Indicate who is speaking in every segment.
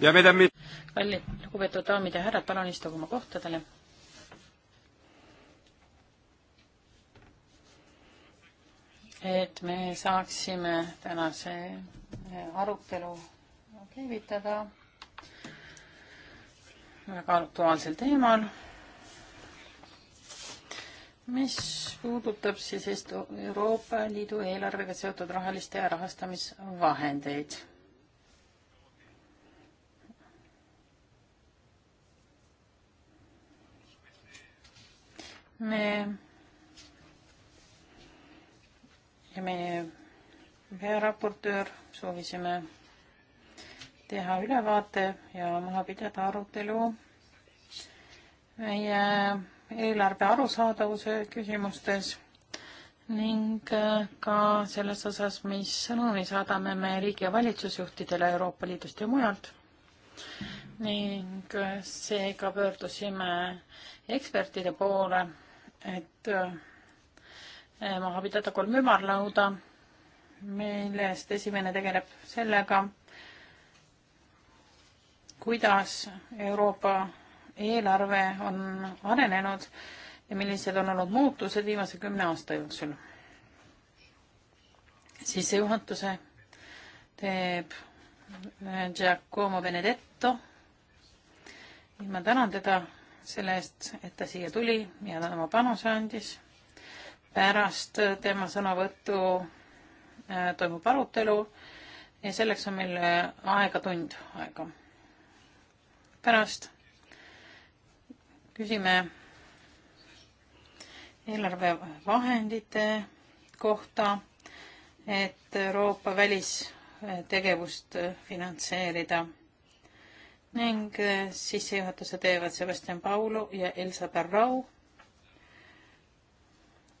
Speaker 1: kallid lugupeetud daamid ja härrad, palun istuge oma kohtadele. et me saaksime tänase eh, arutelu käivitada väga aktuaalsel teemal, mis puudutab siis Euroopa Liidu eelarvega seotud rahaliste ja rahastamisvahendeid me ja meie pearaportöör soovisime teha ülevaate ja maha pidada arutelu meie eelarve arusaadavuse küsimustes ning äh, ka selles osas, mis sõnumi saadame me riigi- ja valitsusjuhtidele Euroopa Liidust ja mujalt. ning äh, seega pöördusime ekspertide poole et äh, äh, maha pidada kolm ümarlauda, millest esimene tegeleb sellega, kuidas Euroopa eelarve on arenenud ja millised on olnud muutused viimase kümne aasta jooksul. sissejuhatuse teeb äh, Giacomo Benedetto ning ma tänan teda selle eest, et ta siia tuli ja ta oma panuse andis. pärast tema sõnavõttu äh, toimub arutelu ja selleks on meil äh, aega tund aega. pärast küsime eelarvevahendite kohta, et Euroopa välistegevust finantseerida ning äh, sissejuhatuse teevad Sebastian Paulu ja Elsa Barrau,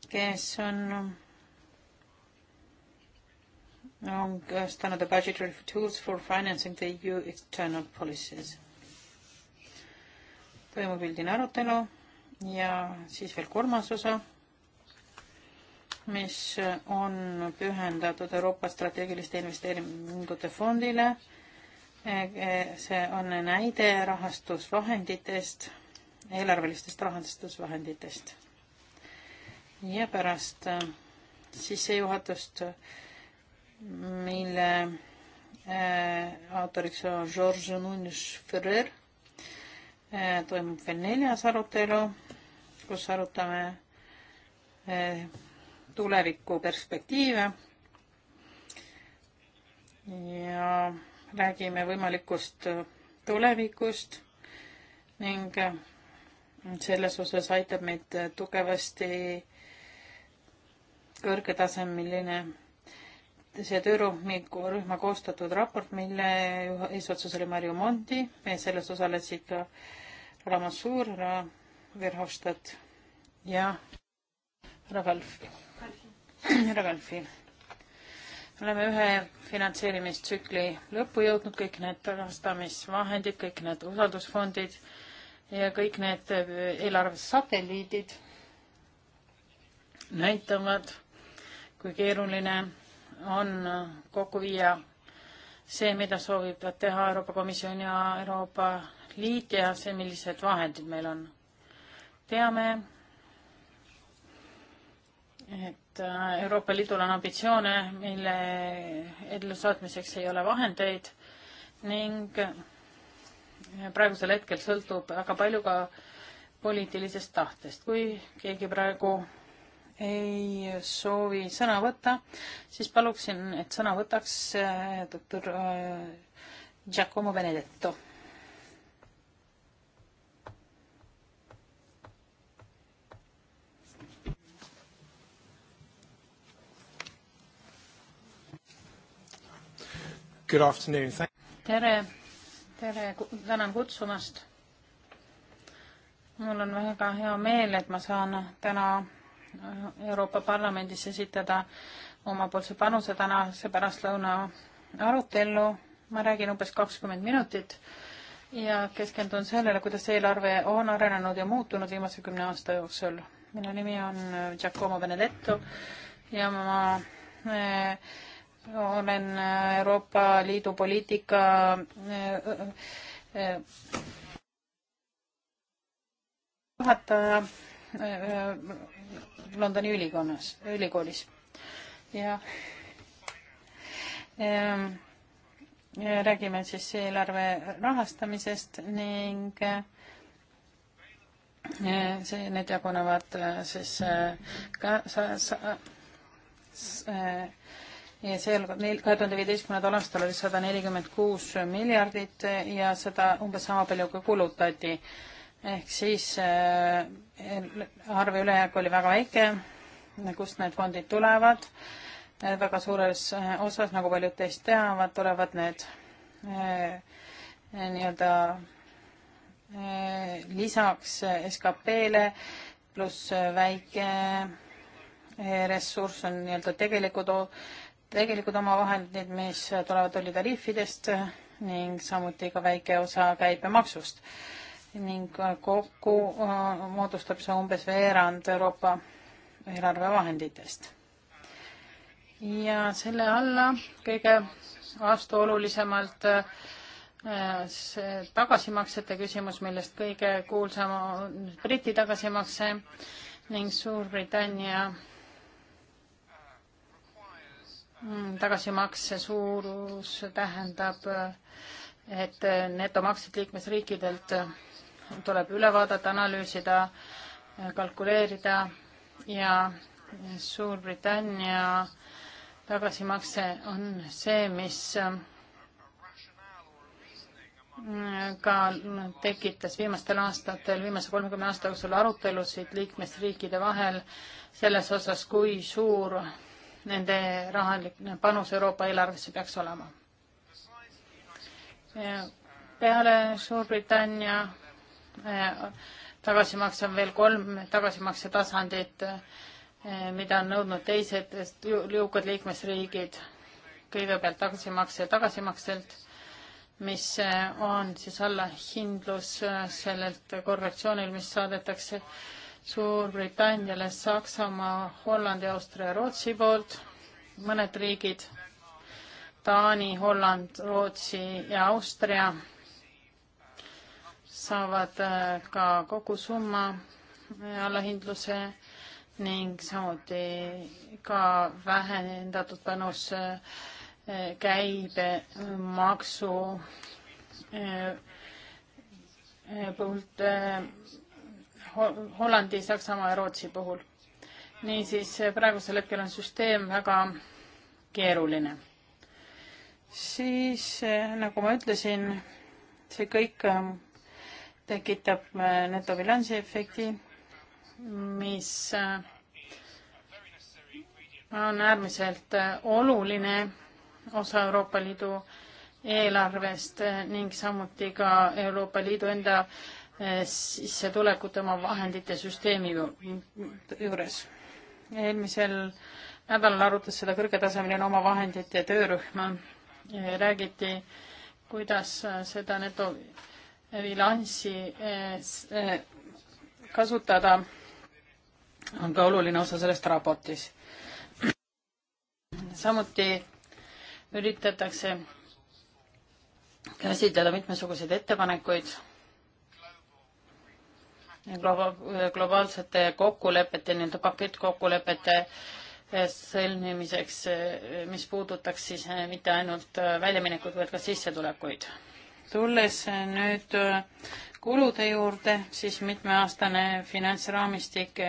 Speaker 1: kes on on koostanud The Budgetary Tools for Financing the EU External Policies. toimub üldine arutelu ja siis veel kolmas osa, mis on pühendatud Euroopa strateegiliste investeeringute fondile Äh, see on näide rahastusvahenditest, eelarvelistest rahastusvahenditest. ja pärast äh, sissejuhatust, mille äh, autoriks on Georges Nunes Ferrer, toimub veel neljas arutelu, kus arutame tuleviku perspektiive ja räägime võimalikust tulevikust ning mm, selles osas aitab meid tugevasti kõrgetasemeline see töörühma koostatud raport, mille eesotsas oli Marju Mondi, selles osalesid ka Ramassuur, Verhofstadt ja Ravalfi, Ravalfi oleme ühe finantseerimistsükli lõppu jõudnud, kõik need rahastamisvahendid, kõik need usaldusfondid ja kõik need äh, eelarvesatelliidid näitavad, kui keeruline on äh, kokku viia see, mida soovivad teha Euroopa Komisjon ja Euroopa Liit ja see, millised vahendid meil on. teame, et et äh, Euroopa Liidul on ambitsioone, mille ellusaatmiseks ei ole vahendeid ning äh, praegusel hetkel sõltub väga palju ka poliitilisest tahtest. kui keegi praegu ei soovi sõna võtta, siis paluksin, et sõna võtaks äh, doktor Giacomo Benedetto
Speaker 2: Good afternoon.
Speaker 1: tere, tere, tänan kutsumast. mul on väga hea meel, et ma saan täna äh, Euroopa Parlamendis esitada omapoolse panuse tänase pärastlõuna arutellu. ma räägin umbes kakskümmend minutit ja keskendun sellele, kuidas eelarve on arenenud ja muutunud viimase kümne aasta jooksul. minu nimi on äh, Giacomo Benedetto ja ma äh, olen äh, Euroopa Liidu poliitika äh, äh, juhataja Londoni ülikonnas, ülikoolis ja ähm, räägime siis eelarve rahastamisest ning see, need jagunevad siis ka sa, sa, sa, ja see algab neil, kahe tuhande viieteistkümnendal aastal oli sada nelikümmend kuus miljardit ja seda umbes sama palju kui kulutati. ehk siis äh, arve ülejääk oli väga väike, kust need fondid tulevad, äh, väga suures äh, osas, nagu paljud teist teavad, tulevad need nii-öelda lisaks SKP-le pluss väike ressurss on nii-öelda tegelikud tegelikud omavahendid, mis tulevad tollitariifidest ning samuti ka väike osa käibemaksust ning kokku äh, moodustab see umbes veerand Euroopa eelarvevahenditest. ja selle alla kõige vastuolulisemalt äh, see tagasimaksete küsimus, millest kõige kuulsam on Briti tagasimakse ning Suurbritannia Mm, tagasimakse suurus tähendab, et netomaksed liikmesriikidelt tuleb üle vaadata, analüüsida, kalkuleerida ja Suurbritannia tagasimakse on see, mis mm, ka tekitas viimastel aastatel, viimase kolmekümne aasta jooksul arutelusid liikmesriikide vahel selles osas, kui suur nende rahaline panus Euroopa eelarvesse peaks olema. peale Suurbritannia äh, tagasimakse on veel kolm tagasimakse tasandit, äh, mida on nõudnud teised jõukad liikmesriigid. kõigepealt tagasimakse tagasimakselt, mis äh, on siis allahindlus sellelt korrektsioonil, mis saadetakse äh, Suurbritanniale, Saksamaa, Hollandi, Austria, Rootsi poolt, mõned riigid, Taani, Holland, Rootsi ja Austria saavad äh, ka kogu summa äh, allahindluse ning samuti ka vähendatud panus äh, käibemaksu poolt Hollandi, Saksamaa ja Rootsi puhul. niisiis praegusel hetkel on süsteem väga keeruline. siis eh, nagu ma ütlesin, see kõik eh, tekitab eh, netobilansi efekti, mis on äärmiselt oluline osa Euroopa Liidu eelarvest ning samuti ka Euroopa Liidu enda Eh, sissetulekute oma vahendite süsteemi juures. eelmisel nädalal arutas seda kõrgetasemeline oma vahendite töörühm. Eh, räägiti, kuidas seda netobilanssi eh, kasutada, on ka oluline osa sellest raportis. samuti üritatakse käsitleda mitmesuguseid ettepanekuid globa-, globaalsete kokkulepete, nii-öelda pakettkokkulepete eh, sõlmimiseks, eh, mis puudutaks siis eh, mitte ainult väljaminekuid, vaid ka sissetulekuid. tulles nüüd kulude juurde, siis mitmeaastane finantsraamistik,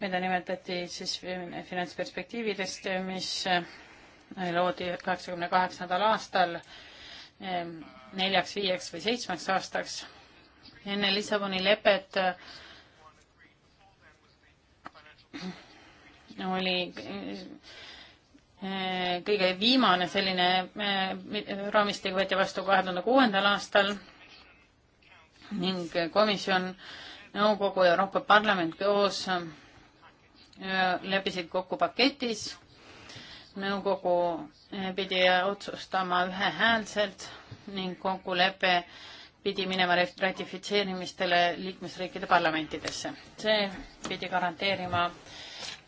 Speaker 1: mida nimetati siis finantsperspektiividest, mis loodi kaheksakümne kaheksandal aastal neljaks, viieks või seitsmeks aastaks enne Lissaboni lepet oli eh, kõige viimane selline eh, raamistik võeti vastu kahe tuhande kuuendal aastal ning komisjon, nõukogu ja Euroopa Parlament koos eh, leppisid kokku paketis. nõukogu pidi otsustama ühehäälselt ning kokkulepe pidi minema ratifitseerimistele liikmesriikide parlamentidesse. see pidi garanteerima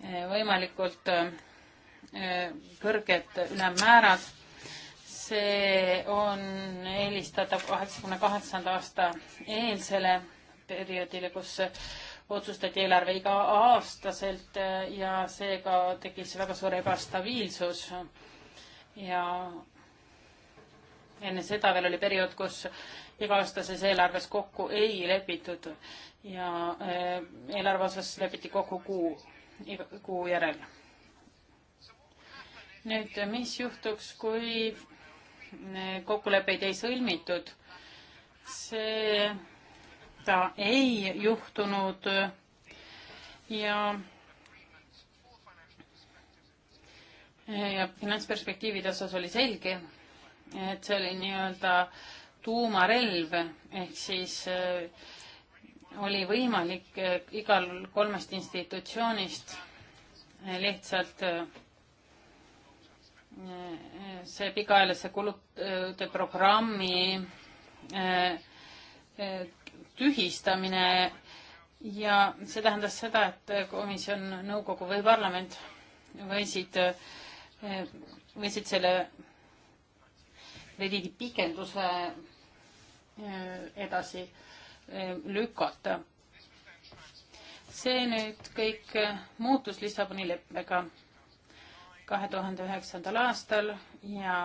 Speaker 1: eh, võimalikult eh, kõrged ülemmäärad. see on eelistatav kaheksakümne kaheksanda aasta eelsele perioodile, kus otsustati eelarve iga-aastaselt eh, ja seega tekkis väga suur ebastabiilsus ja enne seda veel oli periood, kus iga-aastases eelarves kokku ei lepitud ja eh, eelarve osas lepiti kokku kuu, kuu järel. nüüd, mis juhtuks, kui eh, kokkuleppeid ei sõlmitud? see, ta ei juhtunud ja eh, ja finantsperspektiivide osas oli selge, et see oli nii-öelda äh, tuumarelv ehk siis äh, oli võimalik äh, igal kolmest institutsioonist äh, lihtsalt see pikaajalise kulude programmi tühistamine ja see tähendas seda, et komisjon, nõukogu või parlament võisid, võisid selle krediidipikenduse eh, edasi eh, lükata. see nüüd kõik eh, muutus Lissaboni leppega kahe tuhande üheksandal aastal ja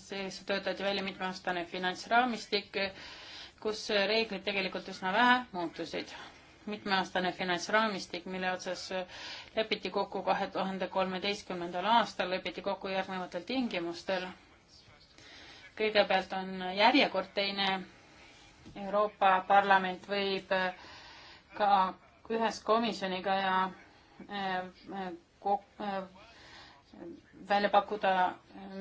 Speaker 1: siis töötati välja mitmeaastane finantsraamistik, kus reeglid tegelikult üsna vähe muutusid. mitmeaastane finantsraamistik, mille otsas lepiti kokku kahe tuhande kolmeteistkümnendal aastal, lepiti kokku järgnevatel tingimustel kõigepealt on järjekord teine. Euroopa Parlament võib äh, ka ühes komisjoniga ja äh, äh, välja pakkuda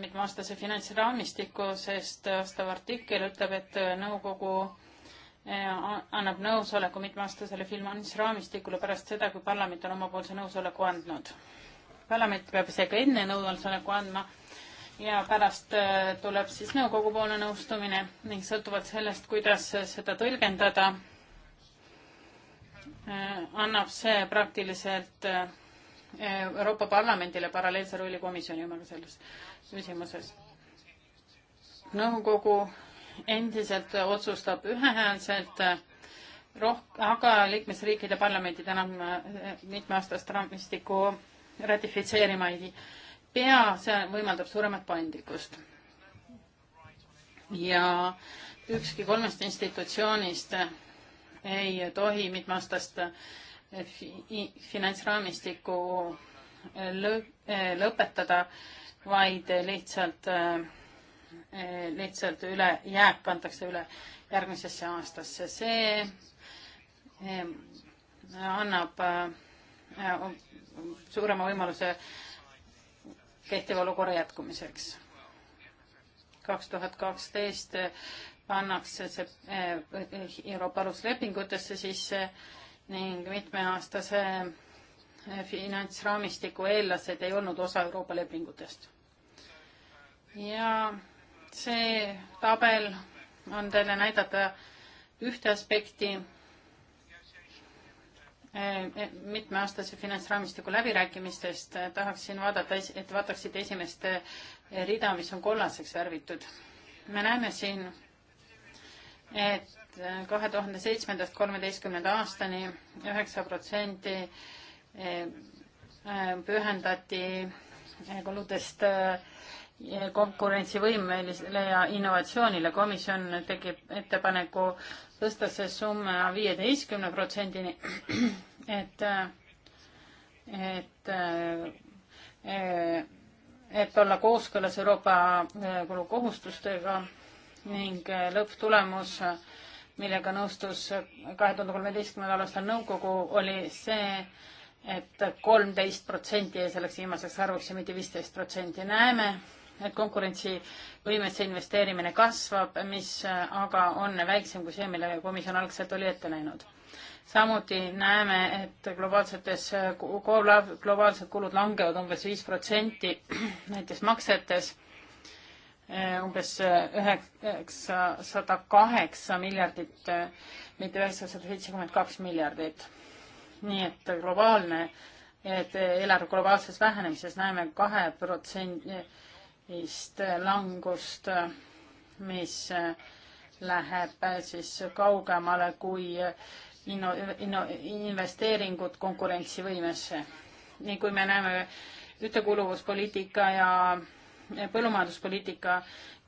Speaker 1: mitmeaastase finantsraamistiku, sest vastav artikkel ütleb, et nõukogu annab nõusoleku mitmeaastasele finantsraamistikule pärast seda, kui parlament on omapoolse nõusoleku andnud. parlament peab isegi enne nõusoleku andma ja pärast äh, tuleb siis nõukogu poole nõustumine ning sõltuvalt sellest, kuidas seda tõlgendada, äh, annab see praktiliselt äh, Euroopa Parlamendile paralleelse rolli komisjoni omaga selles küsimuses. nõukogu endiselt otsustab ühehäälselt rohkem, aga liikmesriikide parlamendid enam mitmeaastast raamistikku ratifitseerima ei pea, see võimaldab suuremat paindlikkust. ja ükski kolmest institutsioonist ei tohi mitmeaastast eh, finantsraamistikku eh, eh, lõpetada, vaid lihtsalt, lihtsalt üle, jääk antakse üle järgmisesse aastasse. see annab suurema võimaluse kehtiva olukorra jätkumiseks. kaks tuhat kaksteist pannakse see eh, Euroopa aluslepingutesse sisse ning mitmeaastase eh, finantsraamistiku eellased ei olnud osa Euroopa lepingutest. ja see tabel on teile näidata ühte aspekti Äh, äh, mitmeaastase finantsraamistiku läbirääkimistest äh, tahaksin vaadata, et vaataksite esimest rida, mis on kollaseks värvitud. me näeme siin, et kahe tuhande seitsmendast kolmeteistkümnenda aastani üheksa protsenti pühendati kuludest konkurentsivõimelisele ja innovatsioonile. komisjon tegi ettepaneku tõsta see summa viieteistkümne protsendini, et, et, et olla kooskõlas Euroopa äh, kulukohustustega ning äh, lõpptulemus, millega nõustus kahe tuhande kolmeteistkümnendal aastal nõukogu, oli see, et kolmteist protsenti ja selleks viimaseks arvuks ja mitte viisteist protsenti. näeme, et konkurentsivõimesse investeerimine kasvab, mis aga on väiksem kui see, mille komisjon algselt oli ette näinud. samuti näeme, et globaalsetes, globaalsed kulud langevad umbes viis protsenti näiteks maksetes eh, umbes eh, üheksasada kaheksa miljardit, eh, mitte üheksasada seitsekümmend kaks miljardit. nii et globaalne, et eelarve globaalses vähenemises näeme kahe protsendi, vist langust, mis läheb siis kaugemale kui inno-, inno-, investeeringud konkurentsivõimesse. nii kui me näeme ühtekuuluvuspoliitika ja põllumajanduspoliitika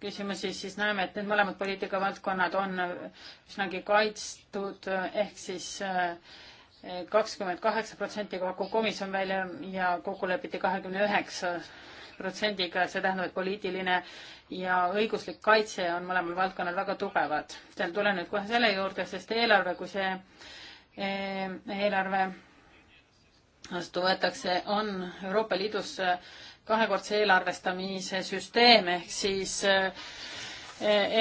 Speaker 1: küsimusi, siis näeme, et need mõlemad poliitikavaldkonnad on üsnagi kaitstud, ehk siis eh, kakskümmend kaheksa protsenti kogu komisjon välja ja kokku lepiti kahekümne üheksas protsendiga, see tähendab, et poliitiline ja õiguslik kaitse on mõlemal valdkonnal väga tugevad. tulen nüüd kohe selle juurde, sest eelarve, kui see eh, eelarve vastu võetakse, on Euroopa Liidus eh, kahekordse eelarvestamise süsteem ehk siis, eh,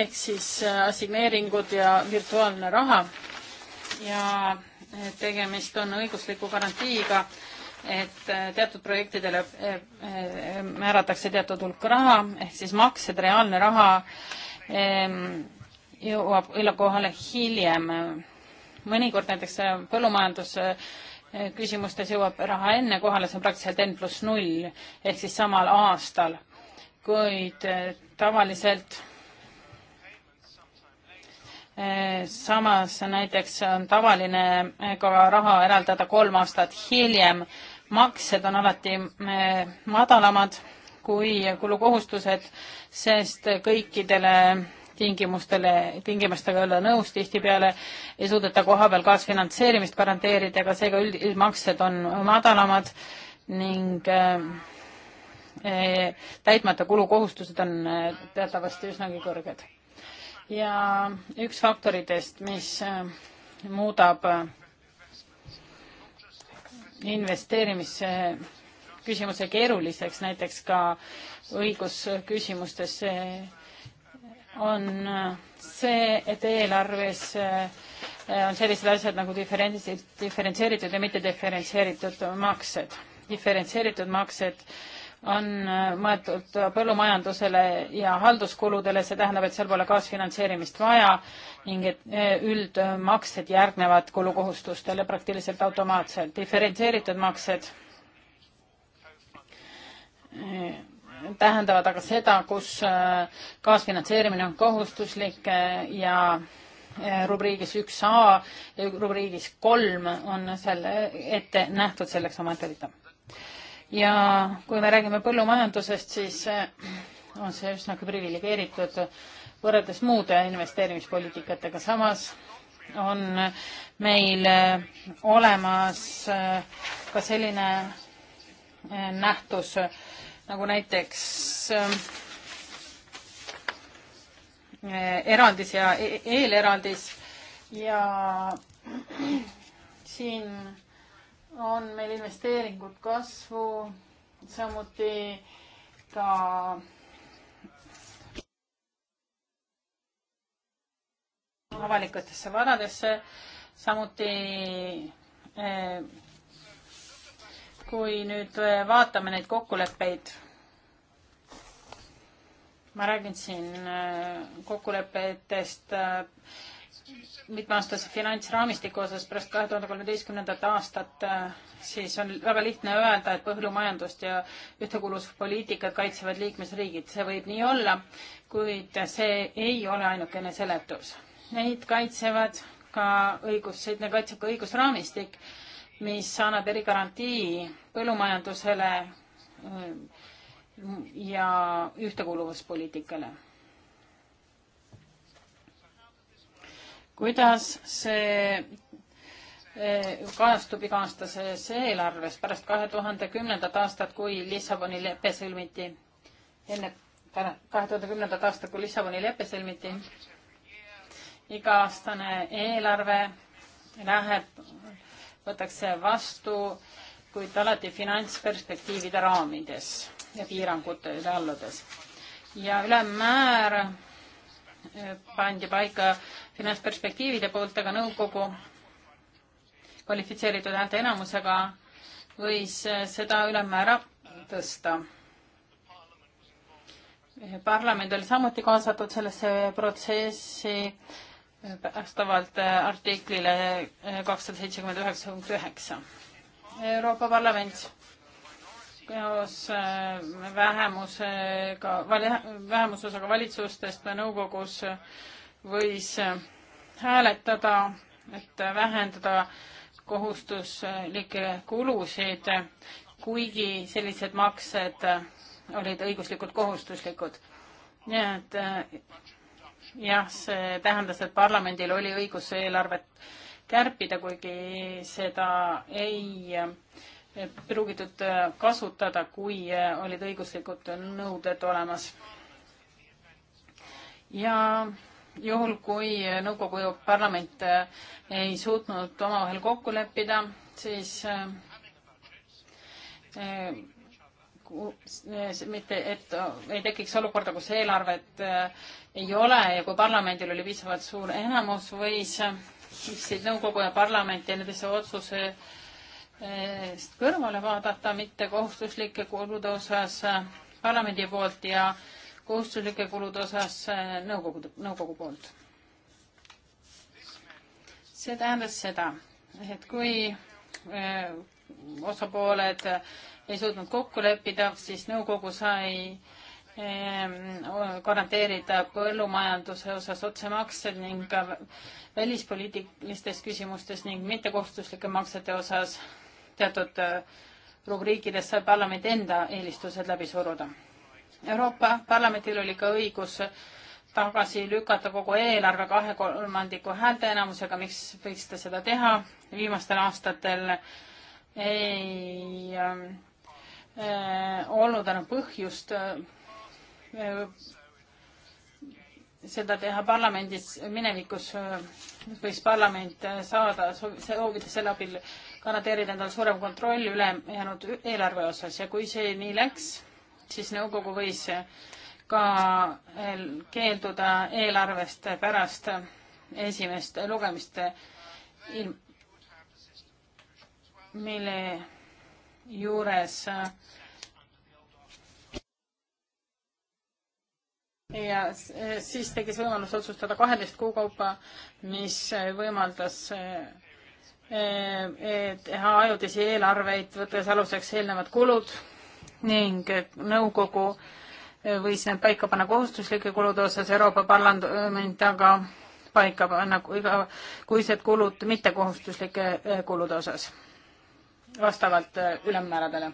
Speaker 1: ehk siis assigneeringud ja virtuaalne raha ja tegemist on õigusliku garantiiga et äh, teatud projektidele äh, äh, määratakse teatud hulk raha, ehk siis maksed, reaalne raha ähm, jõuab üle kohale hiljem. mõnikord näiteks põllumajandusküsimustes jõuab raha enne kohale, see on praktiliselt N pluss null ehk siis samal aastal, kuid tavaliselt samas näiteks on tavaline ka raha eraldada kolm aastat hiljem maksed on alati eh, madalamad kui kulukohustused, sest kõikidele tingimustele, tingimustega ei ole nõus tihtipeale, ei suudeta kohapeal kaasfinantseerimist garanteerida, aga seega üldmaksed on madalamad ning äh, täitmata kulukohustused on äh, teatavasti üsnagi kõrged. ja üks faktoritest, mis äh, muudab äh, investeerimise küsimuse keeruliseks, näiteks ka õigusküsimustes, on see, et eelarves äh, on sellised asjad nagu diferentsi-, diferentseeritud ja mitte diferentseeritud maksed. diferentseeritud maksed äh, on äh, mõeldud põllumajandusele ja halduskuludele, see tähendab, et seal pole kaasfinantseerimist vaja ning et äh, üldmaksed järgnevad kulukohustustele praktiliselt automaatselt. diferentseeritud maksed äh, tähendavad aga seda, kus kaasfinantseerimine on kohustuslik ja rubriigis üks A ja rubriigis kolm on selle ette nähtud selleks omaette rida ja kui me räägime põllumajandusest, siis äh, on see üsnagi priviligeeritud võrreldes muude investeerimispoliitikatega. samas on äh, meil äh, olemas ka selline nähtus nagu näiteks eraldis ja e-, e-, eeleraldis ja siin on meil investeeringud kasvu, samuti ka avalikutesse varadesse, samuti eh, kui nüüd eh, vaatame neid kokkuleppeid, ma räägin siin eh, kokkulepetest mitmeaastase finantsraamistiku osas pärast kahe tuhande kolmeteistkümnendat aastat, äh, siis on väga lihtne öelda, et põllumajandust ja ühtekuuluvuspoliitikat kaitsevad liikmesriigid, see võib nii olla, kuid see ei ole ainukene seletus. Neid kaitsevad ka õigus, neid kaitseb ka õigusraamistik, mis annab erigarantii põllumajandusele äh, ja ühtekuuluvuspoliitikale kuidas see eh, kajastub iga-aastases eelarves pärast kahe tuhande kümnendat aastat, kui Lissaboni lepe sõlmiti, enne kahe tuhande kümnendat aastat, kui Lissaboni lepe sõlmiti. iga-aastane eelarve läheb, võetakse vastu, kuid alati finantsperspektiivide raamides ja piirangutele alludes. ja ülemmäär eh, pandi paika finantsperspektiivide poolt, aga nõukogu kvalifitseeritud häälteenamusega võis äh, seda ülemmäära tõsta. parlament oli samuti kaasatud sellesse protsessi äh, vastavalt äh, artiklile kakssada seitsekümmend üheksa punkt üheksa. Euroopa Parlament koos vähemusega, vähemusosaga valitsustest nõukogus võis äh, hääletada, et vähendada kohustuslikke kulusid, kuigi sellised maksed äh, olid õiguslikult kohustuslikud. nii et äh, jah, see tähendas, et parlamendil oli õigus eelarvet kärpida, kuigi seda ei pruugitud kasutada, kui olid õiguslikud nõuded olemas. ja juhul, kui nõukogu ja parlament ei suutnud omavahel kokku leppida, siis eh, eh, mitte, et ei tekiks olukorda, kus eelarvet eh, ei ole ja kui parlamendil oli piisavalt suur enamus, võis siis nõukogu ja parlament ja nendesse otsuse kõrvale vaadata, mitte kohustuslike kulude osas parlamendi poolt ja äh, kohustuslike kulude osas äh, nõukogu, nõukogu poolt. see tähendas seda, et kui äh, osapooled ei suutnud kokku leppida, siis nõukogu sai ähm, garanteerida põllumajanduse osas otsemaksed ning ka välispoliitilistes küsimustes ning mittekohustuslike maksete osas teatud äh, rubriikides sai parlament enda eelistused läbi suruda Euroopa Parlamendil oli ka õigus tagasi lükata kogu eelarve kahe kolmandiku häälteenamusega, miks võiks ta seda teha, viimastel aastatel ei äh, äh, olnud enam põhjust äh, seda teha parlamendis, minevikus äh, võis parlament äh, saada, soovida selle abil garanteerida endale suurem kontroll ülejäänud eelarve osas ja kui see nii läks, siis nõukogu võis ka keelduda eelarvest pärast esimest lugemist ilm, mille juures ja siis tekkis võimalus otsustada kaheteist kuu kaupa, mis võimaldas eh, eh, teha ajutisi eelarveid, võttes aluseks eelnevad kulud ning nõukogu võis need paika panna kohustuslike kulude osas Euroopa Parlament, aga paika panna igakuised kulud mittekohustuslike eh, kulude osas vastavalt eh, ülemmääradele.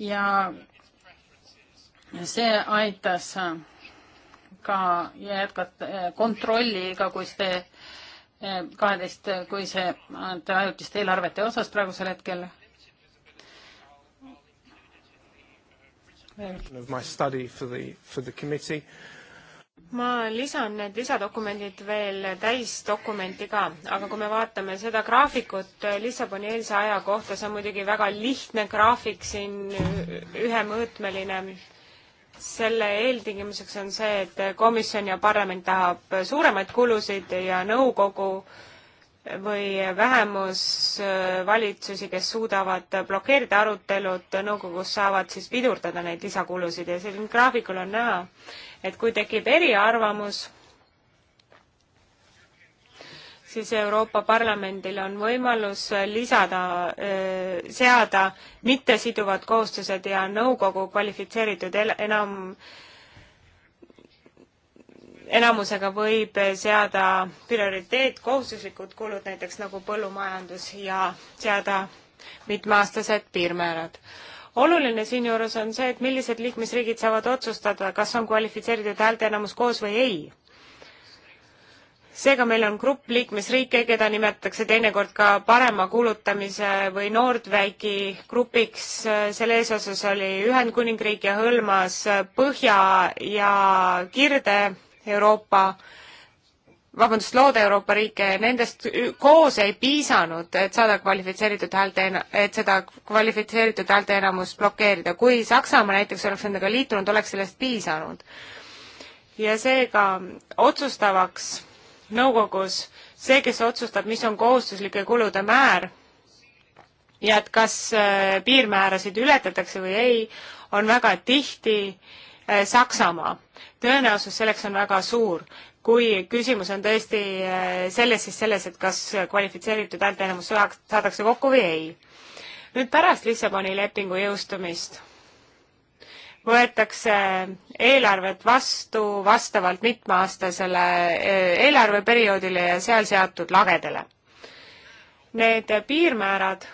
Speaker 1: ja see aitas ka jätkata eh, kontrolli igakuiste kaheteist, kui see ajutiste eelarvete osas praegusel hetkel.
Speaker 3: ma lisan need lisadokumendid veel täisdokumenti ka, aga kui me vaatame seda graafikut Lissaboni eelse aja kohta, see on muidugi väga lihtne graafik siin, ühemõõtmeline selle eeltingimuseks on see, et komisjon ja parlament tahab suuremaid kulusid ja nõukogu või vähemusvalitsusi, kes suudavad blokeerida arutelud nõukogus, saavad siis pidurdada neid lisakulusid ja siin graafikul on näha, et kui tekib eriarvamus, siis Euroopa Parlamendil on võimalus äh, lisada, äh, seada mittesiduvad kohustused ja nõukogu kvalifitseeritud enam, enamusega võib äh, seada prioriteet, kohustuslikud kulud, näiteks nagu põllumajandus ja seada mitmeaastased piirmäärad oluline siinjuures on see, et millised liikmesriigid saavad otsustada, kas on kvalifitseeritud häälteenamus koos või ei seega meil on grupp liikmesriike, keda nimetatakse teinekord ka parema kuulutamise või Nordvägi grupiks. selles osas oli Ühendkuningriik ja hõlmas Põhja ja Kirde-Euroopa, vabandust, Loode-Euroopa riike. Nendest koos ei piisanud, et saada kvalifitseeritud häälte, et seda kvalifitseeritud häälteenamust blokeerida. kui Saksamaa näiteks oleks endaga liitunud, oleks sellest piisanud. ja seega otsustavaks nõukogus see, kes otsustab, mis on kohustuslike kulude määr ja et kas äh, piirmäärasid ületatakse või ei, on väga tihti äh, Saksamaa. tõenäosus selleks on väga suur. kui küsimus on tõesti äh, selles, siis selles, et kas kvalifitseeritud häälteenamus saadakse kokku või ei. nüüd pärast Lissaboni lepingu jõustumist võetakse eelarvet vastu vastavalt mitmeaastasele e, eelarveperioodile ja seal seatud lagedele. Need piirmäärad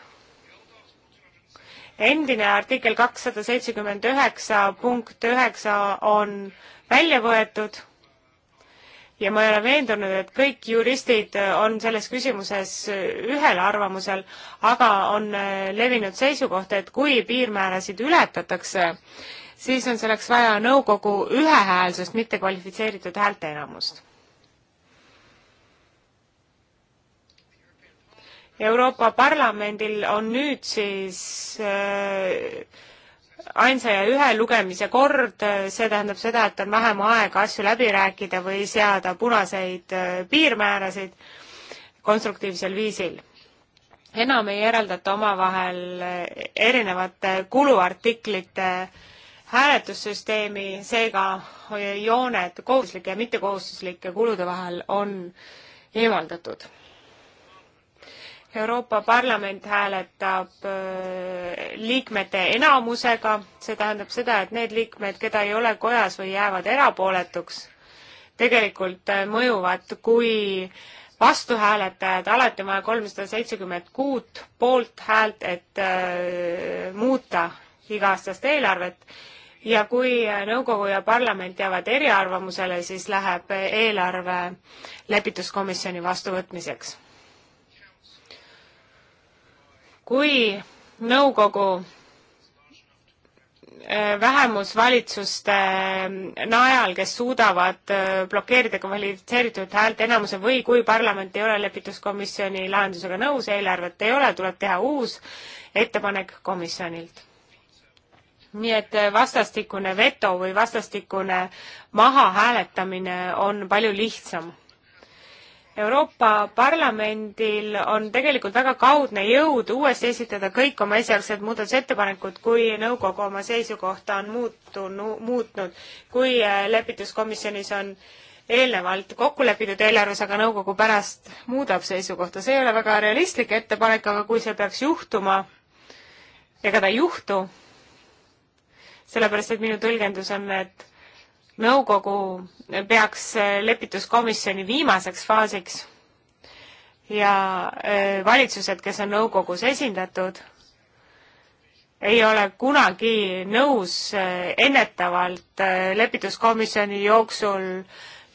Speaker 3: endine artikkel kakssada seitsekümmend üheksa punkt üheksa on välja võetud ja ma ei ole veendunud, et kõik juristid on selles küsimuses ühel arvamusel, aga on levinud seisukoht, et kui piirmäärasid ületatakse, siis on selleks vaja nõukogu ühehäälsust, mitte kvalifitseeritud häälteenamust. Euroopa Parlamendil on nüüd siis äh, ainsa ja ühe lugemise kord, see tähendab seda, et on vähem aega asju läbi rääkida või seada punaseid äh, piirmäärasid konstruktiivsel viisil enam ei eraldata omavahel äh, erinevate kuluartiklite äh, hääletussüsteemi, seega jooned kohustuslike ja mittekohustuslike kulude vahel on eemaldatud. Euroopa Parlament hääletab äh, liikmete enamusega, see tähendab seda, et need liikmed, keda ei ole kojas või jäävad erapooletuks, tegelikult äh, mõjuvad kui vastuhääletajad, alati on vaja kolmsada seitsekümmend kuut poolthäält, et äh, muuta iga-aastast eelarvet ja kui nõukogu ja parlament jäävad eriarvamusele, siis läheb eelarve lepituskomisjoni vastuvõtmiseks. kui nõukogu äh, vähemusvalitsuste äh, najal, kes suudavad äh, blokeerida kvalifitseeritud häälteenamuse või kui parlament ei ole lepituskomisjoni lahendusega nõus, eelarvet ei ole, tuleb teha uus ettepanek komisjonilt nii et äh, vastastikune veto või vastastikune mahahääletamine on palju lihtsam. Euroopa Parlamendil on tegelikult väga kaudne jõud uuesti esitada kõik oma esialgsed muudatusettepanekud, kui nõukogu oma seisukohta on muutunu, muutnud, kui äh, lepituskomisjonis on eelnevalt kokku lepitud eelarves, aga nõukogu pärast muudab seisukohta. see ei ole väga realistlik ettepanek, aga kui see peaks juhtuma, ega ta ei juhtu sellepärast et minu tõlgendus on, et nõukogu peaks äh, lepituskomisjoni viimaseks faasiks ja äh, valitsused, kes on nõukogus esindatud, ei ole kunagi nõus äh, ennetavalt lepituskomisjoni jooksul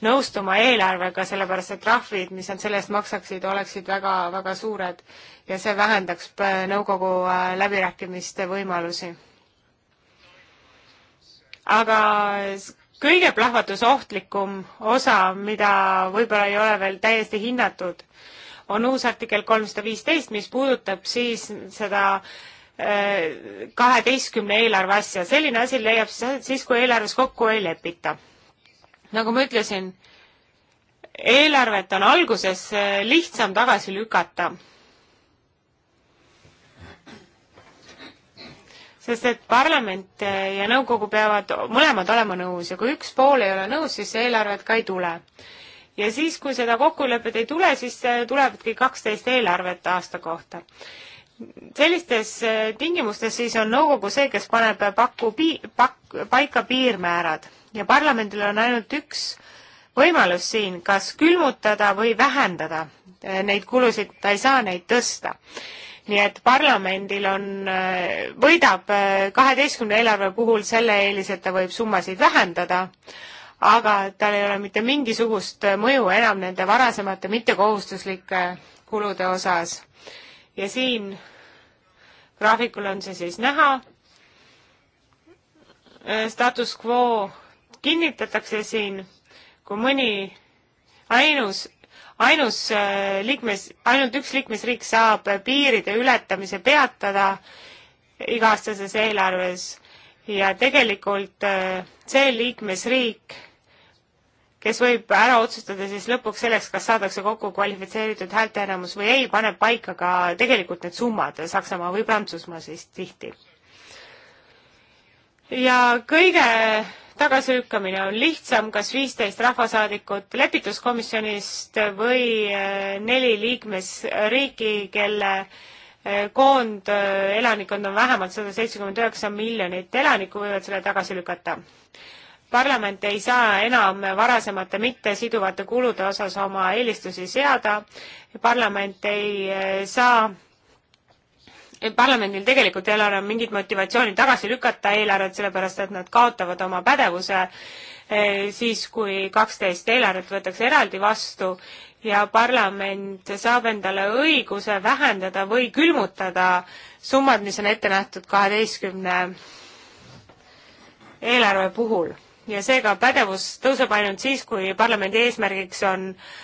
Speaker 3: nõustuma eelarvega, sellepärast et trahvid, mis nad selle eest maksaksid, oleksid väga-väga suured ja see vähendaks nõukogu läbirääkimiste võimalusi aga kõige plahvatusohtlikum osa, mida võib-olla ei ole veel täiesti hinnatud, on uus artikkel kolmsada viisteist, mis puudutab siis seda äh, kaheteistkümne eelarve asja. selline asi leiab siis aset siis, kui eelarves kokku ei lepita. nagu ma ütlesin, eelarvet on alguses äh, lihtsam tagasi lükata sest et parlament ja nõukogu peavad mõlemad olema nõus ja kui üks pool ei ole nõus, siis eelarvet ka ei tule. ja siis, kui seda kokkulepet ei tule, siis tulevadki kaksteist eelarvet aasta kohta. sellistes tingimustes siis on nõukogu see, kes paneb paku pii-, pak-, paika piirmäärad ja parlamendil on ainult üks võimalus siin, kas külmutada või vähendada neid kulusid, ta ei saa neid tõsta nii et parlamendil on, äh, võidab äh, kaheteistkümne eelarve puhul selle eelis, et ta võib summasid vähendada, aga tal ei ole mitte mingisugust äh, mõju enam nende varasemate mittekohustuslike kulude osas. ja siin graafikul on see siis näha, status quo kinnitatakse siin, kui mõni ainus ainus äh, liikmes, ainult üks liikmesriik saab piiride ületamise peatada iga-aastases eelarves ja tegelikult äh, see liikmesriik, kes võib ära otsustada siis lõpuks selleks, kas saadakse kokku kvalifitseeritud häälteenamus või ei, paneb paika ka tegelikult need summad, Saksamaa või Prantsusmaa siis tihti. ja kõige tagasilükkamine on lihtsam, kas viisteist rahvasaadikut lepituskomisjonist või äh, neli liikmesriiki, kelle äh, koondelanikkond äh, on vähemalt sada seitsekümmend üheksa miljonit elanikku, võivad selle tagasi lükata. parlament ei saa enam varasemate mittesiduvate kulude osas oma eelistusi seada, parlament ei saa parlamendil tegelikult ei ole enam mingit motivatsiooni tagasi lükata eelarvet, sellepärast et nad kaotavad oma pädevuse eh, siis, kui kaksteist eelarvet võetakse eraldi vastu ja parlament saab endale õiguse vähendada või külmutada summad, mis on ette nähtud kaheteistkümne eelarve puhul. ja seega pädevus tõuseb ainult siis, kui parlamendi eesmärgiks on äh,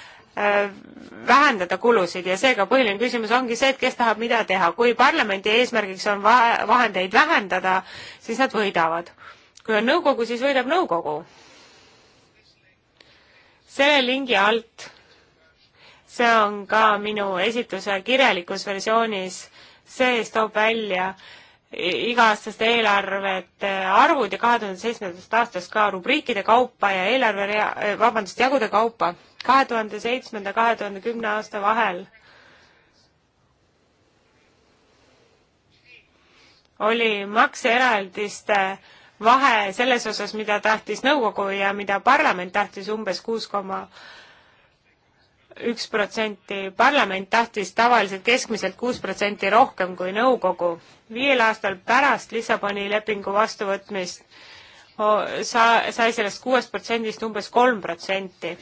Speaker 3: vähendada kulusid ja seega põhiline küsimus ongi see, et kes tahab mida teha. kui parlamendi eesmärgiks on va-, vahendeid vähendada, siis nad võidavad. kui on nõukogu, siis võidab nõukogu. selle lingi alt, see on ka minu esitluse kirjalikus versioonis sees, toob välja iga-aastaste eelarvete arvud ja kahe tuhande seitsmendast aastast ka rubriikide kaupa ja eelarve rea-, vabandust, jagude kaupa kahe tuhande seitsmenda, kahe tuhande kümne aasta vahel oli makseeraldiste vahe selles osas, mida tahtis nõukogu ja mida parlament tahtis umbes kuus koma üks protsenti, parlament tahtis tavaliselt keskmiselt kuus protsenti rohkem kui nõukogu. viiel aastal pärast Lissaboni lepingu vastuvõtmist sa-, sai sellest kuuest protsendist umbes kolm protsenti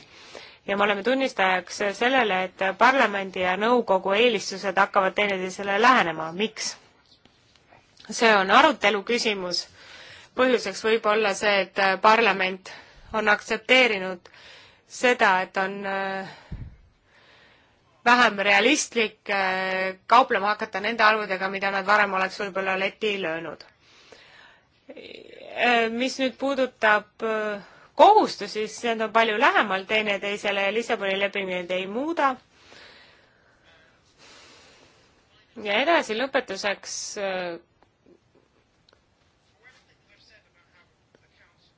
Speaker 3: ja me oleme tunnistajaks sellele, et parlamendi ja nõukogu eelistused hakkavad teineteisele lähenema, miks? see on arutelu küsimus, põhjuseks võib olla see, et parlament on aktsepteerinud seda, et on äh, vähem realistlik äh, kauplema hakata nende arvudega, mida nad varem oleks võib-olla leti löönud. Äh, mis nüüd puudutab kohustusi, siis need on palju lähemal teineteisele ja Lissaboni leping neid ei muuda. ja edasi lõpetuseks äh,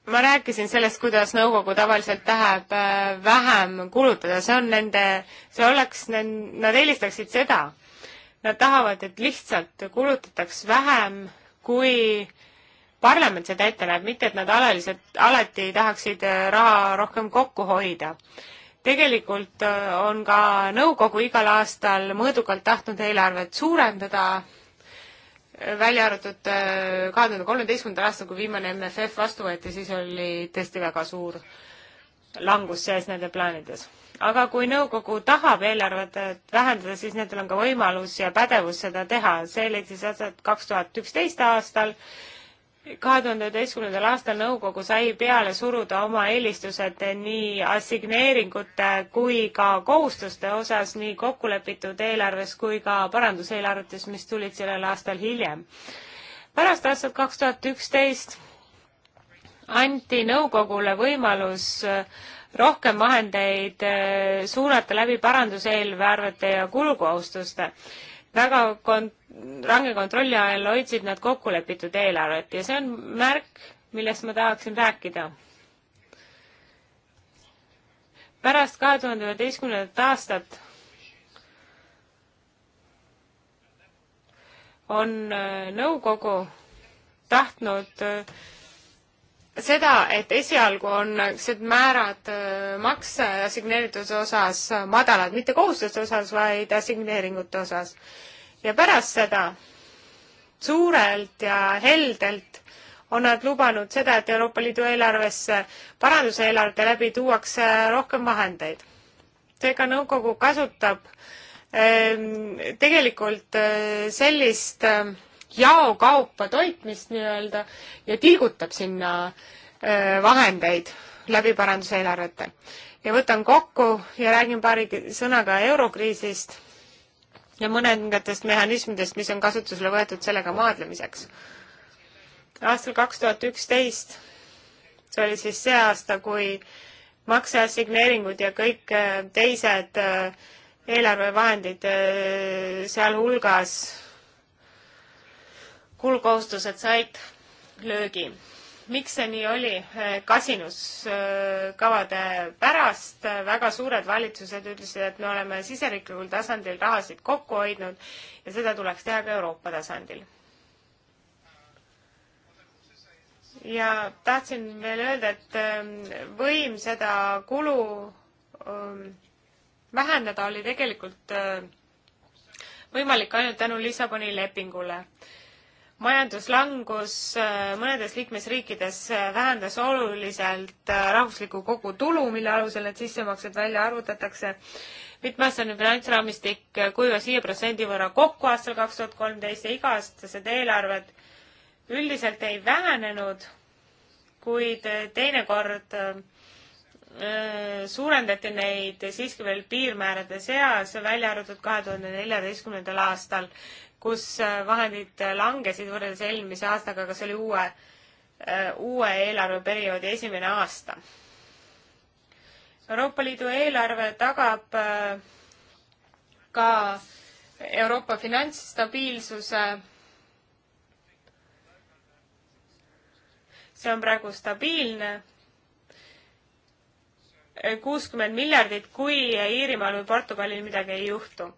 Speaker 3: ma rääkisin sellest, kuidas nõukogu tavaliselt tahab äh, vähem kulutada, see on nende, see oleks, nad eelistaksid seda. Nad tahavad, et lihtsalt kulutataks vähem, kui parlament seda ette näeb, mitte et nad alaliselt, alati tahaksid äh, raha rohkem kokku hoida. tegelikult äh, on ka nõukogu igal aastal mõõdukalt tahtnud eelarvet suurendada, välja arvatud äh, kahe tuhande kolmeteistkümnendal aastal, kui viimane MFF vastu võeti, siis oli tõesti väga suur langus sees nende plaanides. aga kui nõukogu tahab eelarvet vähendada, siis nendel on ka võimalus ja pädevus seda teha. see leidis aset kaks tuhat üksteist aastal kahe tuhande üheteistkümnendal aastal nõukogu sai peale suruda oma eelistused nii assigneeringute kui ka kohustuste osas nii kokkulepitud eelarves kui ka paranduseelarvetes, mis tulid sellel aastal hiljem. pärast aastat kaks tuhat üksteist anti nõukogule võimalus rohkem vahendeid eh, suunata läbi paranduseelarvete ja kulukohustuste väga kont-, range kontrolli ajal hoidsid nad kokkulepitud eelarvet ja see on märk, millest ma tahaksin rääkida. pärast kahe tuhande üheteistkümnendat aastat on äh, nõukogu tahtnud äh, seda, et esialgu on niisugused määrad äh, makse assigneerituse osas madalad, mitte kohustuste osas, vaid assigneeringute osas. ja pärast seda suurelt ja heldelt on nad lubanud seda, et Euroopa Liidu eelarvesse paranduse eelarvete läbi tuuakse rohkem vahendeid. seega nõukogu kasutab ähm, tegelikult äh, sellist äh, jaokaupa toitmist nii-öelda ja tilgutab sinna vahendeid läbi paranduseelarvete. ja võtan kokku ja räägin paari sõnaga eurokriisist ja mõningatest mehhanismidest, mis on kasutusele võetud sellega maadlemiseks. aastal kaks tuhat üksteist, see oli siis see aasta, kui makseassigneeringud ja kõik teised eelarvevahendid sealhulgas kulukohustused said löögi. miks see nii oli? Äh, kasinuskavade pärast äh, väga suured valitsused ütlesid, et me oleme siseriiklikul tasandil rahasid kokku hoidnud ja seda tuleks teha ka Euroopa tasandil. ja tahtsin veel öelda, et ähm, võim seda kulu ähm, vähendada oli tegelikult äh, võimalik ainult tänu Lissaboni lepingule majanduslangus äh, mõnedes liikmesriikides äh, vähendas oluliselt äh, rahvuslikku kogutulu, mille alusel need sissemaksed välja arvutatakse. mitmeaastane finantsraamistik kuivas viie protsendi võrra kokku aastal kaks tuhat kolmteist ja iga-aastased eelarved üldiselt ei vähenenud, kuid teinekord suurendati neid siiski veel piirmäärade seas, välja arvatud kahe tuhande neljateistkümnendal aastal kus äh, vahendid äh, langesid võrreldes eelmise aastaga, aga see oli uue, äh, uue eelarveperioodi esimene aasta. Euroopa Liidu eelarve tagab ka Euroopa finantsstabiilsuse. see on praegu stabiilne kuuskümmend miljardit, kui Iirimaal või Portugalil midagi ei juhtu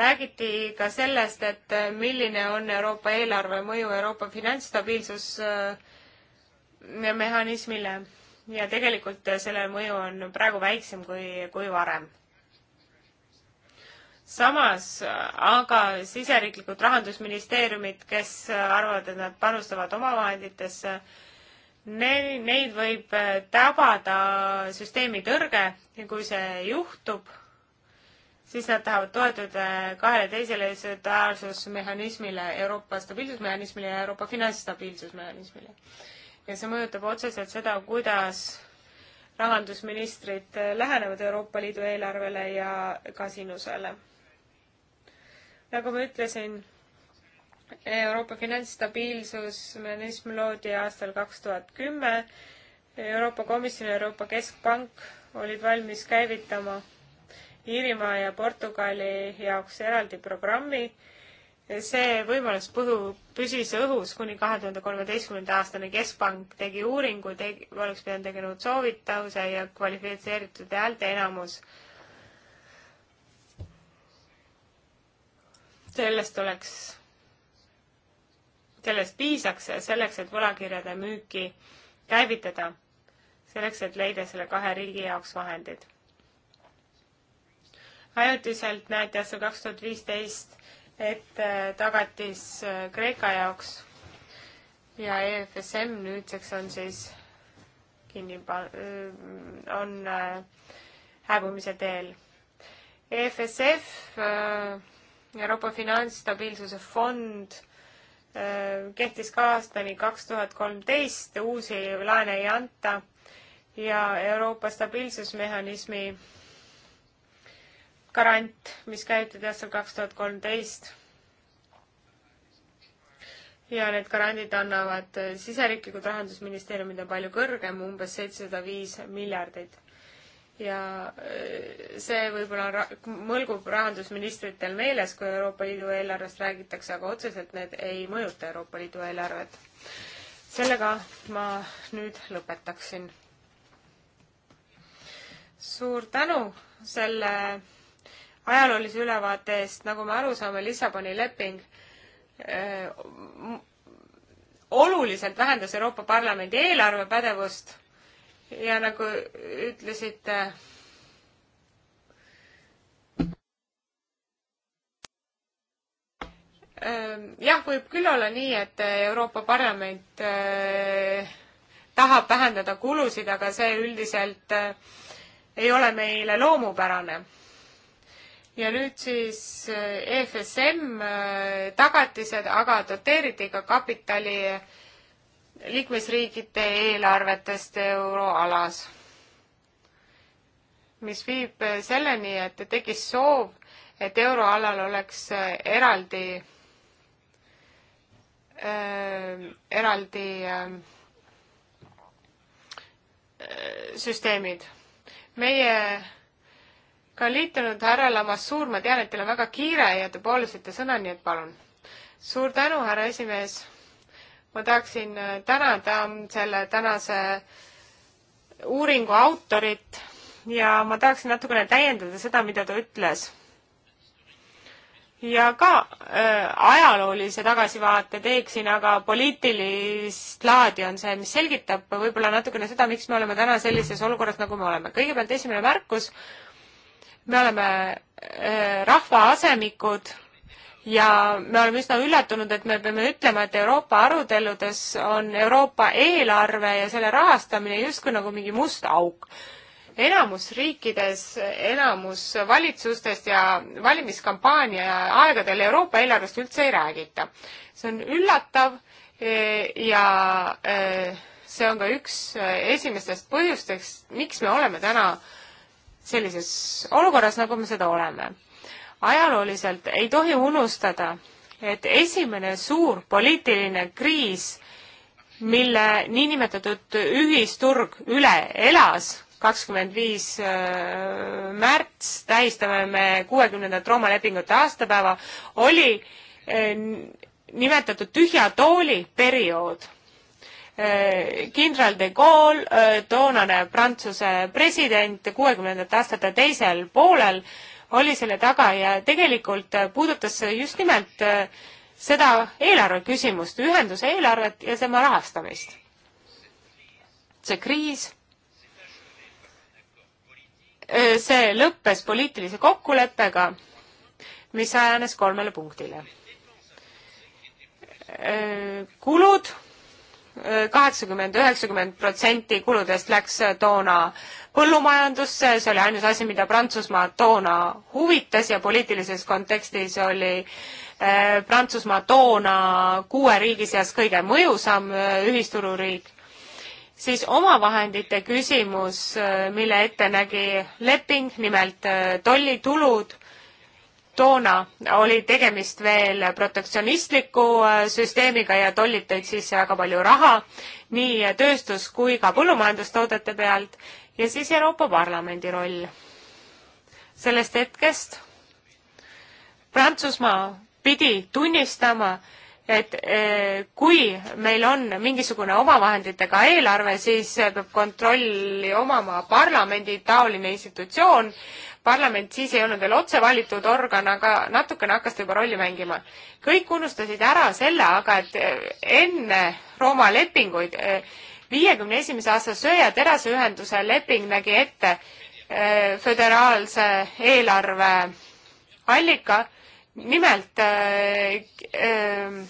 Speaker 3: räägiti ka sellest, et milline on Euroopa eelarve mõju Euroopa finantsstabiilsusmehhanismile äh, ja tegelikult selle mõju on praegu väiksem kui, kui varem. samas aga siseriiklikud rahandusministeeriumid, kes arvavad, et nad panustavad omavahenditesse, Neid võib tabada süsteemi tõrge ja kui see juhtub, siis nad tahavad toetuda kahele teisele solidaarsusmehhanismile, Euroopa stabiilsusmehhanismile ja Euroopa finantsstabiilsusmehhanismile. ja see mõjutab otseselt seda, kuidas rahandusministrid lähenevad Euroopa Liidu eelarvele ja kasinusele. nagu ma ütlesin, Euroopa finantsstabiilsusmehhanism loodi aastal kaks tuhat kümme, Euroopa Komisjon ja Euroopa Keskpank olid valmis käivitama Iirimaa ja Portugali jaoks eraldi programmi. see võimalus põhu, püsis õhus kuni kahe tuhande kolmeteistkümnenda aastani. keskpank tegi uuringu, tegi, oleks pidanud tegema soovitavuse ja kvalifitseeritud häälteenamus. sellest oleks, sellest piisaks selleks, et võlakirjade müüki käivitada, selleks, et leida selle kahe riigi jaoks vahendid ajutiselt näete aastal kaks tuhat viisteist ette äh, tagatis äh, Kreeka jaoks ja EFSM nüüdseks on siis kinni, äh, on hääbumise teel. EFSF, Euroopa Finantsstabiilsuse Fond, kehtis ka aastani kaks tuhat kolmteist, uusi laene ei anta ja Euroopa stabiilsusmehhanismi grant, mis käivitati aastal kaks tuhat kolmteist. ja need grandid annavad siseriiklikud rahandusministeeriumid on palju kõrgem, umbes seitsesada viis miljardit. ja äh, see võib-olla ra-, mõlgub rahandusministritel meeles, kui Euroopa Liidu eelarvest räägitakse, aga otseselt need ei mõjuta Euroopa Liidu eelarvet. sellega ma nüüd lõpetaksin. suur tänu selle ajaloolise ülevaate eest, nagu me aru saame, Lissaboni leping öö, äh, oluliselt vähendas Euroopa Parlamendi eelarvepädevust ja nagu ütlesite, ähm, jah, võib küll olla nii, et Euroopa Parlament äh, tahab vähendada kulusid, aga see üldiselt äh, ei ole meile loomupärane ja nüüd siis äh, EFSM äh, tagatised, aga doteeriti ka kapitali liikmesriigide eelarvetest euroalas, mis viib äh, selleni, et tekkis soov, et euroalal oleks eraldi äh,, eraldi äh, süsteemid. meie ka liitunud härra Lamassuur, ma tean, et teil on väga kiire ja te poolusite sõna, nii et palun. suur tänu, härra esimees. ma tahaksin äh, tänada ähm, selle tänase uuringu autorit ja ma tahaksin natukene täiendada seda, mida ta ütles ja ka äh, ajaloolise tagasivaate teeksin, aga poliitilist laadi on see, mis selgitab võib-olla natukene seda, miks me oleme täna sellises olukorras, nagu me oleme. kõigepealt esimene märkus äh, me oleme eh, rahva asemikud ja me oleme üsna üllatunud, et me peame ütlema, et Euroopa aruteludes on Euroopa eelarve ja selle rahastamine justkui nagu mingi must auk. enamus riikides, enamus valitsustest ja valimiskampaania aegadel Euroopa eelarvest üldse ei räägita. see on üllatav eh, ja eh, see on ka üks esimestest põhjustest, miks me oleme täna äh, sellises olukorras, nagu me seda oleme. ajalooliselt ei tohi unustada, et esimene suur poliitiline kriis, mille niinimetatud ühisturg üle elas, kakskümmend viis äh, märts tähistame me kuuekümnendat Rooma lepingute aastapäeva, oli äh, nimetatud tühja tooli periood Äh, kindral de Gaulle, äh, toonane Prantsuse president kuuekümnendate aastate teisel poolel, oli selle taga ja tegelikult äh, puudutas see just nimelt seda eelarve küsimust, ühenduse eelarvet ja tema rahastamist. see kriis, see lõppes poliitilise kokkuleppega, mis ajanes kolmele punktile. kulud kaheksakümmend, üheksakümmend protsenti kuludest läks äh, toona põllumajandusse, see oli ainus asi, mida Prantsusmaa toona huvitas ja poliitilises kontekstis oli äh, Prantsusmaa toona kuue riigi seas kõige mõjusam äh, ühistururiik, siis omavahendite küsimus, mille ette nägi leping, nimelt tollitulud toona oli tegemist veel protektsionistliku äh, süsteemiga ja tollid tõid sisse väga palju raha nii tööstus kui ka põllumajandustoodete pealt ja siis Euroopa Parlamendi roll. sellest hetkest Prantsusmaa pidi tunnistama, et äh, kui meil on mingisugune omavahenditega eelarve, siis peab kontrolli omama parlamendi taoline institutsioon parlament siis ei olnud veel otse valitud organ, aga natukene hakkas ta juba rolli mängima. kõik unustasid ära selle aga, et eh, enne Rooma lepinguid, eh, viiekümne esimese aasta söe- ja teraseühenduse leping nägi ette eh, föderaalse eelarve allika, nimelt öö, öö,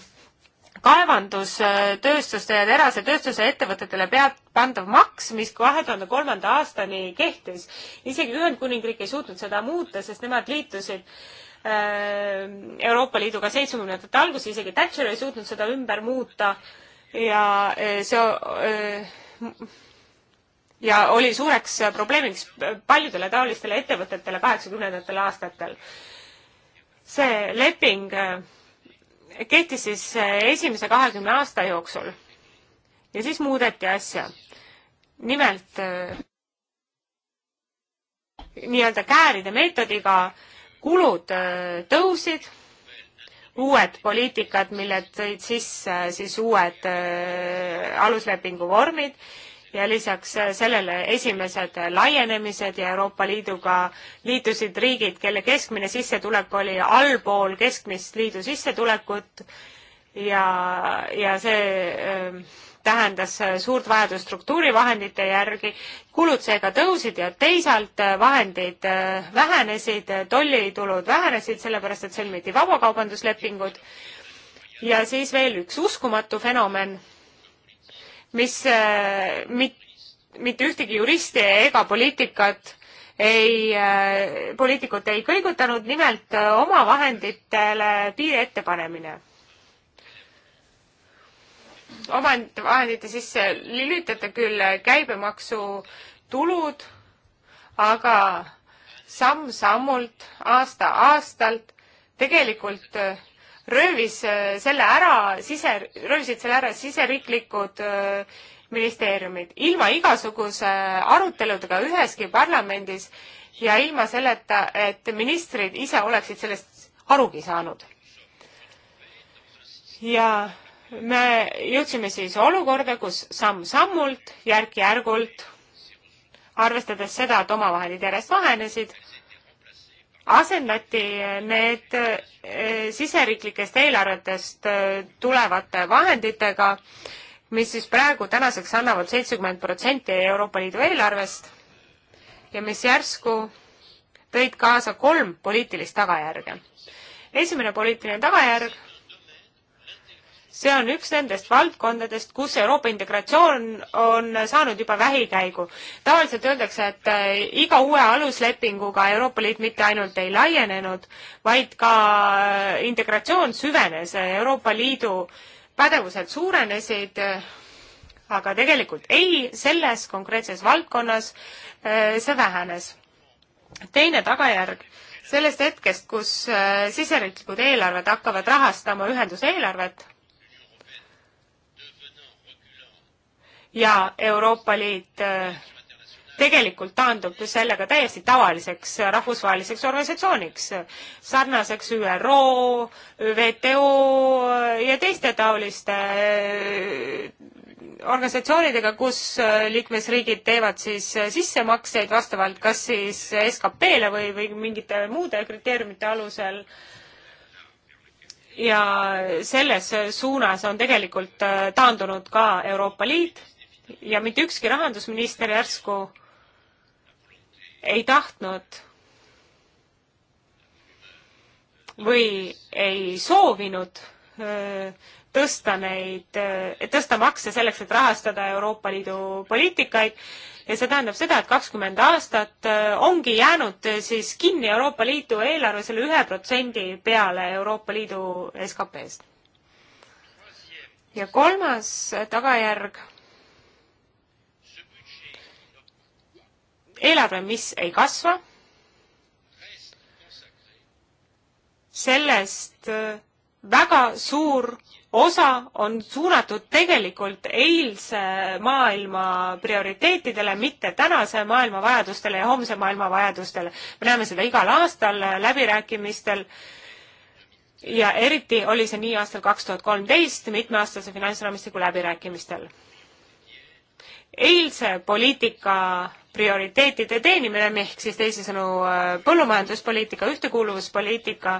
Speaker 3: kaevandustööstuste äh, ja terasetööstuse ettevõtetele peab pandav maks, mis kahe tuhande kolmanda aastani kehtis. isegi Ühendkuningriik ei suutnud seda muuta, sest nemad liitusid äh, Euroopa Liiduga seitsmekümnendate alguses, isegi Thatcher ei suutnud seda ümber muuta ja äh, see ja oli suureks probleemiks paljudele taolistele ettevõtetele kaheksakümnendatel aastatel. see leping kehtis siis eh, esimese kahekümne aasta jooksul. ja siis muudeti asja. nimelt eh, nii-öelda kääride meetodiga kulud eh, tõusid, uued poliitikad, mille tõid sisse siis uued aluslepingu vormid ja lisaks äh, sellele esimesed äh, laienemised ja Euroopa Liiduga liitusid riigid, kelle keskmine sissetulek oli allpool keskmist liidu sissetulekut ja, ja see öö, ähm, tähendas äh, suurt vajadust struktuurivahendite järgi, kulud seega tõusid ja teisalt vahendid vähenesid, tollitulud vähenesid, sellepärast et sõlmiti vabakaubanduslepingud. ja siis veel üks uskumatu fenomen mis äh, mit, mitte ühtegi juristi ega poliitikat ei, äh, poliitikut ei kõigutanud, nimelt äh, omavahenditele piiri ettepanemine. omavahendite sisse lülitate küll käibemaksu tulud, aga samm-sammult, aasta-aastalt tegelikult röövis äh, selle ära sise, röövisid selle ära siseriiklikud äh, ministeeriumid ilma igasuguse äh, aruteludega üheski parlamendis ja ilma selleta, et ministrid ise oleksid sellest arugi saanud. ja me jõudsime siis olukorda, kus samm-sammult, järk-järgult, arvestades seda, et omavahendid järjest vahenesid asendati need eh, siseriiklikest eelarvetest eh, tulevate vahenditega, mis siis praegu tänaseks annavad seitsekümmend protsenti Euroopa Liidu eelarvest ja mis järsku tõid kaasa kolm poliitilist tagajärge. esimene poliitiline tagajärg see on üks nendest valdkondadest, kus Euroopa integratsioon on saanud juba vähikäigu. tavaliselt öeldakse, et äh, iga uue aluslepinguga Euroopa Liit mitte ainult ei laienenud, vaid ka äh, integratsioon süvenes, Euroopa Liidu pädevused suurenesid, aga tegelikult ei, selles konkreetses valdkonnas äh, see vähenes. teine tagajärg sellest hetkest, kus siseriiklikud eelarved hakkavad rahastama ühenduse eelarvet, ja Euroopa Liit äh, tegelikult taandub sellega täiesti tavaliseks äh, rahvusvaheliseks organisatsiooniks, äh, sarnaseks ÜRO, WTO ja teiste taoliste organisatsioonidega, kus liikmesriigid teevad siis sissemakseid vastavalt kas siis SKP-le või, või mingite muude kriteeriumite alusel. ja selles suunas on tegelikult taandunud ka Euroopa Liit ja mitte ükski rahandusminister järsku ei tahtnud või ei soovinud tõsta neid, tõsta makse selleks, et rahastada Euroopa Liidu poliitikaid ja see tähendab seda, et kakskümmend aastat ongi jäänud siis kinni Euroopa Liidu eelarve selle ühe protsendi peale Euroopa Liidu SKP-st. ja kolmas tagajärg eelarve, mis ei kasva, sellest äh, väga suur osa on suunatud tegelikult eilse maailma prioriteetidele, mitte tänase maailma vajadustele ja homse maailma vajadustele. me näeme seda igal aastal äh, läbirääkimistel ja eriti oli see nii aastal kaks tuhat kolmteist mitmeaastase finantsraamistiku läbirääkimistel. eilse poliitika prioriteetide teenimine ehk siis teisisõnu äh, põllumajanduspoliitika, ühtekuuluvuspoliitika,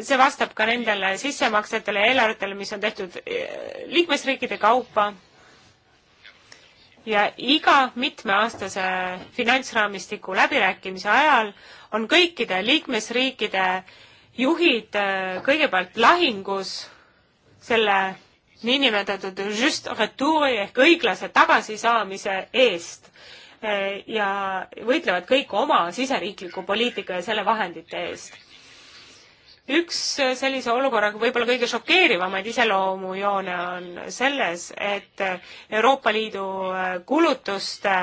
Speaker 3: see vastab ka nendele sissemaksetele ja eelarvetele, mis on tehtud äh, liikmesriikide kaupa ja iga mitmeaastase finantsraamistiku läbirääkimise ajal on kõikide liikmesriikide juhid äh, kõigepealt lahingus selle niinimetatud just retouri ehk õiglase tagasisaamise eest äh, ja võitlevad kõik oma siseriikliku poliitika ja selle vahendite eest. üks äh, sellise olukorraga võib-olla kõige šokeerivamaid iseloomujoone on selles, et äh, Euroopa Liidu kulutuste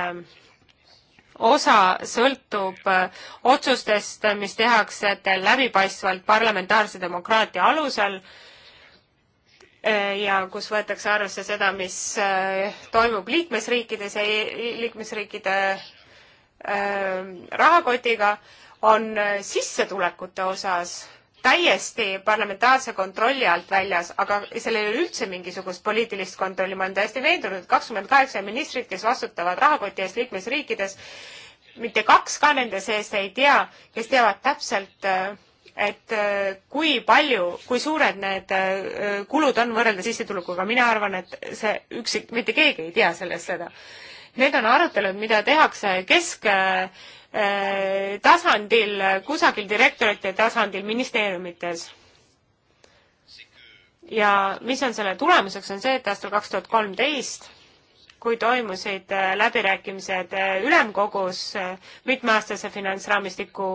Speaker 3: osa sõltub otsustest, mis tehakse läbipaistvalt parlamentaarse demokraatia alusel äh, Äh, ja kus võetakse arvesse seda, mis äh, toimub liikmesriikides ja e-, liikmesriikide äh, rahakotiga, on sissetulekute osas täiesti parlamentaarse kontrolli alt väljas, aga sellel ei ole üldse mingisugust poliitilist kontrolli, ma olen täiesti veendunud, et kakskümmend kaheksa ministrit, kes vastutavad rahakoti eest liikmesriikides, mitte kaks ka nende seest ei tea, kes teavad täpselt äh, et äh, kui palju, kui suured need äh, kulud on võrreldes sissetulekuga, mina arvan, et see üksik, mitte keegi ei tea sellest seda. Need on arutelud, mida tehakse kesk äh, tasandil, kusagil direktorite tasandil, ministeeriumites. ja mis on selle tulemuseks, on see, et aastal kaks tuhat kolmteist kui toimusid äh, läbirääkimised äh, ülemkogus äh, mitmeaastase finantsraamistiku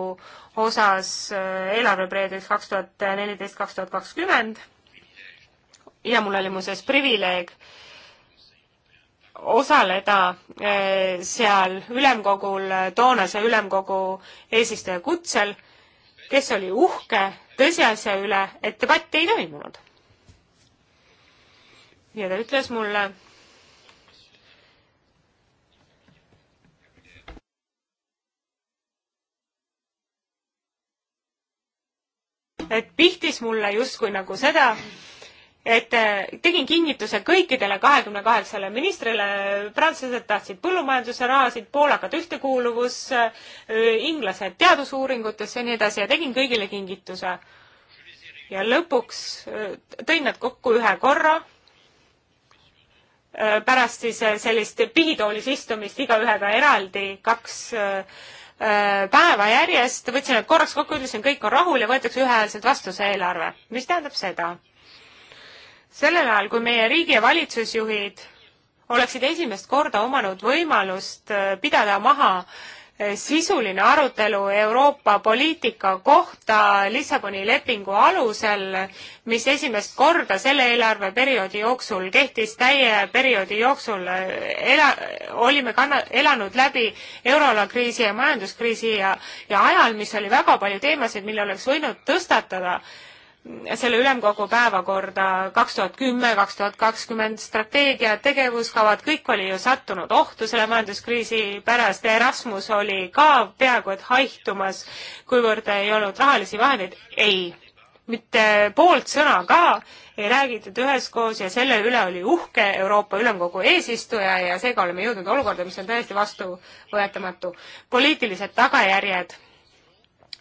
Speaker 3: osas eelarveperioodiks kaks tuhat neliteist, kaks tuhat kakskümmend. ja mul oli muuseas privileeg osaleda seal ülemkogul, toonase ülemkogu eesistuja kutsel, kes oli uhke tõsiasja üle, et debatti ei toimunud. ja ta ütles mulle, et pihtis mulle justkui nagu seda, et äh, tegin kingituse kõikidele kahekümne kaheksale ministrile, prantslased tahtsid põllumajanduse rahasid, poolakad ühtekuuluvus, äh, inglased teadusuuringutesse ja nii edasi ja tegin kõigile kingituse. ja lõpuks äh, tõin nad kokku ühe korra, pärast siis sellist pihitoolis istumist igaühega eraldi kaks Äh, päeva järjest, võtsin nad korraks kokku, ütlesin, kõik on rahul ja võetakse ühehäälselt vastu see eelarve. mis tähendab seda? sellel ajal, kui meie riigi ja valitsusjuhid oleksid esimest korda omanud võimalust äh, pidada maha sisuline arutelu Euroopa poliitika kohta Lissaboni lepingu alusel, mis esimest korda selle eelarveperioodi jooksul kehtis täie perioodi jooksul. Eh, ela-, olime kanna-, elanud läbi euroala kriisi ja majanduskriisi ja, ja ajal, mis oli väga palju teemasid, mille oleks võinud tõstatada selle ülemkogu päevakorda kaks tuhat kümme, kaks tuhat kakskümmend strateegiad, tegevuskavad, kõik oli ju sattunud ohtu selle majanduskriisi pärast ja Erasmus oli ka peaaegu et haihtumas, kuivõrd ei olnud rahalisi vahendeid. ei, mitte poolt sõna ka ei räägitud üheskoos ja selle üle oli uhke Euroopa Ülemkogu eesistuja ja seega oleme jõudnud olukorda, mis on täiesti vastuvõetamatu. poliitilised tagajärjed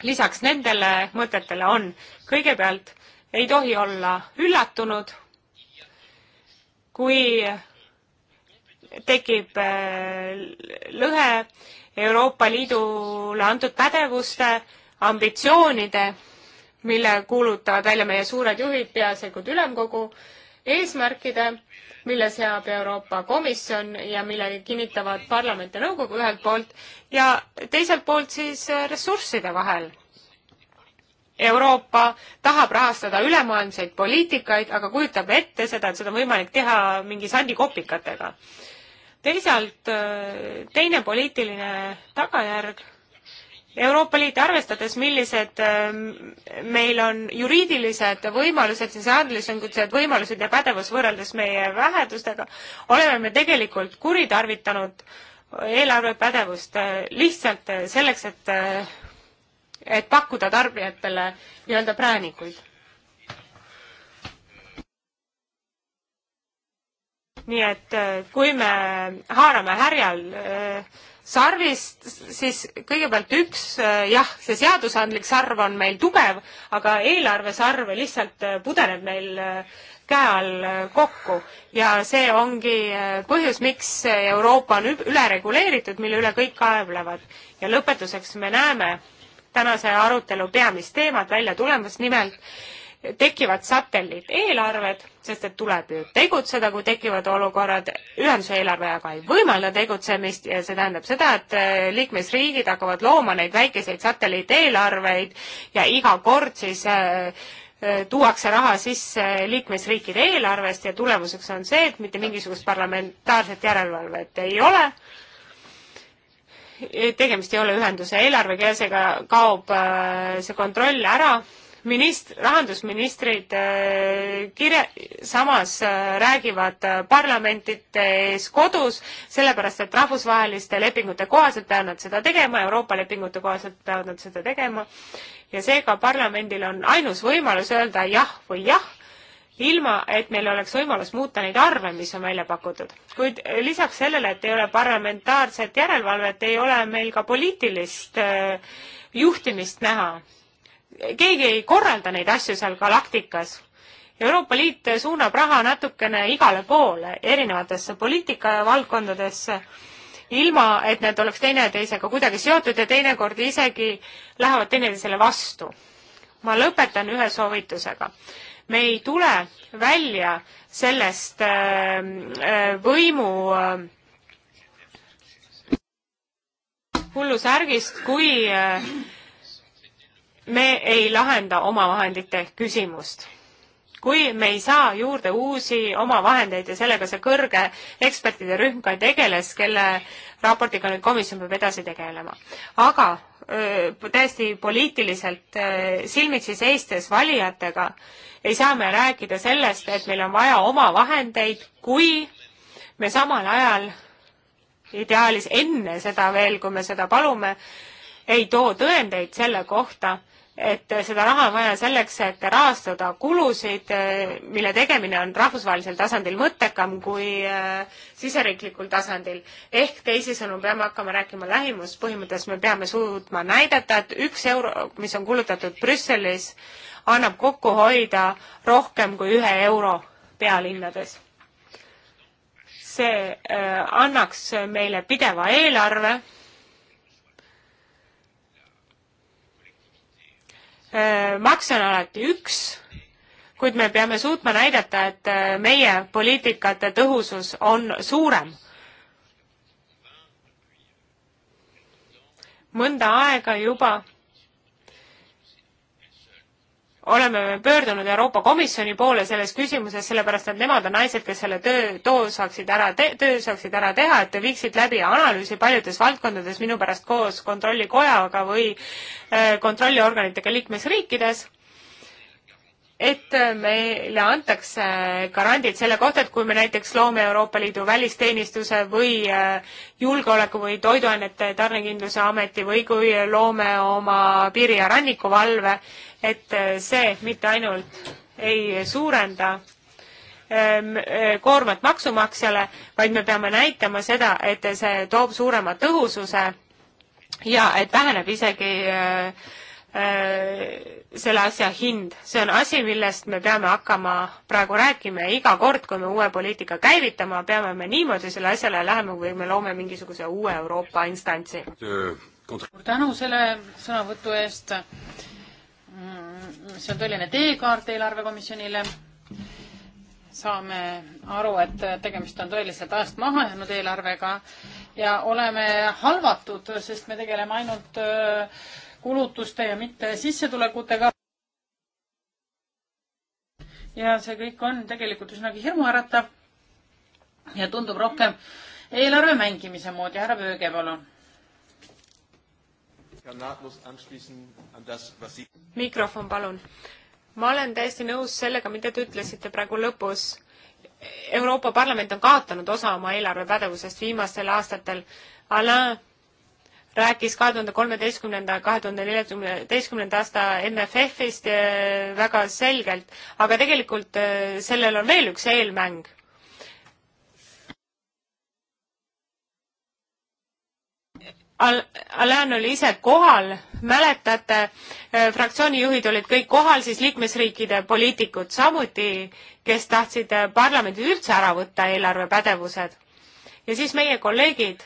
Speaker 3: lisaks nendele mõtetele on, kõigepealt ei tohi olla üllatunud, kui tekib äh, lõhe Euroopa Liidule antud pädevuste, ambitsioonide, mille kuulutavad välja meie suured juhid, peaasjalikult ülemkogu äh, eesmärkide, mille seab Euroopa Komisjon ja mille kinnitavad parlament ja nõukogu ühelt poolt ja teiselt poolt siis äh, ressursside vahel. Euroopa tahab rahastada ülemaailmseid poliitikaid, aga kujutab ette seda, et seda on võimalik teha mingi sandikopikatega. teisalt äh, teine poliitiline tagajärg Euroopa Liit, arvestades, millised ähm, meil on juriidilised võimalused, siis äärmisõngused võimalused ja pädevus võrreldes meie vähedustega, oleme me tegelikult kuritarvitanud eelarvepädevust äh, lihtsalt äh, selleks, et, äh, et pakkuda tarbijatele nii-öelda präänikuid. nii et kui me haarame härjal äh, sarvist, siis kõigepealt üks, äh, jah, see seadusandlik sarv on meil tugev, aga eelarvesarv lihtsalt äh, pudeneb meil äh, käe all kokku ja see ongi põhjus, miks Euroopa on ülereguleeritud, mille üle kõik kaevlevad. ja lõpetuseks me näeme tänase arutelu peamist teemat välja tulemas, nimelt tekivad satelliiteelarved, sest et tuleb ju tegutseda, kui tekivad olukorrad, ühenduse eelarve aga ei võimalda tegutsemist ja see tähendab seda, et eh, liikmesriigid hakkavad looma neid väikeseid satelliiteelarveid ja iga kord siis äh, tuuakse raha sisse liikmesriikide eelarvest ja tulemuseks on see, et mitte mingisugust parlamentaarset järelevalvet ei ole. tegemist ei ole ühenduse eelarvega ja seega kaob see kontroll ära minist-, rahandusministrid äh, kirja-, samas äh, räägivad äh, parlamentide ees kodus, sellepärast et rahvusvaheliste lepingute kohaselt peavad nad seda tegema, Euroopa lepingute kohaselt peavad nad seda tegema ja seega parlamendil on ainus võimalus öelda jah või jah, ilma et meil oleks võimalus muuta neid arve, mis on välja pakutud. kuid lisaks sellele, et ei ole parlamentaarset järelevalvet, ei ole meil ka poliitilist juhtimist näha keegi ei korralda neid asju seal galaktikas. Euroopa Liit suunab raha natukene igale poole, erinevatesse poliitikavaldkondadesse, ilma et need oleks teineteisega kuidagi seotud ja teinekord isegi lähevad teineteisele vastu. ma lõpetan ühe soovitusega me ei tule välja sellest ähm, äh, võimu äh, hullusärgist, kui äh, me ei lahenda omavahendite küsimust. kui me ei saa juurde uusi omavahendeid ja sellega see kõrge ekspertide rühm ka tegeles, kelle raportiga nüüd komisjon peab edasi tegelema. aga öö, täiesti poliitiliselt silmitsi seistes valijatega ei saa me rääkida sellest, et meil on vaja omavahendeid, kui me samal ajal ideaalis enne seda veel, kui me seda palume, ei too tõendeid selle kohta, et seda raha on vaja selleks, et rahastada kulusid, mille tegemine on rahvusvahelisel tasandil mõttekam kui äh, siseriiklikul tasandil. ehk teisisõnu, peame hakkama rääkima lähimuspõhimõttest, me peame suutma näidata, et üks euro, mis on kulutatud Brüsselis, annab kokku hoida rohkem kui ühe euro pealinnades. see äh, annaks meile pideva eelarve Äh, makse on alati üks, kuid me peame suutma näidata, et äh, meie poliitikate tõhusus on suurem. mõnda aega juba oleme me pöördunud Euroopa Komisjoni poole selles küsimuses, sellepärast et nemad on naised, kes selle töö, too saaksid ära te-, töö saaksid ära teha, et viiksid läbi analüüsi paljudes valdkondades minu pärast koos kontrollikojaga või äh, kontrolliorganitega liikmesriikides, et äh, meile antakse äh, garandid selle kohta, et kui me näiteks loome Euroopa Liidu välisteenistuse või julgeoleku või toiduainete tarnekindluse ameti või kui loome oma piiri- ja rannikuvalve, et äh, see mitte ainult ei suurenda ähm, äh, koormat maksumaksjale, vaid me peame näitama seda, et see toob suurema tõhususe ja et väheneb isegi äh, selle asja hind, see on asi, millest me peame hakkama praegu rääkima ja iga kord, kui me uue poliitika käivitama, peame me niimoodi selle asjale lähema või me loome mingisuguse uue Euroopa instantsi.
Speaker 2: suur
Speaker 1: tänu selle sõnavõtu eest Mm, see on tõeline teekaart eelarvekomisjonile. saame aru, et tegemist on tõeliselt ajast maha jäänud eelarvega ja oleme halvatud, sest me tegeleme ainult äh, kulutuste ja mitte sissetulekutega. ja see kõik on tegelikult üsnagi hirmuäratav ja tundub rohkem eelarve mängimise moodi. härra Pööge, palun
Speaker 3: mikrofon, palun. ma olen täiesti nõus sellega, mida te ütlesite praegu lõpus. Euroopa Parlament on kaotanud osa oma eelarvepädevusest viimastel aastatel. Alain rääkis kahe tuhande kolmeteistkümnenda, kahe tuhande neljateistkümnenda aasta MFF-ist äh, väga selgelt, aga tegelikult äh, sellel on veel üks eelmäng Al-, Alain oli ise kohal, mäletate, äh, fraktsiooni juhid olid kõik kohal, siis liikmesriikide poliitikud samuti, kes tahtsid äh, parlamendil üldse ära võtta eelarvepädevused. ja siis meie kolleegid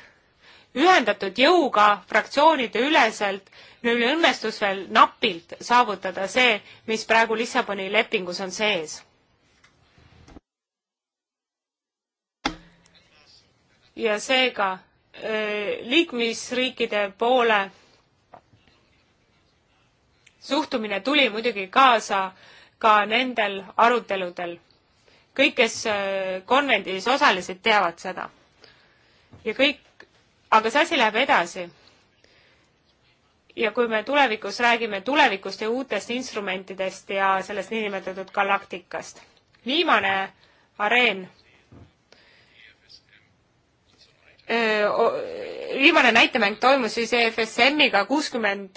Speaker 3: ühendatud jõuga fraktsioonide üleselt, neil õnnestus veel napilt saavutada see, mis praegu Lissaboni lepingus on sees ja seega liikmesriikide poole suhtumine tuli muidugi kaasa ka nendel aruteludel. kõik, kes konvendis osalesid, teavad seda. ja kõik, aga see asi läheb edasi. ja kui me tulevikus räägime tulevikust ja uutest instrumentidest ja sellest niinimetatud galaktikast. viimane areen viimane näitemäng toimus siis EFSM-iga kuuskümmend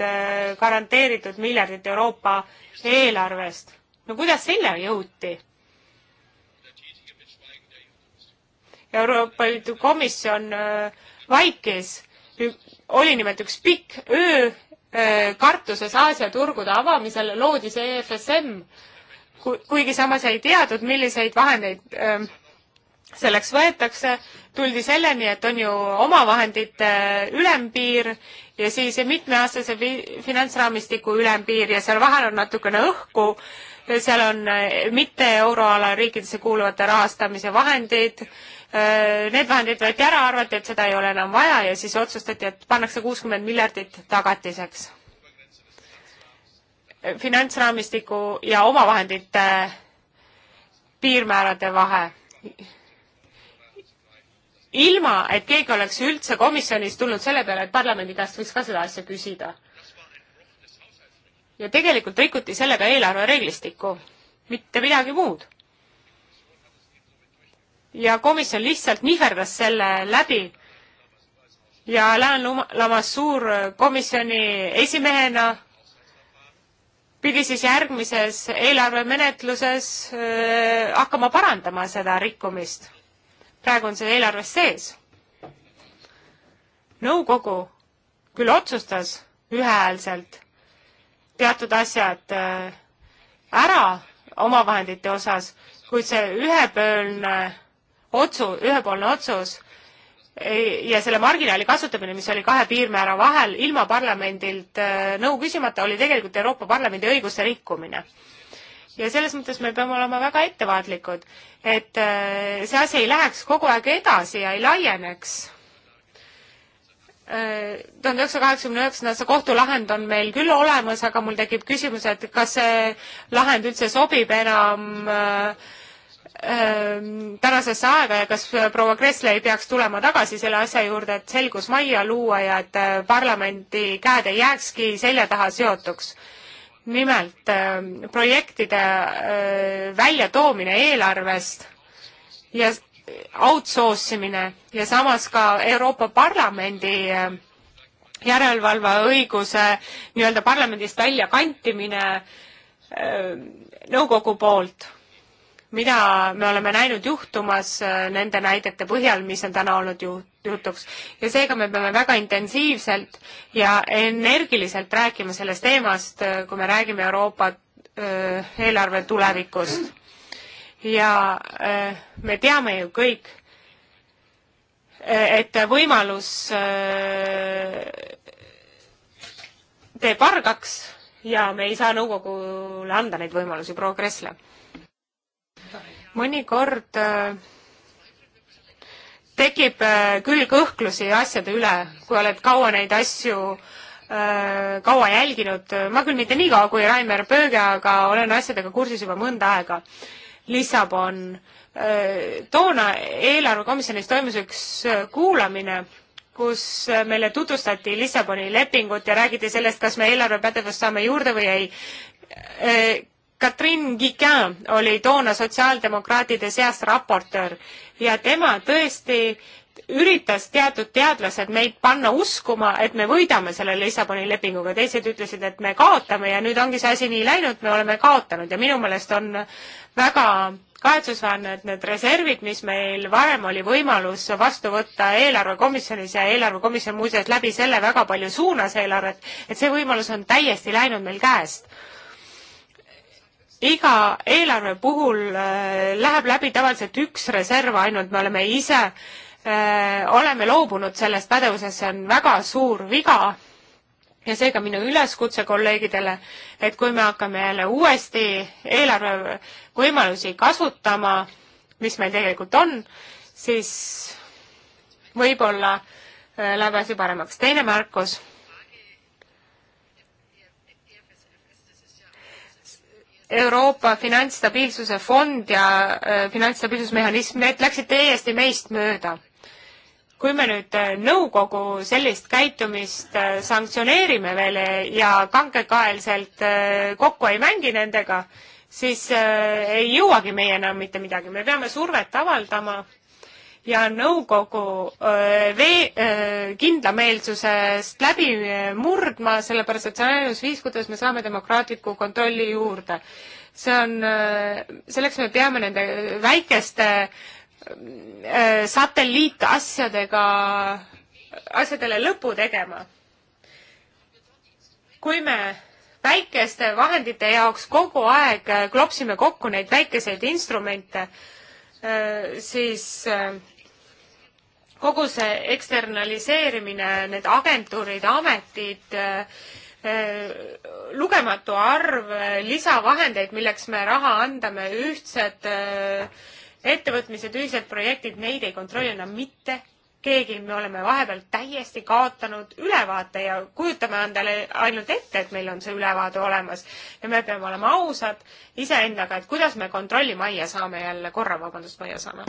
Speaker 3: garanteeritud miljardit Euroopa eelarvest. no kuidas selle jõuti? Euroopa Liidu komisjon vaikis, oli nimelt üks pikk öö kartuses Aasia turgude avamisel loodi see EFSM, kuigi samas ei teadnud, milliseid vahendeid selleks võetakse, tuldi selleni, et on ju omavahendite äh, ülempiir ja siis mitmeaastase finantsraamistiku ülempiir ja seal vahel on natukene õhku, seal on äh, mitte euroala riikidesse kuuluvate rahastamise vahendid, äh, need vahendid võeti ära, arvati, et seda ei ole enam vaja ja siis otsustati, et pannakse kuuskümmend miljardit tagatiseks. finantsraamistiku ja omavahendite piirmäärade vahe ilma, et keegi oleks üldse komisjonis tulnud selle peale, et parlamendi käest võiks ka seda asja küsida. ja tegelikult rikuti sellega eelarvereeglistikku, mitte midagi muud. ja komisjon lihtsalt nihverdas selle läbi ja Alain Lamassoor komisjoni esimehena pidi siis järgmises eelarvemenetluses äh, hakkama parandama seda rikkumist praegu on see eelarves sees. nõukogu küll otsustas ühehäälselt teatud asjad äh, ära omavahendite osas, kuid see ühepöölne otsu, ühepoolne otsus ja selle marginaali kasutamine, mis oli kahe piirmäära vahel ilma parlamendilt äh, nõu küsimata, oli tegelikult Euroopa Parlamendi õiguste rikkumine ja selles mõttes me peame olema väga ettevaatlikud, et äh, see asi ei läheks kogu aeg edasi ja ei laieneks. Äh, tuhande üheksasaja kaheksakümne üheksanda aasta kohtulahend on meil küll olemas, aga mul tekib küsimus, et kas see lahend üldse sobib enam äh, ähm, tänasesse aega ja kas proua Kressle ei peaks tulema tagasi selle asja juurde, et selgus majja luua ja et parlamendi käed ei jääkski selja taha seotuks nimelt äh, projektide äh, väljatoomine eelarvest ja outsource imine ja samas ka Euroopa Parlamendi äh, järelevalveõiguse nii-öelda parlamendist välja kantimine nõukogu poolt mida me oleme näinud juhtumas äh, nende näidete põhjal, mis on täna olnud ju jutuks. ja seega me peame väga intensiivselt ja energiliselt rääkima sellest teemast, äh, kui me räägime Euroopa äh, eelarve tulevikust. ja me teame ju kõik, et võimalus teeb argaks ja me ei saa nõukogule anda neid võimalusi, proua Kressle mõnikord äh, tekib äh, küll kõhklusi asjade üle, kui oled kaua neid asju äh, kaua jälginud, ma küll mitte nii kaua kui Raimar Pööge, aga olen asjadega kursis juba mõnda aega. Lissabon, toona eelarvekomisjonis toimus üks kuulamine, kus meile tutvustati Lissaboni lepingut ja räägiti sellest, kas me eelarvepädevust saame juurde või ei Katrin Gigan oli toona sotsiaaldemokraatide seast raportöör ja tema tõesti üritas teatud teadlased meid panna uskuma, et me võidame selle Lissaboni lepinguga, teised ütlesid, et me kaotame ja nüüd ongi see asi nii läinud, me oleme kaotanud ja minu meelest on väga kahetsusväärne, et need reservid, mis meil varem oli võimalus vastu võtta eelarvekomisjonis ja eelarvekomisjon muuseas läbi selle väga palju suunas eelarvet, et see võimalus on täiesti läinud meil käest iga eelarve puhul äh, läheb läbi tavaliselt üks reserv ainult, me oleme ise, äh, oleme loobunud sellest pädevusest, see on väga suur viga ja seega minu üleskutse kolleegidele, et kui me hakkame jälle uuesti eelarve võimalusi kasutama, mis meil tegelikult on, siis võib-olla äh, läheb asi paremaks. teine märkus Euroopa Finantsstabiilsuse Fond ja äh, finantsstabiilsusmehhanism, need läksid täiesti meist mööda. kui me nüüd äh, nõukogu sellist käitumist äh, sanktsioneerime veel ja kangekaelselt kokku ei mängi nendega, siis ei jõuagi meie enam mitte midagi, me peame survet avaldama ja nõukogu vee-, kindlameelsusest läbi murdma, sellepärast et see on ainus viis, kuidas me saame demokraatliku kontrolli juurde. see on, selleks me peame nende väikeste satelliitasjadega, asjadele lõpu tegema. kui me väikeste vahendite jaoks kogu aeg klopsime kokku neid väikeseid instrumente, Äh, siis äh, kogu see eksternaliseerimine, need agentuurid, ametid, äh, lugematu arv lisavahendeid, milleks me raha andame, ühtsed ettevõtmised, ühised projektid, neid ei kontrolli enam mitte keegi, me oleme vahepeal täiesti kaotanud ülevaate ja kujutame endale ainult ette, et meil on see ülevaade olemas. ja me peame olema ausad iseendaga, et kuidas me kontrolli majja
Speaker 1: saame jälle, korra, vabandust, majja saame.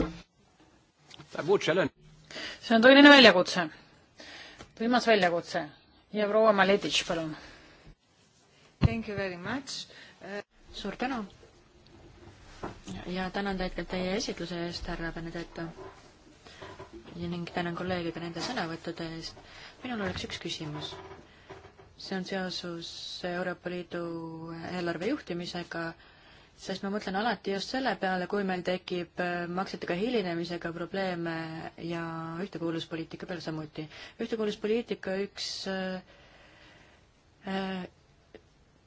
Speaker 1: see on tõeline väljakutse, võimas väljakutse ja proua Maletitš, palun.
Speaker 2: Thank you very much uh,. suur tänu. ja tänan teid ka teie esitluse eest, härra Benedetto ning tänan kolleegide nende sõnavõttude eest. minul oleks üks küsimus. see on seoses Euroopa Liidu eelarve juhtimisega, sest ma mõtlen alati just selle peale, kui meil tekib äh, maksetega hilinemisega probleeme ja ühtekuuluvuspoliitika peal samuti. ühtekuuluvuspoliitika üks äh, äh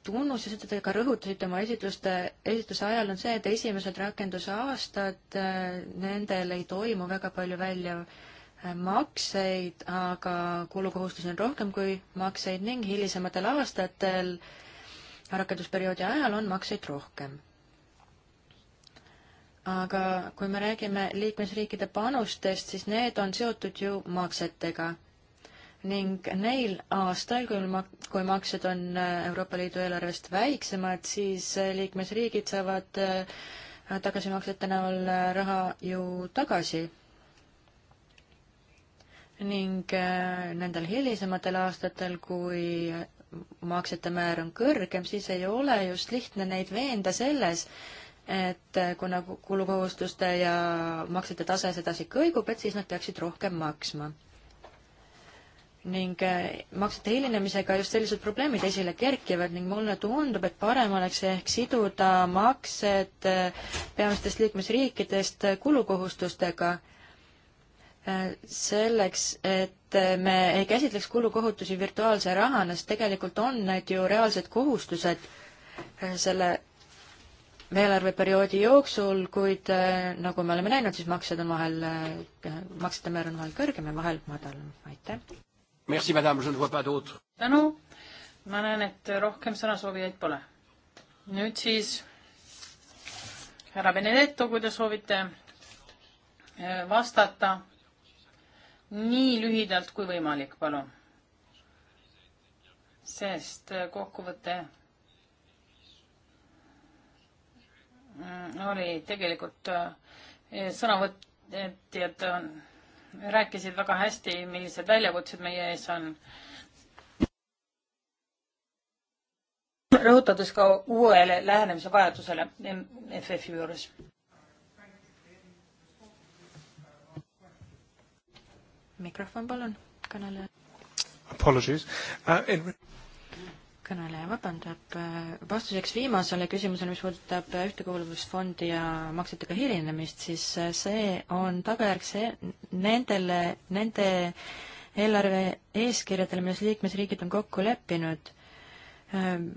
Speaker 2: tunnustasite, te ka rõhutasite oma esitluste, esitluse ajal, on see, et esimesed rakendusaastad, äh, nendel ei toimu väga palju välja äh, makseid, aga kulukohustusi on rohkem kui makseid ning hilisematel aastatel rakendusperioodi ajal on makseid rohkem. aga kui me räägime liikmesriikide panustest, siis need on seotud ju maksetega ning neil aastail, kui mak-, kui maksed on äh, Euroopa Liidu eelarvest väiksemad, siis äh, liikmesriigid saavad äh, tagasimaksete näol raha ju tagasi. ning nendel hilisematel aastatel, kui maksete määr on kõrgem, siis ei ole just lihtne neid veenda selles, et kuna kulukohustuste ja maksete tase sedasi kõigub, et siis nad peaksid rohkem maksma ning eh, maksete hilinemisega just sellised probleemid esile kerkivad ning mulle tundub, et parem oleks ehk siduda maksed eh, peamistest liikmesriikidest kulukohustustega, eh, selleks, et me ei käsitleks kulukohutusi virtuaalse rahana, sest tegelikult on need ju reaalsed kohustused selle eelarveperioodi jooksul, kuid nagu me oleme näinud, siis maksed on vahel, maksete määr on vahel kõrgem ja vahel madalam, aitäh.
Speaker 1: Merci, madame, je ne vois pas d'autres. tänu, ma näen, et rohkem sõnasoovijaid pole. nüüd siis härra Benedetto, kui te soovite äh, vastata nii lühidalt kui võimalik, palun. sest äh, kokkuvõte mm, oli tegelikult äh, sõnavõtjad on rääkisid väga hästi, millised väljakutsed meie ees on. rõhutades ka uuele lähenemise vajadusele FF-i juures.
Speaker 2: mikrofon palun kõnelejale. Apologies uh,. In kõneleja vabandab, äh, vastuseks viimasele küsimusele, mis puudutab Ühtekuuluvusfondi ja maksetega hilinemist, siis äh, see on tagajärg see, nendele, nende eelarve eeskirjadele, milles liikmesriigid on kokku leppinud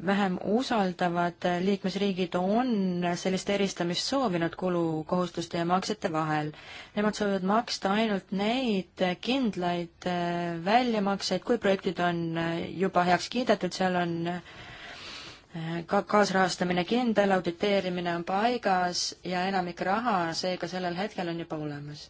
Speaker 2: vähem usaldavad liikmesriigid on sellist eristamist soovinud kulukohustuste ja maksete vahel. Nemad soovivad maksta ainult neid kindlaid äh, väljamakseid, kui projektid on äh, juba heaks kiidetud, seal on äh, ka kaasrahastamine kindel, auditeerimine on paigas ja enamik raha seega sellel hetkel on juba olemas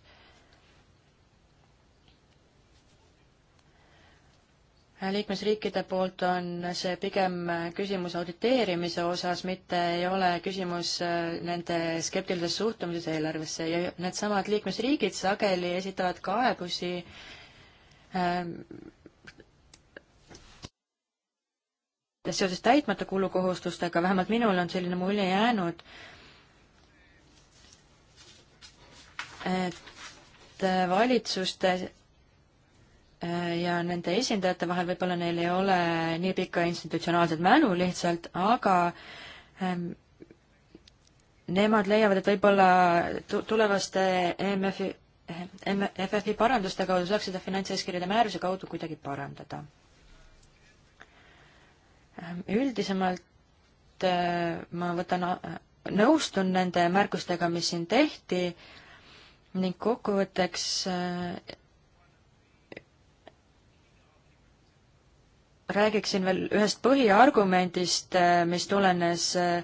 Speaker 2: liikmesriikide poolt on see pigem küsimus auditeerimise osas, mitte ei ole küsimus äh, nende skeptilises suhtumises eelarvesse ja needsamad liikmesriigid sageli esitavad kaebusi ähm, seoses täitmata kulukohustustega, vähemalt minul on selline mulje jäänud, et äh, valitsuste Äh, ja nende esindajate vahel võib-olla neil ei ole nii pikka institutsionaalset mälu lihtsalt, aga ähm, nemad leiavad, et võib-olla tulevaste EMF-i, FFI paranduste kaudu saaks seda finantseeskirjade määruse kaudu kuidagi parandada ähm,. üldisemalt äh, ma võtan, nõustun nende märkustega, mis siin tehti ning kokkuvõtteks äh, räägiksin veel ühest põhiargumendist, äh, mis tulenes äh,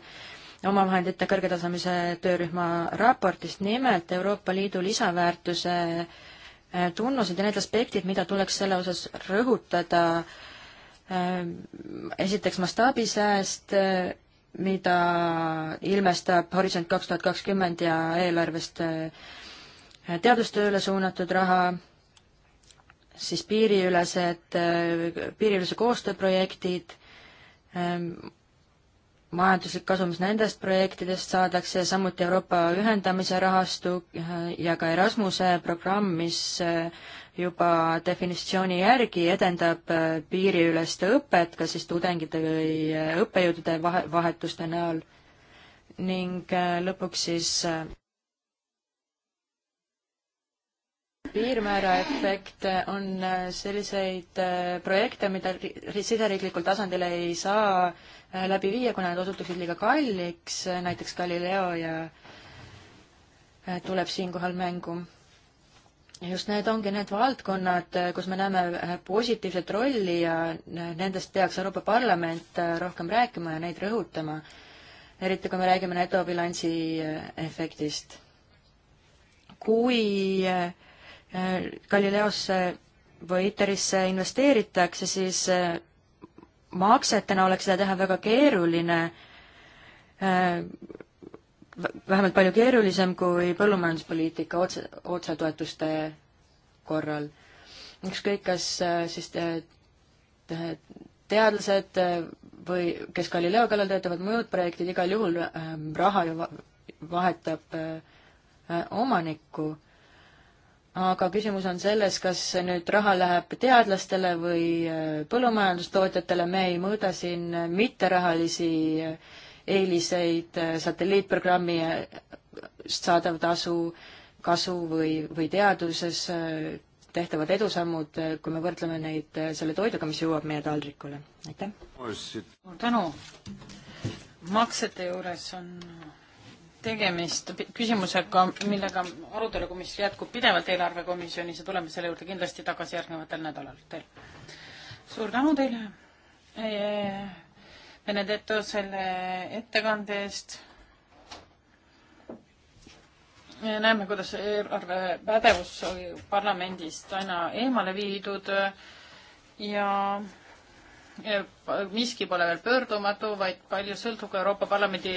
Speaker 2: omavahendite kõrgetasemise töörühma raportist, nimelt Euroopa Liidu lisaväärtuse äh, tunnused ja need aspektid, mida tuleks selle osas rõhutada, esiteks mastaabisääst, mida ilmestab Horisont kaks tuhat kakskümmend ja eelarvest teadustööle suunatud raha, siis piiriülesed, piiriülese koostööprojektid, ähm, majanduslik kasu, mis nendest projektidest saadakse, samuti Euroopa ühendamise rahastu äh, ja ka Erasmuse programm, mis äh, juba definitsiooni järgi edendab äh, piiriülest õpet, kas siis tudengite või õppejõudude vahe, vahetuste näol ning lõpuks siis piirmäära efekt, on äh, selliseid äh, projekte, mida siseriiklikul tasandil ei saa äh, läbi viia, kuna need osutuksid liiga kalliks, näiteks Galileo ja tuleb siinkohal mängu. just need ongi need valdkonnad, kus me näeme positiivset rolli ja nendest peaks Euroopa Parlament rohkem rääkima ja neid rõhutama. eriti, kui me räägime netobilansi efektist kui Äh, Galileosse või ITER-isse investeeritakse, siis äh, maksetena oleks seda teha väga keeruline, äh, vähemalt palju keerulisem kui põllumajanduspoliitika otse, otsetoetuste korral. ükskõik, kas siis te, te, teadlased või, kes Galileo kallal töötavad, muud projektid, igal juhul raha ju vahetab omanikku aga küsimus on selles, kas nüüd raha läheb teadlastele või äh, põllumajandustootjatele, me ei mõõda siin mitterahalisi äh, eeliseid, äh, satelliitprogrammi saadav tasu, kasu või, või teaduses tehtavad edusammud, kui me võrdleme neid selle toiduga, mis jõuab meie taldrikule. aitäh! suur tänu!
Speaker 1: maksete juures on tegemist küsimusega, millega aruteluga, mis jätkub pidevalt eelarvekomisjonis ja tuleme selle juurde kindlasti tagasi järgnevatel nädalatel. suur tänu teile, Benedetto, selle ettekande eest. näeme, kuidas eelarve pädevus oli parlamendist aina eemale viidud ja miski pole veel pöördumatu, vaid palju sõltub ka Euroopa Parlamendi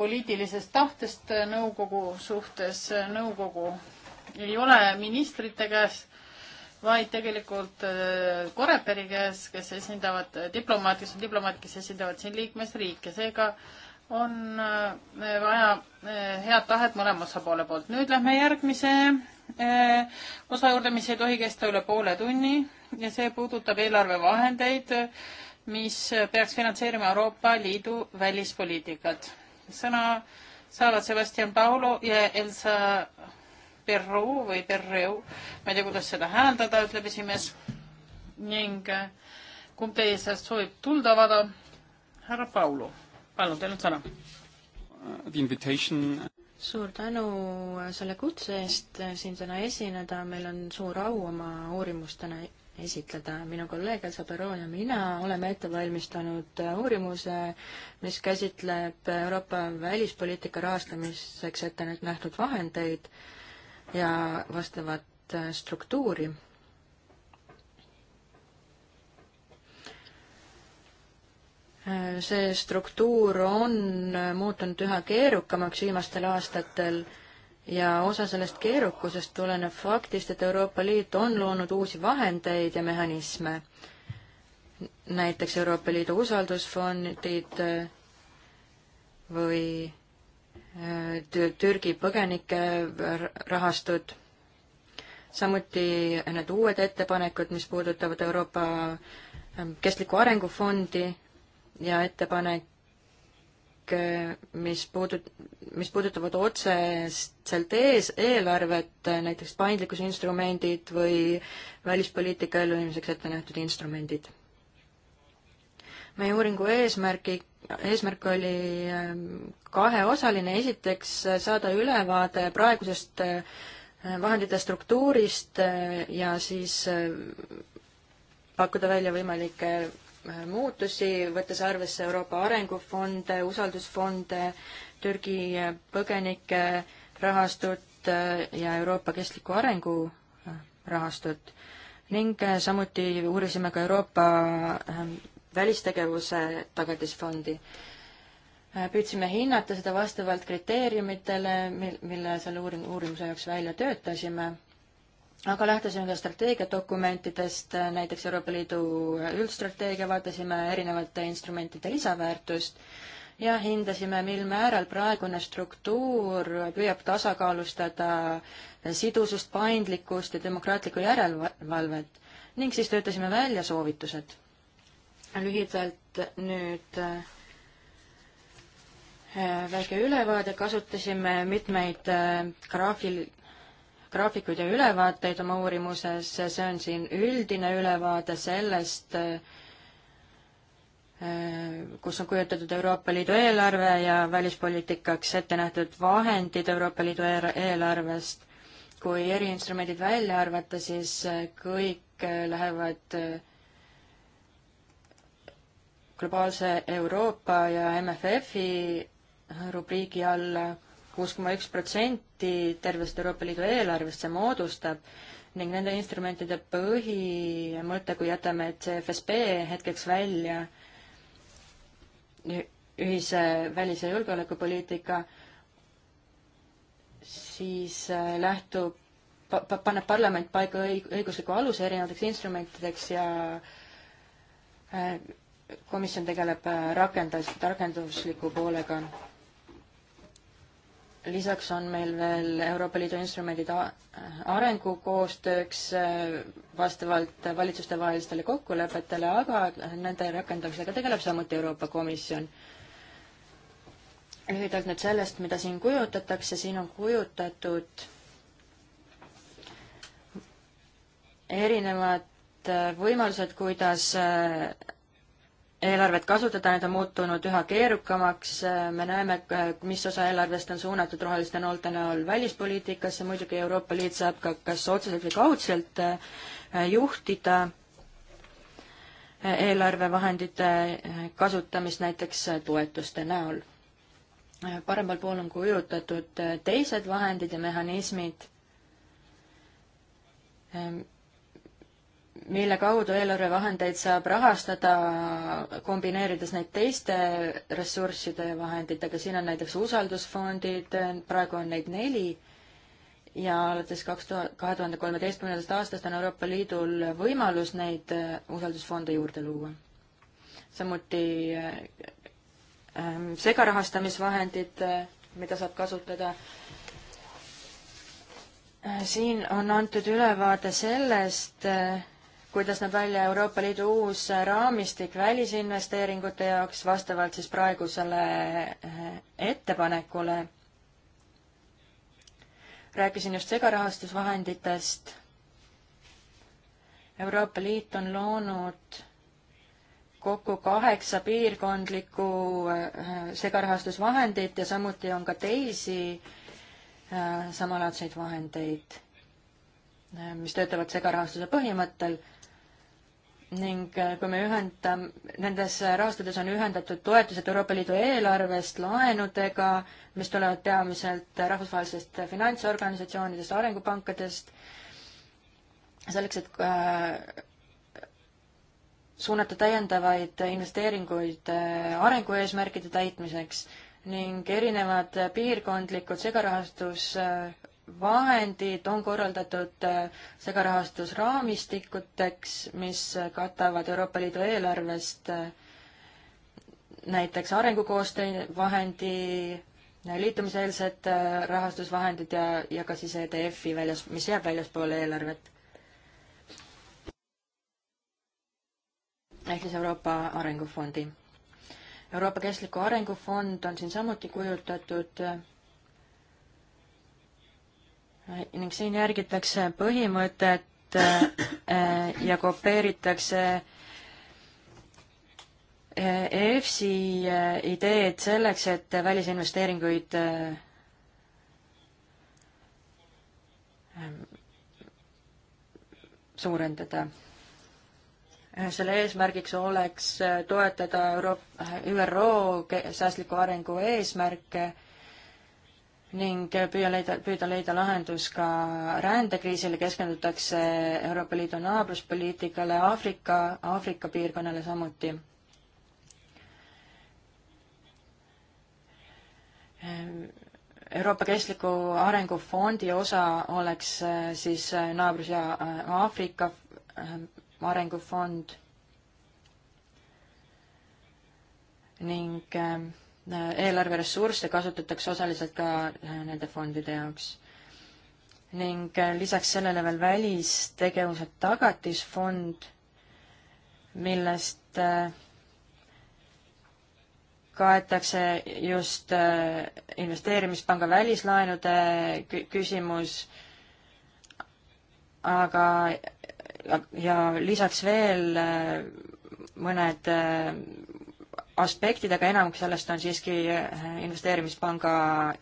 Speaker 1: poliitilisest tahtest nõukogu suhtes. nõukogu ei ole ministrite käes, vaid tegelikult äh, Koreperi käes, kes esindavad diplomaat, kes on diplomaat, kes esindavad siin liikmesriike, seega on äh, vaja äh, head tahet mõlema osapoole poolt. nüüd lähme järgmise osa juurde, mis ei tohi kesta üle poole tunni ja see puudutab eelarvevahendeid, mis peaks finantseerima Euroopa Liidu välispoliitikat sõna saavad Sebastian Paulo ja Elsa Perru või Perreu, ma ei tea, kuidas seda hääldada, ütleb esimees. ning äh, kumb teie seast soovib tuld avada? härra Paulo, palun, teil on sõna. Uh, the invitation
Speaker 2: suur tänu äh, selle kutse eest äh, siin täna esineda, meil on suur au oma uurimustena esitleda. minu kolleeg Elsa Perro ja mina oleme ette valmistanud äh, uurimuse, mis käsitleb Euroopa välispoliitika rahastamiseks ette nüüd nähtud vahendeid ja vastavat äh, struktuuri. Äh, see struktuur on muutunud üha keerukamaks viimastel aastatel ja osa sellest keerukusest tuleneb faktist, et Euroopa Liit on loonud uusi vahendeid ja mehhanisme. näiteks Euroopa Liidu usaldusfondid äh, või äh, Türgi põgenike rahastud, samuti need uued ettepanekud, mis puudutavad Euroopa ähm, Kestliku Arengu Fondi ja ettepanek mis puudut-, mis puudutavad otseselt ees, eelarvet, näiteks paindlikkusinstrumendid või välispoliitika elluviimiseks ette nähtud instrumendid. meie uuringu eesmärgi, eesmärk oli ähm, kaheosaline, esiteks äh, saada ülevaade praegusest äh, vahendite struktuurist äh, ja siis pakkuda välja võimalikke Äh, muutusi, võttes arvesse Euroopa arengufonde, usaldusfonde, Türgi põgenike rahastut äh, ja Euroopa kestliku arengu äh, rahastut ning samuti uurisime ka Euroopa ähm, välistegevuse tagatisfondi. püüdsime hinnata seda vastavalt kriteeriumitele, mil, mille selle uuring, uurimuse jaoks välja töötasime aga lähtusime ka strateegiadokumentidest, näiteks Euroopa Liidu üldstrateegia, vaatasime erinevate instrumentide lisaväärtust ja hindasime, mil määral praegune struktuur püüab tasakaalustada sidusust, paindlikkust ja demokraatlikku järelevalvet ning siis töötasime välja soovitused. lühidalt nüüd äh, väike ülevaade, kasutasime mitmeid äh, graafil-, graafikuid ja ülevaateid oma uurimuses, see on siin üldine ülevaade sellest, eh, kus on kujutatud Euroopa Liidu eelarve ja välispoliitikaks ette nähtud vahendid Euroopa Liidu eelarvest. kui eriinstrumendid välja arvata, siis eh, kõik eh, lähevad globaalse Euroopa ja MFF-i rubriigi alla, kuus koma üks protsenti tervest Euroopa Liidu eelarvest see moodustab ning nende instrumentide põhimõte, kui jätame CFSB hetkeks välja, ühise välis- ja julgeolekupoliitika, siis äh, lähtub pa,, pa, paneb parlament paika õig-, õigusliku aluse erinevateks instrumentideks ja äh, komisjon tegeleb äh, rakendas-, rakendusliku poolega lisaks on meil veel Euroopa Liidu instrumendid arengukoostööks äh, vastavalt valitsustevahelistele kokkulepetele, aga nende rakendamisega tegeleb samuti Euroopa Komisjon. lühidalt nüüd sellest, mida siin kujutatakse, siin on kujutatud erinevad äh, võimalused, kuidas äh, eelarvet kasutada, need on muutunud üha keerukamaks, me näeme, mis osa eelarvest on suunatud roheliste noolte näol välispoliitikasse, muidugi Euroopa Liit saab ka kas otseselt või kaudselt eh, juhtida eh, eelarvevahendite eh, kasutamist näiteks toetuste näol. paremal pool on kujutatud teised vahendid ja mehhanismid, mille kaudu eelarvevahendeid saab rahastada, kombineerides neid teiste ressursside ja vahenditega, siin on näiteks usaldusfondid, praegu on neid neli, ja alates kaks tuhat, kahe tuhande kolmeteistkümnendast aastast on Euroopa Liidul võimalus neid äh, usaldusfonde juurde luua. samuti äh, äh, segarahastamisvahendid, mida saab kasutada, siin on antud ülevaade sellest, kuidas näeb välja Euroopa Liidu uus raamistik välisinvesteeringute jaoks vastavalt siis praegusele eh, ettepanekule. rääkisin just segarahastusvahenditest. Euroopa Liit on loonud kokku kaheksa piirkondlikku eh, segarahastusvahendit ja samuti on ka teisi eh, samalaadseid vahendeid, mis töötavad segarahastuse põhimõttel ning äh, kui me ühendame, nendes rahastades on ühendatud toetused Euroopa Liidu eelarvest laenudega, mis tulevad peamiselt rahvusvahelistest finantsorganisatsioonidest, arengupankadest, selleks, et äh, suunata täiendavaid investeeringuid äh, arengueesmärkide täitmiseks ning erinevad piirkondlikud segarahastus vahendid on korraldatud äh, segarahastusraamistikuteks, mis äh, katavad Euroopa Liidu eelarvest äh, näiteks arengukoostöö vahendi, liitumiseelsed rahastusvahendid ja, ja ka siis EDF-i väljas, mis jääb väljaspoole eelarvet. ehk siis Euroopa Arengufondi. Euroopa Kestliku Arengu Fond on siin samuti kujutatud ning siin järgitakse põhimõtet äh, ja kopeeritakse äh, EFSI äh, ideed selleks, et välisinvesteeringuid suurendada. selle eesmärgiks oleks toetada Euro-, ÜRO säästliku arengu eesmärke ning püüa leida, püüda leida lahendus ka rändekriisile, keskendutakse Euroopa Liidu naabruspoliitikale, Aafrika, Aafrika piirkonnale samuti Euroopa Kestliku Arengu Fondi osa oleks äh, siis äh, naabrus- ja äh, Aafrika arengufond ning eelarveressursse kasutatakse osaliselt ka äh, nende fondide jaoks. ning äh, lisaks sellele veel välistegevuse tagatisfond, millest äh, kaetakse just investeerimispanga välislaenude küsimus, aga ja, ja lisaks veel mõned aspektidega, enamik sellest on siiski eh, investeerimispanga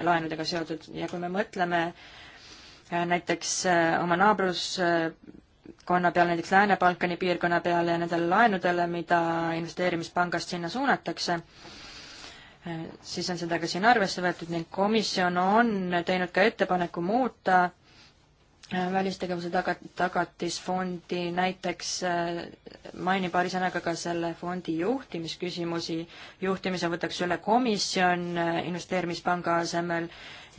Speaker 2: laenudega seotud ja kui me mõtleme eh, näiteks eh, oma naabruskonna peal, näiteks Lääne-Balkani piirkonna peale ja nendele laenudele, mida investeerimispangast sinna suunatakse, siis on seda ka siin arvesse võetud ning komisjon on teinud ka ettepaneku muuta Äh, välistegevuse taga, tagatisfondi, näiteks äh, maini paari sõnaga ka selle fondi juhtimisküsimusi. juhtimise võtaks üle komisjon äh, investeerimispanga asemel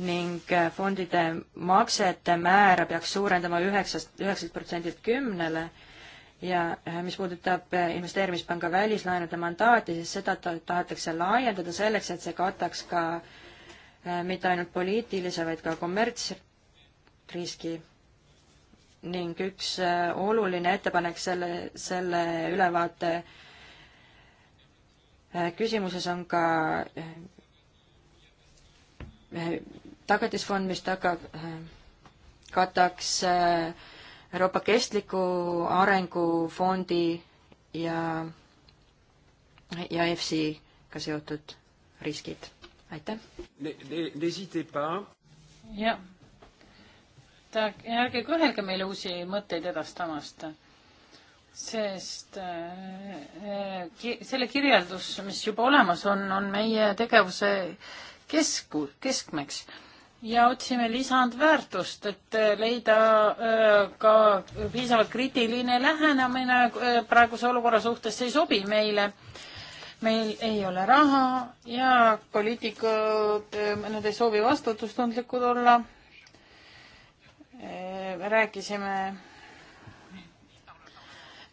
Speaker 2: ning fondide maksete määra peaks suurendama üheksast, üheksast protsendilt kümnele ja mis puudutab investeerimispanga välislaenude mandaati, siis seda tahetakse laiendada selleks, et see kataks ka mitte ainult poliitilise, vaid ka kommertsriski ning üks äh, oluline ettepanek selle, selle ülevaate äh, küsimuses on ka äh, tagatisfond, mis taga, kataks Euroopa Kestliku Arengu Fondi ja, ja EFSI-ga seotud riskid. aitäh! jah
Speaker 1: et ärge kõhelge meile uusi mõtteid edastamast, sest äh, selle kirjeldus, mis juba olemas on, on meie tegevuse kesku, keskmeks ja otsime lisandväärtust, et äh, leida äh, ka piisavalt kriitiline lähenemine praeguse olukorra suhtes, see ei sobi meile meil ei ole raha ja poliitikud, nad ei soovi vastutustundlikud olla me äh, rääkisime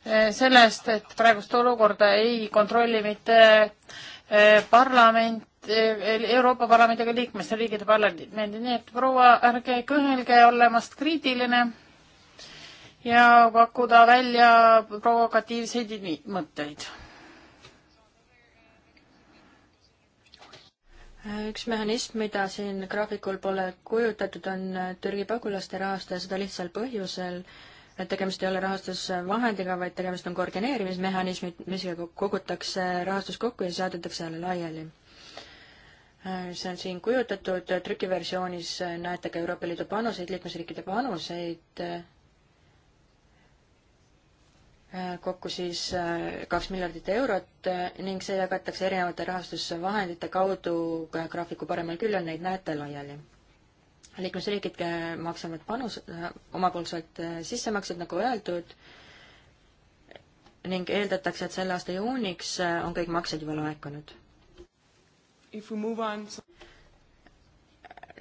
Speaker 1: äh, sellest, et praegust olukorda ei kontrolli mitte äh, parlament, Euroopa Parlamendi ega liikmesriigide parlamendi, nii et proua, ärge kõnelge olemast kriitiline ja pakkuda välja provokatiivseid mõtteid
Speaker 2: üks mehhanism, mida siin graafikul pole kujutatud, on äh, Türgi pagulaste rahastaja, seda lihtsal põhjusel, et tegemist ei ole rahastusvahendiga, vaid tegemist on koordineerimismehhanismid, mis kogutakse rahastus kokku ja saadetakse jälle laiali. Äh, see on siin kujutatud trükiversioonis, äh, näete ka Euroopa Liidu panuseid, liikmesriikide panuseid Äh, kokku siis äh, kaks miljardit eurot äh, ning see jagatakse erinevate rahastusvahendite kaudu graafiku paremal küljel, neid näete laiali. liikmesriigid maksavad panus, omapoolselt sissemaksed, nagu öeldud, ning eeldatakse, et selle aasta juuniks on kõik maksed juba laekunud.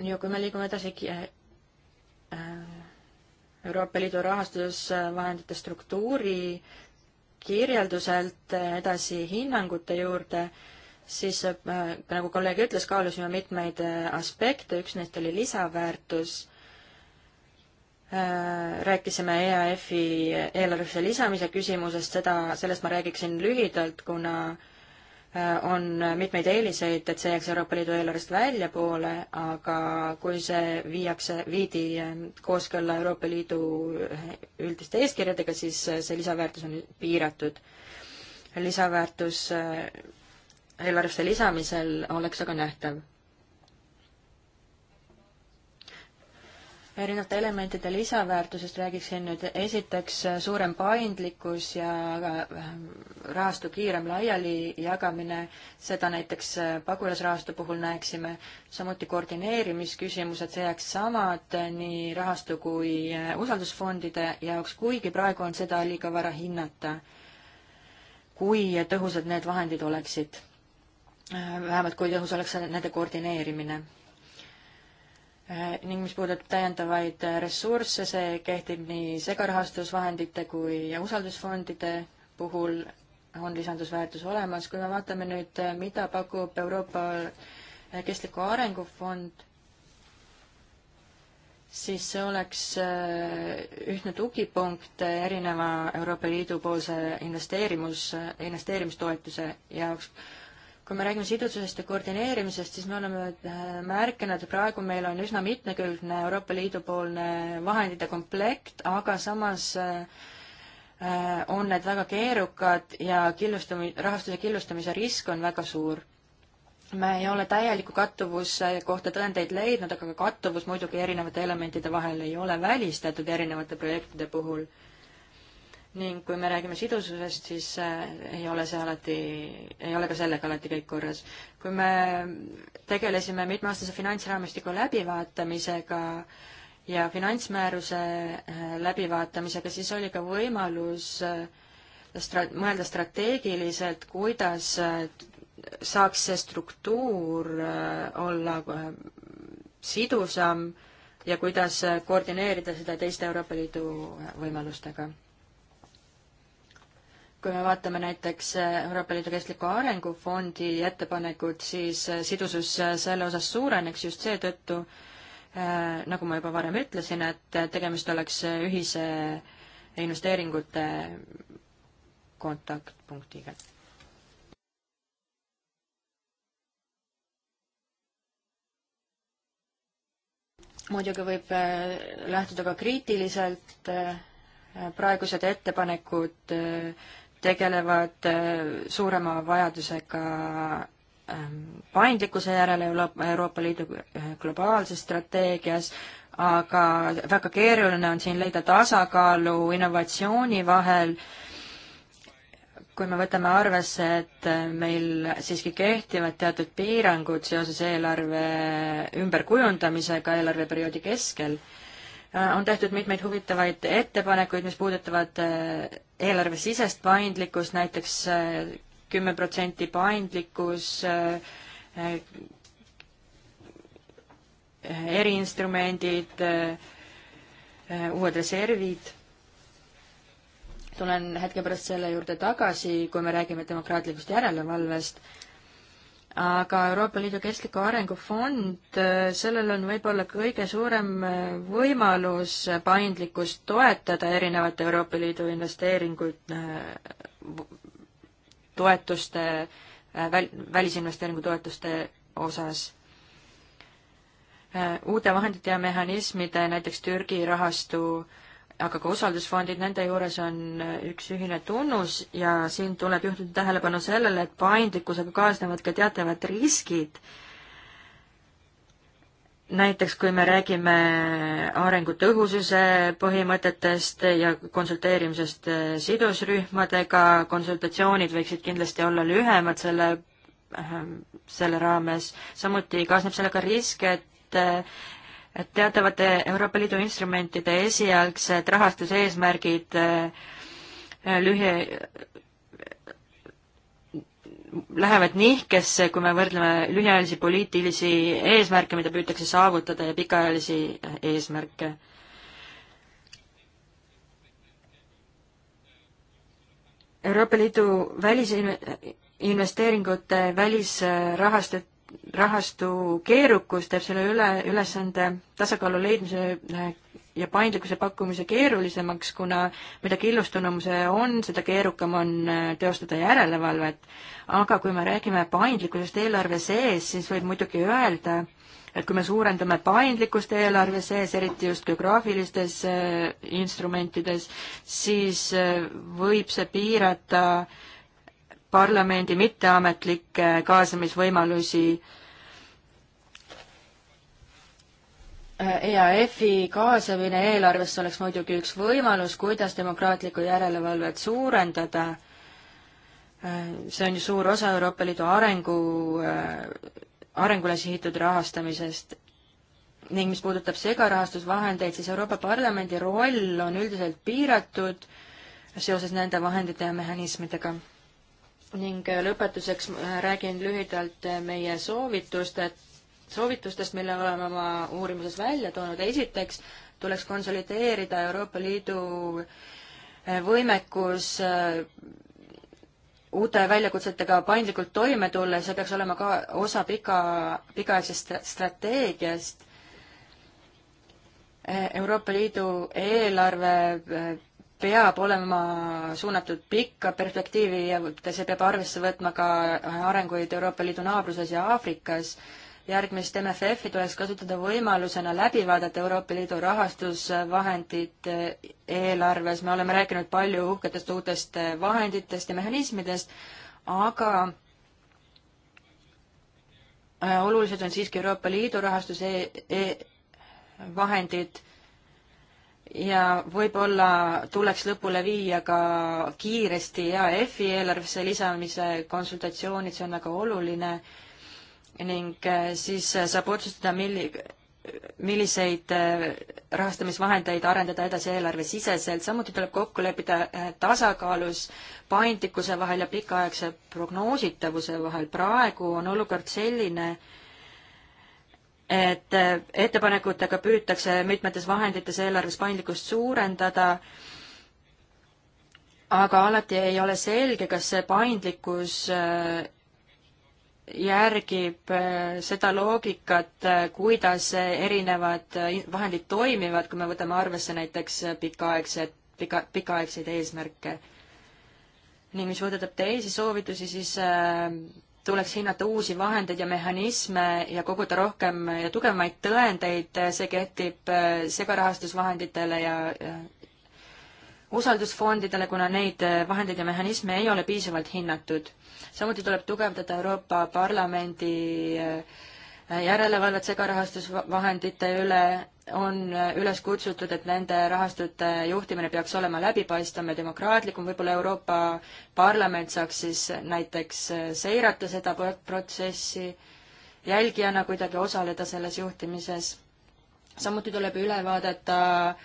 Speaker 2: ja kui me liigume edasi äh, Euroopa Liidu rahastusvahendite struktuuri kirjelduselt edasi hinnangute juurde, siis äh, nagu kolleeg ütles, kaalusime mitmeid äh, aspekte, üks neist oli lisaväärtus, äh, rääkisime EAF-i eelarvesse lisamise küsimusest, seda, sellest ma räägiksin lühidalt, kuna Äh, on mitmeid eeliseid, et see jääks Euroopa Liidu eelarvest väljapoole, aga kui see viiakse, viidi äh, kooskõlla Euroopa Liidu äh, üldiste eeskirjadega, siis see lisaväärtus on piiratud. lisaväärtus eelarvesse lisamisel oleks aga nähtav. erinevate elementide lisaväärtusest räägiksin nüüd esiteks suurem paindlikkus ja äh, rahastu kiirem laialijagamine, seda näiteks äh, pagulasrahastu puhul näeksime, samuti koordineerimisküsimused, see jääks samad äh, nii rahastu kui usaldusfondide jaoks, kuigi praegu on seda liiga vara hinnata, kui tõhusad need vahendid oleksid. vähemalt kui tõhus oleks nende koordineerimine Äh, ning mis puudutab täiendavaid äh, ressursse, see kehtib nii segarahastusvahendite kui usaldusfondide puhul, on lisandusväärtus olemas, kui me vaatame nüüd, äh, mida pakub Euroopa Kestliku Arengu Fond, siis see oleks ühtne tugipunkt erineva Euroopa Liidu poolse investeerimus, investeerimistoetuse jaoks kui me räägime sidususest ja koordineerimisest, siis me oleme äh, märkinud, et praegu meil on üsna mitmekülgne Euroopa Liidu poolne vahendite komplekt, aga samas äh, äh, on need väga keerukad ja killustumi-, rahastuse killustamise risk on väga suur. me ei ole täieliku kattuvuse kohta tõendeid leidnud, aga ka kattuvus muidugi erinevate elementide vahel ei ole välistatud erinevate projektide puhul ning kui me räägime sidususest, siis äh, ei ole see alati, ei ole ka sellega alati kõik korras. kui me tegelesime mitmeaastase finantsraamistiku läbivaatamisega ja finantsmääruse äh, läbivaatamisega, siis oli ka võimalus äh, stra-, mõelda strateegiliselt, kuidas saaks see struktuur olla sidusam ja kuidas koordineerida seda teiste Euroopa Liidu võimalustega kui me vaatame näiteks eh, Euroopa Liidu Kestliku Arengufondi ettepanekut, siis eh, sidusus eh, selle osas suureneks just seetõttu, nagu ma juba varem ütlesin, et tegemist oleks ühise investeeringute kontaktpunktiga. muidugi võib lähtuda ka kriitiliselt praegused ettepanekud tegelevad äh, suurema vajadusega ähm, paindlikkuse järele Euroopa Liidu äh, globaalses strateegias, aga väga keeruline on siin leida tasakaalu innovatsiooni vahel, kui me võtame arvesse, et äh, meil siiski kehtivad teatud piirangud seoses eelarve ümberkujundamisega eelarveperioodi keskel, on tehtud mitmeid huvitavaid ettepanekuid, mis puudutavad eelarvesisest paindlikkust, näiteks äh, kümme protsenti paindlikkus, äh, äh, eriinstrumendid, uued reservid. tulen hetke pärast selle juurde tagasi, kui me räägime demokraatlikust järelevalvest aga Euroopa Liidu Kestliku Arengu Fond, sellel on võib-olla kõige suurem eh, võimalus paindlikkust toetada erinevate Euroopa Liidu investeeringuid, eh, toetuste, eh, väl-, välisinvesteeringu toetuste osas. uute vahendite ja mehhanismide, näiteks Türgi rahastu aga ka usaldusfondid, nende juures on äh, üks ühine tunnus ja siin tuleb juhtida tähelepanu sellele, et paindlikkusega kaasnevad ka teatavad riskid. näiteks kui me räägime arengu tõhususe põhimõtetest ja konsulteerimisest äh, sidusrühmadega, konsultatsioonid võiksid kindlasti olla lühemad selle, äh, selle raames, samuti kaasneb sellega risk, et teatavate Euroopa Liidu instrumentide esialgsed rahastuseesmärgid äh, äh, lühi, lähevad nihkesse, kui me võrdleme lühiajalisi poliitilisi eesmärke, mida püütakse saavutada, ja pikaajalisi äh, eesmärke. Euroopa Liidu välisinvesteeringute välisrahastajate rahastu keerukus teeb selle üle, ülesande tasakaalu leidmise äh, ja paindlikkuse pakkumise keerulisemaks, kuna mida killustunum see on, seda keerukam on äh, teostada järelevalvet. aga kui me räägime paindlikkusest eelarve sees, siis võib muidugi öelda, et kui me suurendame paindlikkust eelarve sees, eriti just geograafilistes äh, instrumentides, siis võib see piirata äh, parlamendi mitteametlikke kaasamisvõimalusi äh, EAF-i kaasamine eelarvesse oleks muidugi üks võimalus, kuidas demokraatlikku järelevalvet suurendada. Äh, see on ju suur osa Euroopa Liidu arengu, äh, arengule sihitud rahastamisest. ning mis puudutab segarahastusvahendeid, siis Euroopa Parlamendi roll on üldiselt piiratud seoses nende vahendite ja mehhanismidega ning äh, lõpetuseks äh, räägin lühidalt äh, meie soovituste, soovitustest, mille oleme oma uurimuses välja toonud. esiteks tuleks konsolideerida Euroopa Liidu võimekus uute väljakutsetega paindlikult toime tulla ja see peaks olema ka osa pika, pikaaegsest strateegiast. Euroopa Liidu eelarve peab olema suunatud pikka perspektiivi ja see peab arvesse võtma ka arenguid Euroopa Liidu naabruses ja Aafrikas. järgmist MFF-i tuleks kasutada võimalusena läbi vaadata Euroopa Liidu rahastusvahendid eelarves, me oleme rääkinud palju uhketest uutest vahenditest ja mehhanismidest, aga äh, olulised on siiski Euroopa Liidu rahastuse e e vahendid ja võib-olla tuleks lõpule viia ka kiiresti EAF-i eelarvesse lisamise konsultatsioonid, see on väga oluline, ning äh, siis äh, saab otsustada, milli-, milliseid äh, rahastamisvahendeid arendada edasi eelarvesiseselt, samuti tuleb kokku leppida tasakaalus paindlikkuse vahel ja pikaaegse prognoositavuse vahel. praegu on olukord selline, et äh, ettepanekutega püütakse mitmetes vahendites eelarves paindlikkust suurendada, aga alati ei ole selge, kas see paindlikkus äh, järgib äh, seda loogikat, kuidas erinevad vahendid toimivad, kui me võtame arvesse näiteks pikaaegset, pika, pikaaegseid eesmärke. ning mis puudutab teisi soovitusi, siis tuleks hinnata uusi vahendeid ja mehhanisme ja koguda rohkem ja tugevamaid tõendeid, see kehtib äh, segarahastusvahenditele ja äh, usaldusfondidele, kuna neid äh, vahendeid ja mehhanisme ei ole piisavalt hinnatud. samuti tuleb tugevdada Euroopa Parlamendi järelevalvet segarahastusvahendite üle on üles kutsutud, et nende rahastute juhtimine peaks olema läbipaistvam ja demokraatlikum, võib-olla Euroopa Parlament saaks siis näiteks seirata seda protsessi, jälgijana kuidagi osaleda selles juhtimises. samuti tuleb üle vaadata äh,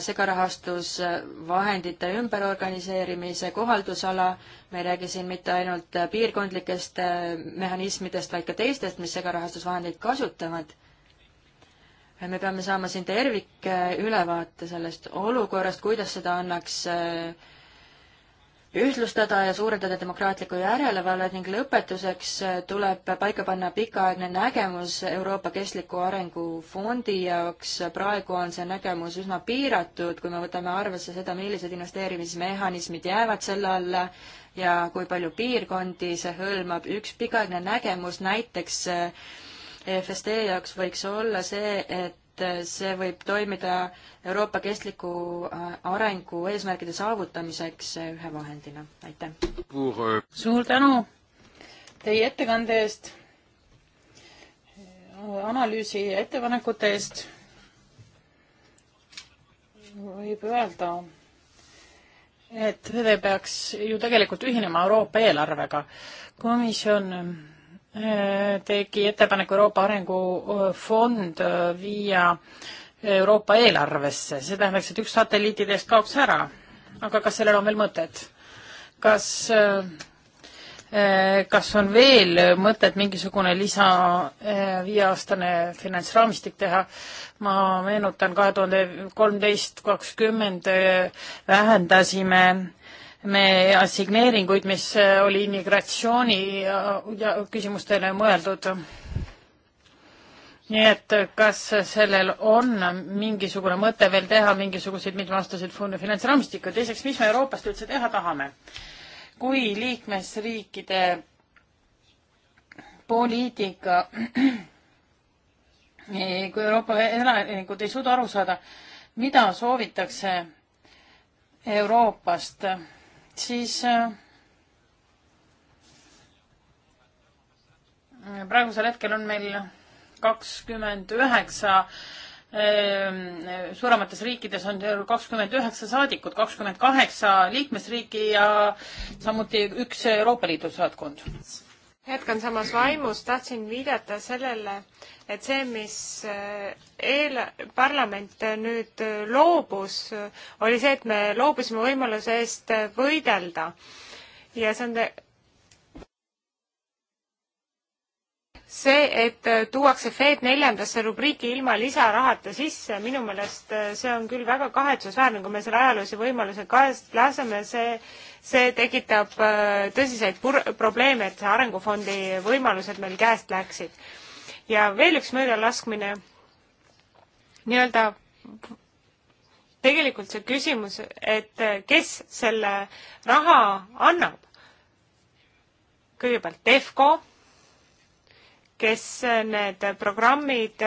Speaker 2: segarahastusvahendite äh, ümberorganiseerimise kohaldusala, me ei räägi siin mitte ainult piirkondlikest äh, mehhanismidest, vaid ka teistest, mis segarahastusvahendeid kasutavad me peame saama siin tervikülevaate sellest olukorrast, kuidas seda annaks eh, ühtlustada ja suurendada demokraatlikku järelevalvet ning lõpetuseks eh, tuleb paika panna pikaaegne nägemus Euroopa Kestliku Arengu Fondi jaoks. praegu on see nägemus üsna piiratud, kui me võtame arvesse seda, millised investeerimismehhanismid jäävad selle alla ja kui palju piirkondi see hõlmab. üks pikaaegne nägemus näiteks äh, EFSD jaoks võiks olla see, et see võib toimida Euroopa kestliku äh, arengu eesmärgide saavutamiseks äh, ühe vahendina. aitäh! Euh, suur tänu teie ettekande eest,
Speaker 1: analüüsi ja ettepanekute eest. võib öelda, et see peaks ju tegelikult ühinema Euroopa eelarvega. komisjon tegi ettepaneku Euroopa Arengufond äh, viia Euroopa eelarvesse, see tähendaks, et üks satelliitidest kaoks ära. aga kas sellel on veel mõtet? kas, äh, äh, kas on veel mõtet mingisugune lisa viieaastane finantsraamistik teha? ma meenutan kahe tuhande kolmteist, kakskümmend vähendasime me assigneeringuid, mis äh, oli immigratsiooni ja, äh, ja küsimustele mõeldud. nii et äh, kas sellel on mingisugune mõte veel teha mingisuguseid mitmeaastaseid finantsraamistikke, teiseks, mis me Euroopast üldse teha tahame? kui liikmesriikide poliitika, kui Euroopa elanikud ei suuda aru saada, mida soovitakse Euroopast siis äh, praegusel hetkel on meil kakskümmend üheksa ähm, suuremates riikides on kakskümmend üheksa saadikut, kakskümmend kaheksa liikmesriiki ja samuti üks Euroopa Liidu saatkond
Speaker 3: jätkan samas vaimus, tahtsin viidata sellele, et see, mis eh, eel-, parlament nüüd eh, loobus, oli see, et me loobusime võimaluse eest võidelda. ja see on see, et tuuakse FED neljandasse rubriiki ilma lisarahata sisse, minu meelest eh, see on küll väga kahetsusväärne, kui me selle ajaloolise võimaluse käest laseme, see see tekitab äh, tõsiseid probleeme, et see arengufondi võimalused meil käest läksid. ja veel üks möödalaskmine, nii-öelda tegelikult see küsimus, et äh, kes selle raha annab. kõigepealt Defco, kes äh, need programmid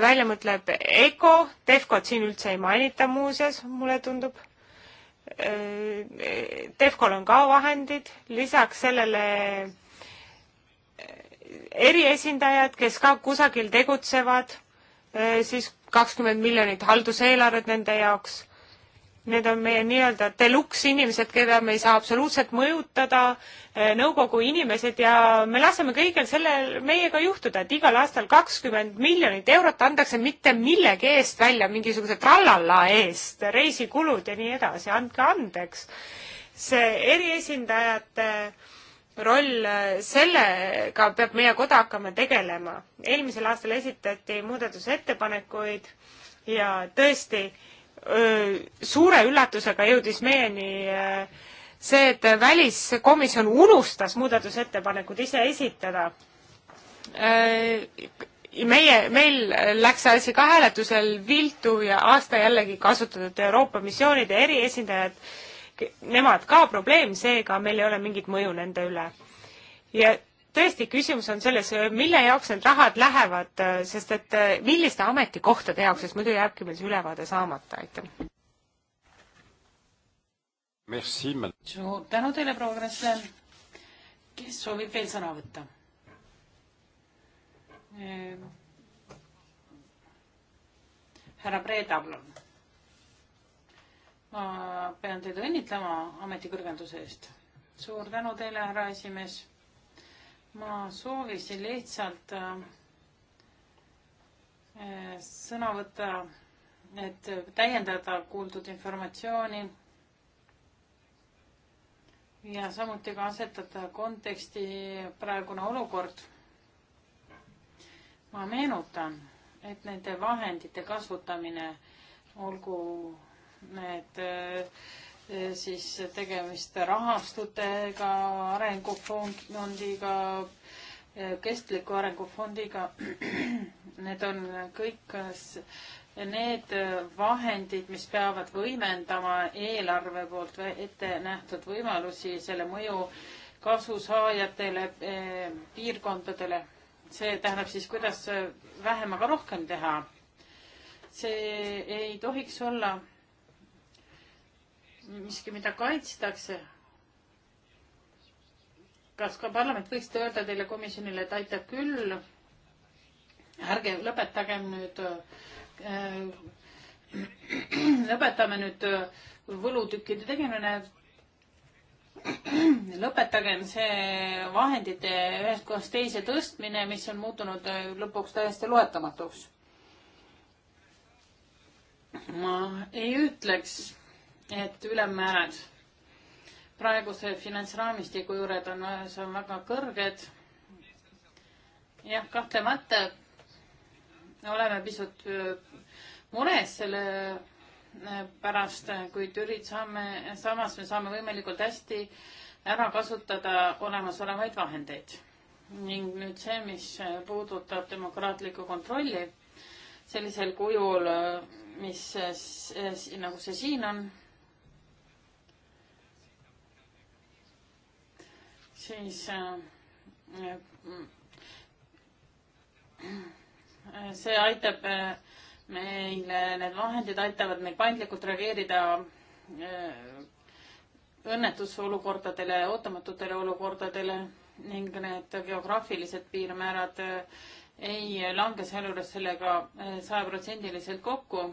Speaker 3: välja mõtleb, ECO, Defcot siin üldse ei mainita muuseas, mulle tundub Defcol on ka vahendid, lisaks sellele eh, eriesindajad, kes ka kusagil tegutsevad, eh, siis kakskümmend miljonit halduseelarvet nende jaoks Need on meie nii-öelda deluxe inimesed, keda me ei saa absoluutselt mõjutada, eh, nõukogu inimesed ja me laseme kõigel sellel meiega juhtuda, et igal aastal kakskümmend miljonit eurot antakse mitte millegi eest välja, mingisuguse trallala eest, reisikulud ja nii edasi, andke andeks. see eriesindajate äh, roll, eh, sellega peab meie koda hakkama tegelema. eelmisel aastal esitati muudatusettepanekuid ja tõesti, suure üllatusega jõudis meieni see, et väliskomisjon unustas muudatusettepanekud ise esitada. meie, meil läks see asi ka hääletusel viltu ja aasta jällegi kasutatud Euroopa missioonide eriesindajad, nemad ka probleem, seega meil ei ole mingit mõju nende üle. ja tõesti, küsimus on selles, mille jaoks need rahad lähevad, sest et eh, milliste ametikohtade jaoks,
Speaker 1: sest muidu jääbki meil see ülevaade saamata, aitäh. suur tänu teile, proua Kressler. kes soovib veel sõna võtta? härra Breda, palun. ma pean teid õnnitlema ametikõrgenduse eest. suur tänu teile, härra esimees ma soovisin lihtsalt äh, äh, sõna võtta, et täiendada kuuldud informatsiooni ja samuti ka asetada konteksti praegune olukord. ma meenutan, et nende vahendite kasutamine, olgu need äh, Äh, siis tegemist rahastutega, arengufondiga, äh, kestliku arengufondiga. Need on kõik äh, need vahendid, mis peavad võimendama eelarve poolt ette nähtud võimalusi, selle mõju kasusaajatele, piirkondadele. see tähendab siis, kuidas vähemaga rohkem teha. see ei tohiks olla miski, mida kaitstakse. kas ka parlament võiks öelda teile komisjonile, et aitab küll, ärge lõpetagem nüüd äh,, lõpetame nüüd äh, võlutükkide tegemine, lõpetagem see vahendite ühest kohast teise tõstmine, mis on muutunud äh, lõpuks täiesti loetamatuks. ma ei ütleks, et ülemmäärad praeguse finantsraamistiku juured on, see on väga kõrged. jah, kahtlemata oleme pisut mures selle pärast, kuid üritame, samas me saame võimalikult hästi ära kasutada olemasolevaid vahendeid. ning nüüd see, mis puudutab demokraatlikku kontrolli sellisel kujul, mis nagu see siin on siis äh, äh, see aitab äh, meile, need vahendid aitavad meil paindlikult reageerida õnnetusolukordadele, ootamatutele olukordadele ning need geograafilised piirmäärad ei lange sealjuures sellega sajaprotsendiliselt kokku.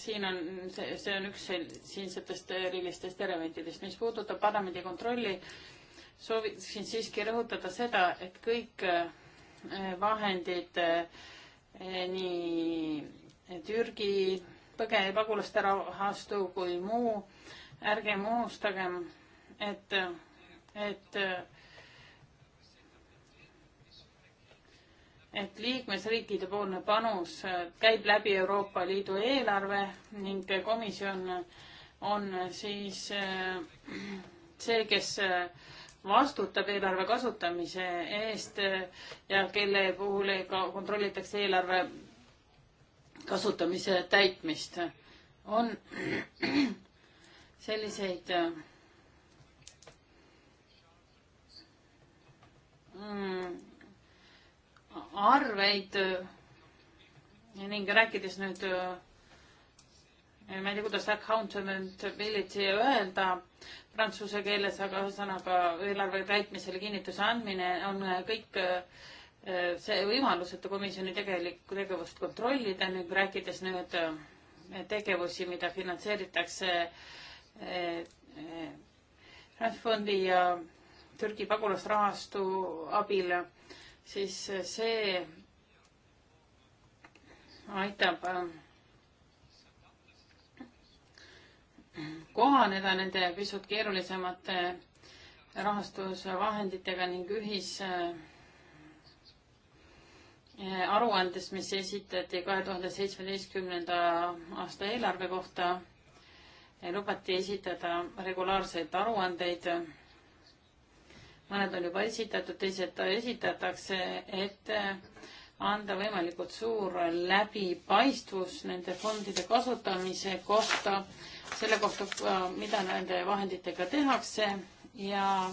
Speaker 1: siin on, see, see on üks siinsetest erilistest elementidest, mis puudutab parlamendi kontrolli sooviksin siiski rõhutada seda, et kõik äh, vahendid äh, nii Türgi põge-, pagulaste rahastu kui muu, ärgem unustagem, et, et et liikmesriikide poolne panus äh, käib läbi Euroopa Liidu eelarve ning komisjon on siis see, kes vastutab eelarve kasutamise eest ja kelle puhul ka kontrollitakse eelarve kasutamise täitmist. on selliseid mm, arveid ning rääkides nüüd äh, ma ei tea, kuidas accountability öelda, prantsuse keeles, aga ühesõnaga eelarve täitmisele kinnituse andmine on äh, kõik äh, äh, see võimalus, et komisjoni tegelikku tegevust kontrollida, nüüd rääkides nüüd tegevusi, mida finantseeritakse Rahvusfondi ja Türgi pagulasrahastu abil, siis see aitab äh, kohaneda nende pisut keerulisemate rahastusvahenditega ning ühis äh, aruandes, mis esitati kahe tuhande seitsmeteistkümnenda aasta eelarve kohta, äh, lubati esitada regulaarseid aruandeid. mõned on juba esitatud, teised esitatakse, et äh, anda võimalikult suur läbipaistvus nende fondide kasutamise kohta selle kohta, mida nende vahenditega tehakse ja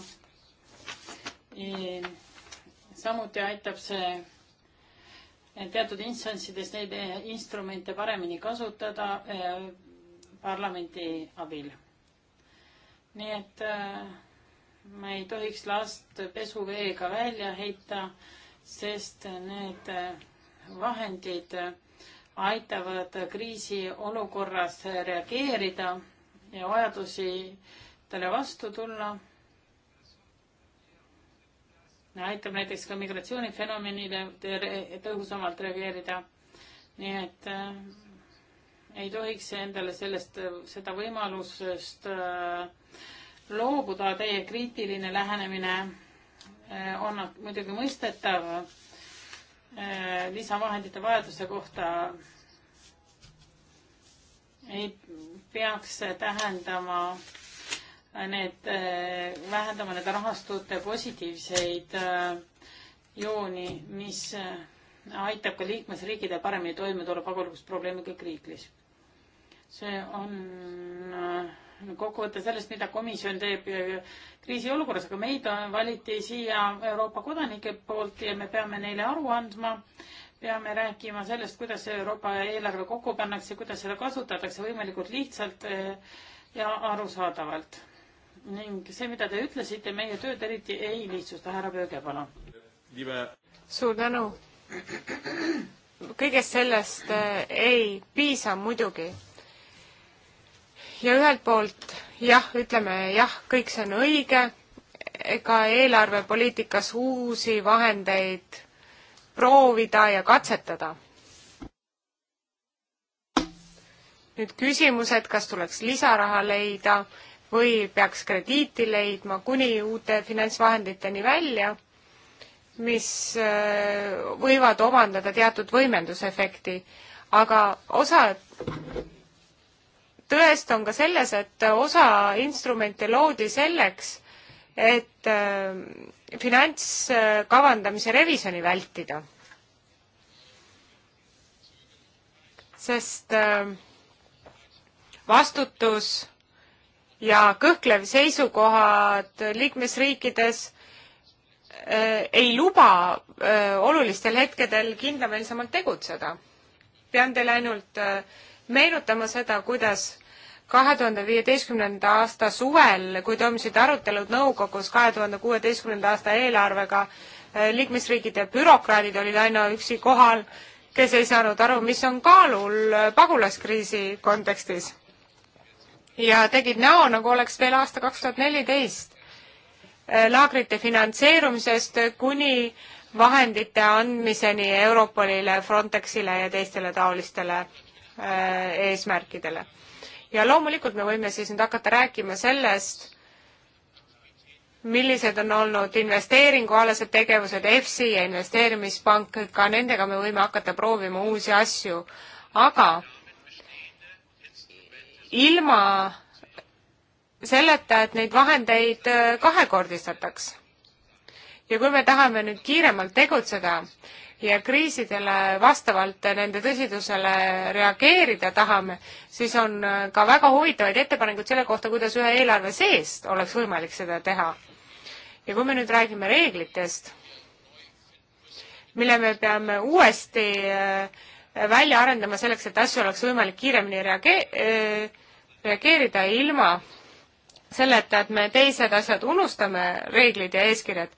Speaker 1: e, samuti aitab see teatud instantsides neid e, instrumente paremini kasutada e, parlamendi abil. nii et me ei tohiks last pesuveega välja heita, sest need vahendid aitavad kriisiolukorras reageerida ja vajadusitele vastu tulla. aitab näiteks ka migratsioonifenomenile tõhusamalt reageerida. nii et äh, ei tohiks endale sellest, äh, seda võimalusest äh, loobuda, teie kriitiline lähenemine äh, on muidugi mõistetav Äh, lisavahendite vajaduse kohta ei peaks tähendama need, äh, vähendama nende rahastute positiivseid äh, jooni, mis aitab ka liikmesriikidel paremini toime tulla pagulasprobleemiga riiklis. see on kokkuvõte sellest, mida komisjon teeb äh, kriisiolukorras, aga meid valiti siia Euroopa kodanike poolt ja me peame neile aru andma. peame rääkima sellest, kuidas Euroopa eelarve kokku pannakse, kuidas seda kasutatakse võimalikult lihtsalt äh, ja arusaadavalt. ning see, mida te ütlesite, meie tööd eriti ei lihtsusta. härra Pööge, palun. suur tänu. kõigest sellest äh, ei piisa
Speaker 3: muidugi ja ühelt poolt jah, ütleme jah, kõik see on õige, ega eelarvepoliitikas uusi vahendeid proovida ja katsetada. nüüd küsimus, et kas tuleks lisaraha leida või peaks krediiti leidma kuni uute finantsvahenditeni välja, mis äh, võivad omandada teatud võimendusefekti, aga osa tõest on ka selles, et osa instrumente loodi selleks, et äh, finantskavandamise revisjoni vältida. sest äh, vastutus ja kõhklev seisukohad liikmesriikides äh, ei luba olulistel hetkedel kindlameelsemalt tegutseda. pean teile ainult meenutama seda, kuidas kahe tuhande viieteistkümnenda aasta suvel, kui toimusid arutelud nõukogus kahe tuhande kuueteistkümnenda aasta eelarvega, eh, liikmesriikide bürokraadid olid ainuüksi kohal, kes ei saanud aru, mis on kaalul eh, pagulaskriisi kontekstis. ja tegid näo, nagu oleks veel aasta kaks tuhat neliteist. Eh, laagrite finantseerumisest kuni vahendite andmiseni Europolile, Frontexile ja teistele taolistele Äh, eesmärkidele. ja loomulikult me võime siis nüüd hakata rääkima sellest, millised on olnud investeeringualased tegevused, EFSI ja investeerimispank, ka nendega me võime hakata proovima uusi asju, aga ilma selleta, et neid vahendeid äh, kahekordistataks. ja kui me tahame nüüd kiiremalt tegutseda, ja kriisidele vastavalt nende tõsidusele reageerida tahame, siis on äh, ka väga huvitavaid ettepanekuid selle kohta, kuidas ühe eelarve seest oleks võimalik seda teha. ja kui me nüüd räägime reeglitest, mille me peame uuesti äh, välja arendama selleks, et asju oleks võimalik kiiremini reagee-, äh, reageerida ilma selleta, et me teised asjad unustame, reeglid ja eeskirjad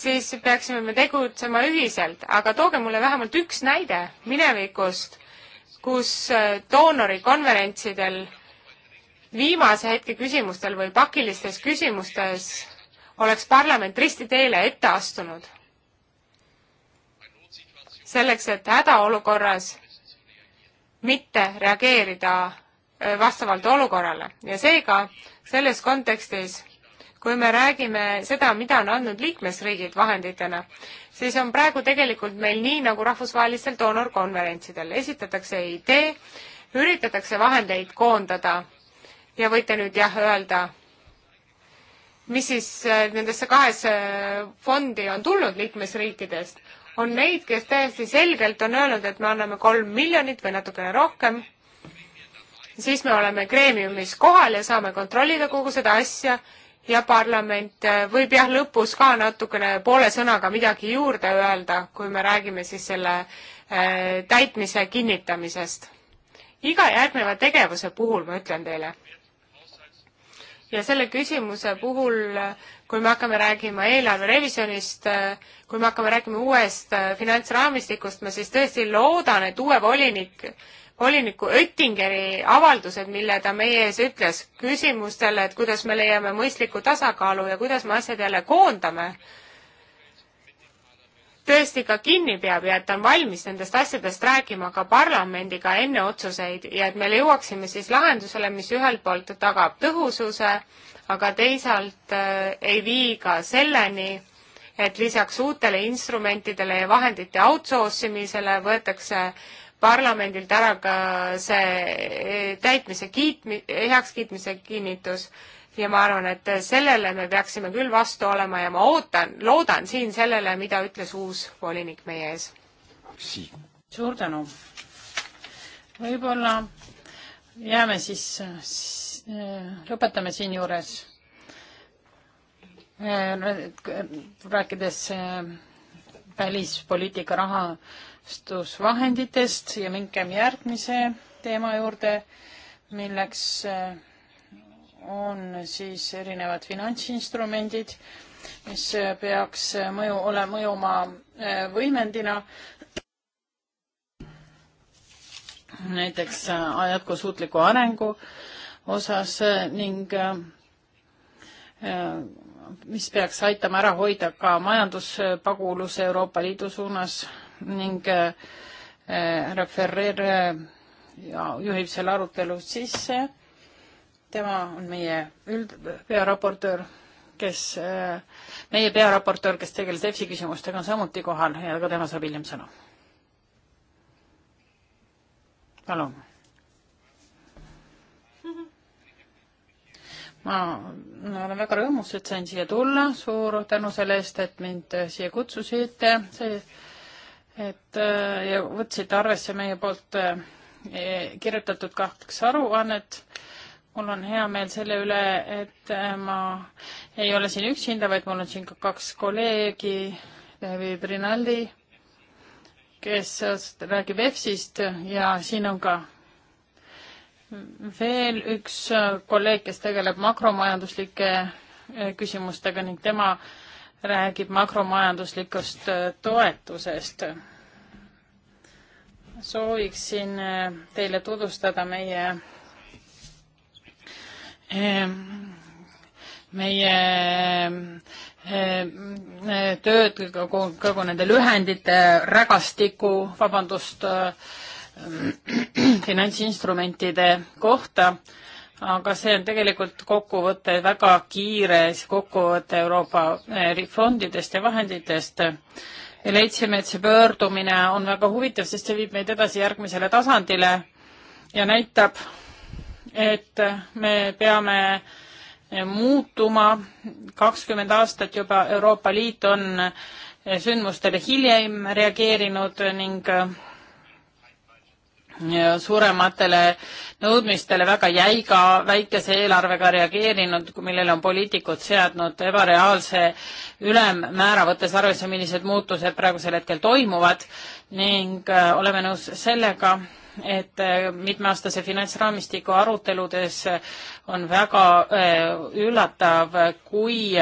Speaker 3: siis peaksime me tegutsema ühiselt, aga tooge mulle vähemalt üks näide minevikust, kus äh, doonorikonverentsidel viimase hetke küsimustel või pakilistes küsimustes oleks parlament risti teele ette astunud. selleks, et hädaolukorras mitte reageerida äh, vastavalt olukorrale ja seega selles kontekstis kui me räägime seda, mida on andnud liikmesriigid vahenditena, siis on praegu tegelikult meil nii, nagu rahvusvahelistel doonorkonverentsidel, esitatakse idee, üritatakse vahendeid koondada ja võite nüüd jah öelda, mis siis äh, nendesse kahesse äh, fondi on tulnud liikmesriikidest, on neid, kes täiesti selgelt on öelnud, et me anname kolm miljonit või natukene rohkem, siis me oleme Kreemiumis kohal ja saame kontrollida kogu seda asja ja parlament eh, võib jah, lõpus ka natukene poole sõnaga midagi juurde öelda, kui me räägime siis selle eh, täitmise kinnitamisest. iga järgneva tegevuse puhul, ma ütlen teile, ja selle küsimuse puhul, kui me hakkame rääkima eelarve revisjonist, eh, kui me hakkame rääkima uuest finantsraamistikust, ma siis tõesti loodan, et uue volinik äh, voliniku Oettingeri avaldused, mille ta meie ees ütles küsimustele, et kuidas me leiame mõistliku tasakaalu ja kuidas me asjad jälle koondame, tõesti ka kinni peab ja et ta on valmis nendest asjadest rääkima ka parlamendiga enne otsuseid ja et me jõuaksime siis lahendusele, mis ühelt poolt tagab tõhususe, aga teisalt äh, ei vii ka selleni, et lisaks uutele instrumentidele ja vahendite outsource imisele võetakse äh, parlamendilt ära ka see e, täitmise kiitmi-, heakskiitmise kinnitus ja ma arvan, et sellele me peaksime küll vastu olema ja ma ootan, loodan siin sellele, mida ütles
Speaker 1: uus volinik meie ees. suur tänu. võib-olla jääme siis, lõpetame siinjuures äh, rääkides äh, välispoliitika raha toetusvahenditest ja mingem järgmise teema juurde, milleks eh, on siis erinevad finantsinstrumendid, mis eh, peaks eh, mõju, ole mõjuma võimendina. näiteks jätkusuutliku arengu osas ning mis peaks aitama ära hoida ka majanduspaguluse Euroopa Liidu suunas ning äh, äh, härra Ferrer äh, juhib selle arutelu sisse. tema on meie üld-, pearaportöör, kes, meie pearaportöör, kes tegeles EFSI küsimustega, on samuti kohal ja ka tema saab hiljem sõna. palun. ma, ma olen väga rõõmus, et sain siia tulla, suur tänu selle eest, et mind siia kutsusite, see et äh, ja võtsite arvesse meie poolt äh, kirjutatud kaks aruannet. mul on hea meel selle üle, et äh, ma ei ole siin üksinda, vaid mul on siin ka kaks kolleegi, Levi Brinaldi, kes räägib EFSist ja siin on ka veel üks kolleeg, kes tegeleb makromajanduslike küsimustega ning tema räägib makromajanduslikust toetusest sooviksin äh, teile tutvustada meie, ähm, meie ähm, äh, tööd kogu nende lühendite rägastiku, vabandust, äh, finantsinstrumentide kohta, aga see on tegelikult kokkuvõte, väga kiire kokkuvõte Euroopa fondidest ja vahenditest leidsime, et see pöördumine on väga huvitav, sest see viib meid edasi järgmisele tasandile ja näitab, et me peame muutuma. kakskümmend aastat juba Euroopa Liit on sündmustele hiljem reageerinud ning suurematele nõudmistele väga jäiga väikese eelarvega reageerinud, millele on poliitikud seadnud ebareaalse ülemmäära, võttes arvesse, millised muutused praegusel hetkel toimuvad ning äh, oleme nõus sellega, et äh, mitmeaastase finantsraamistiku aruteludes on väga äh, üllatav, kui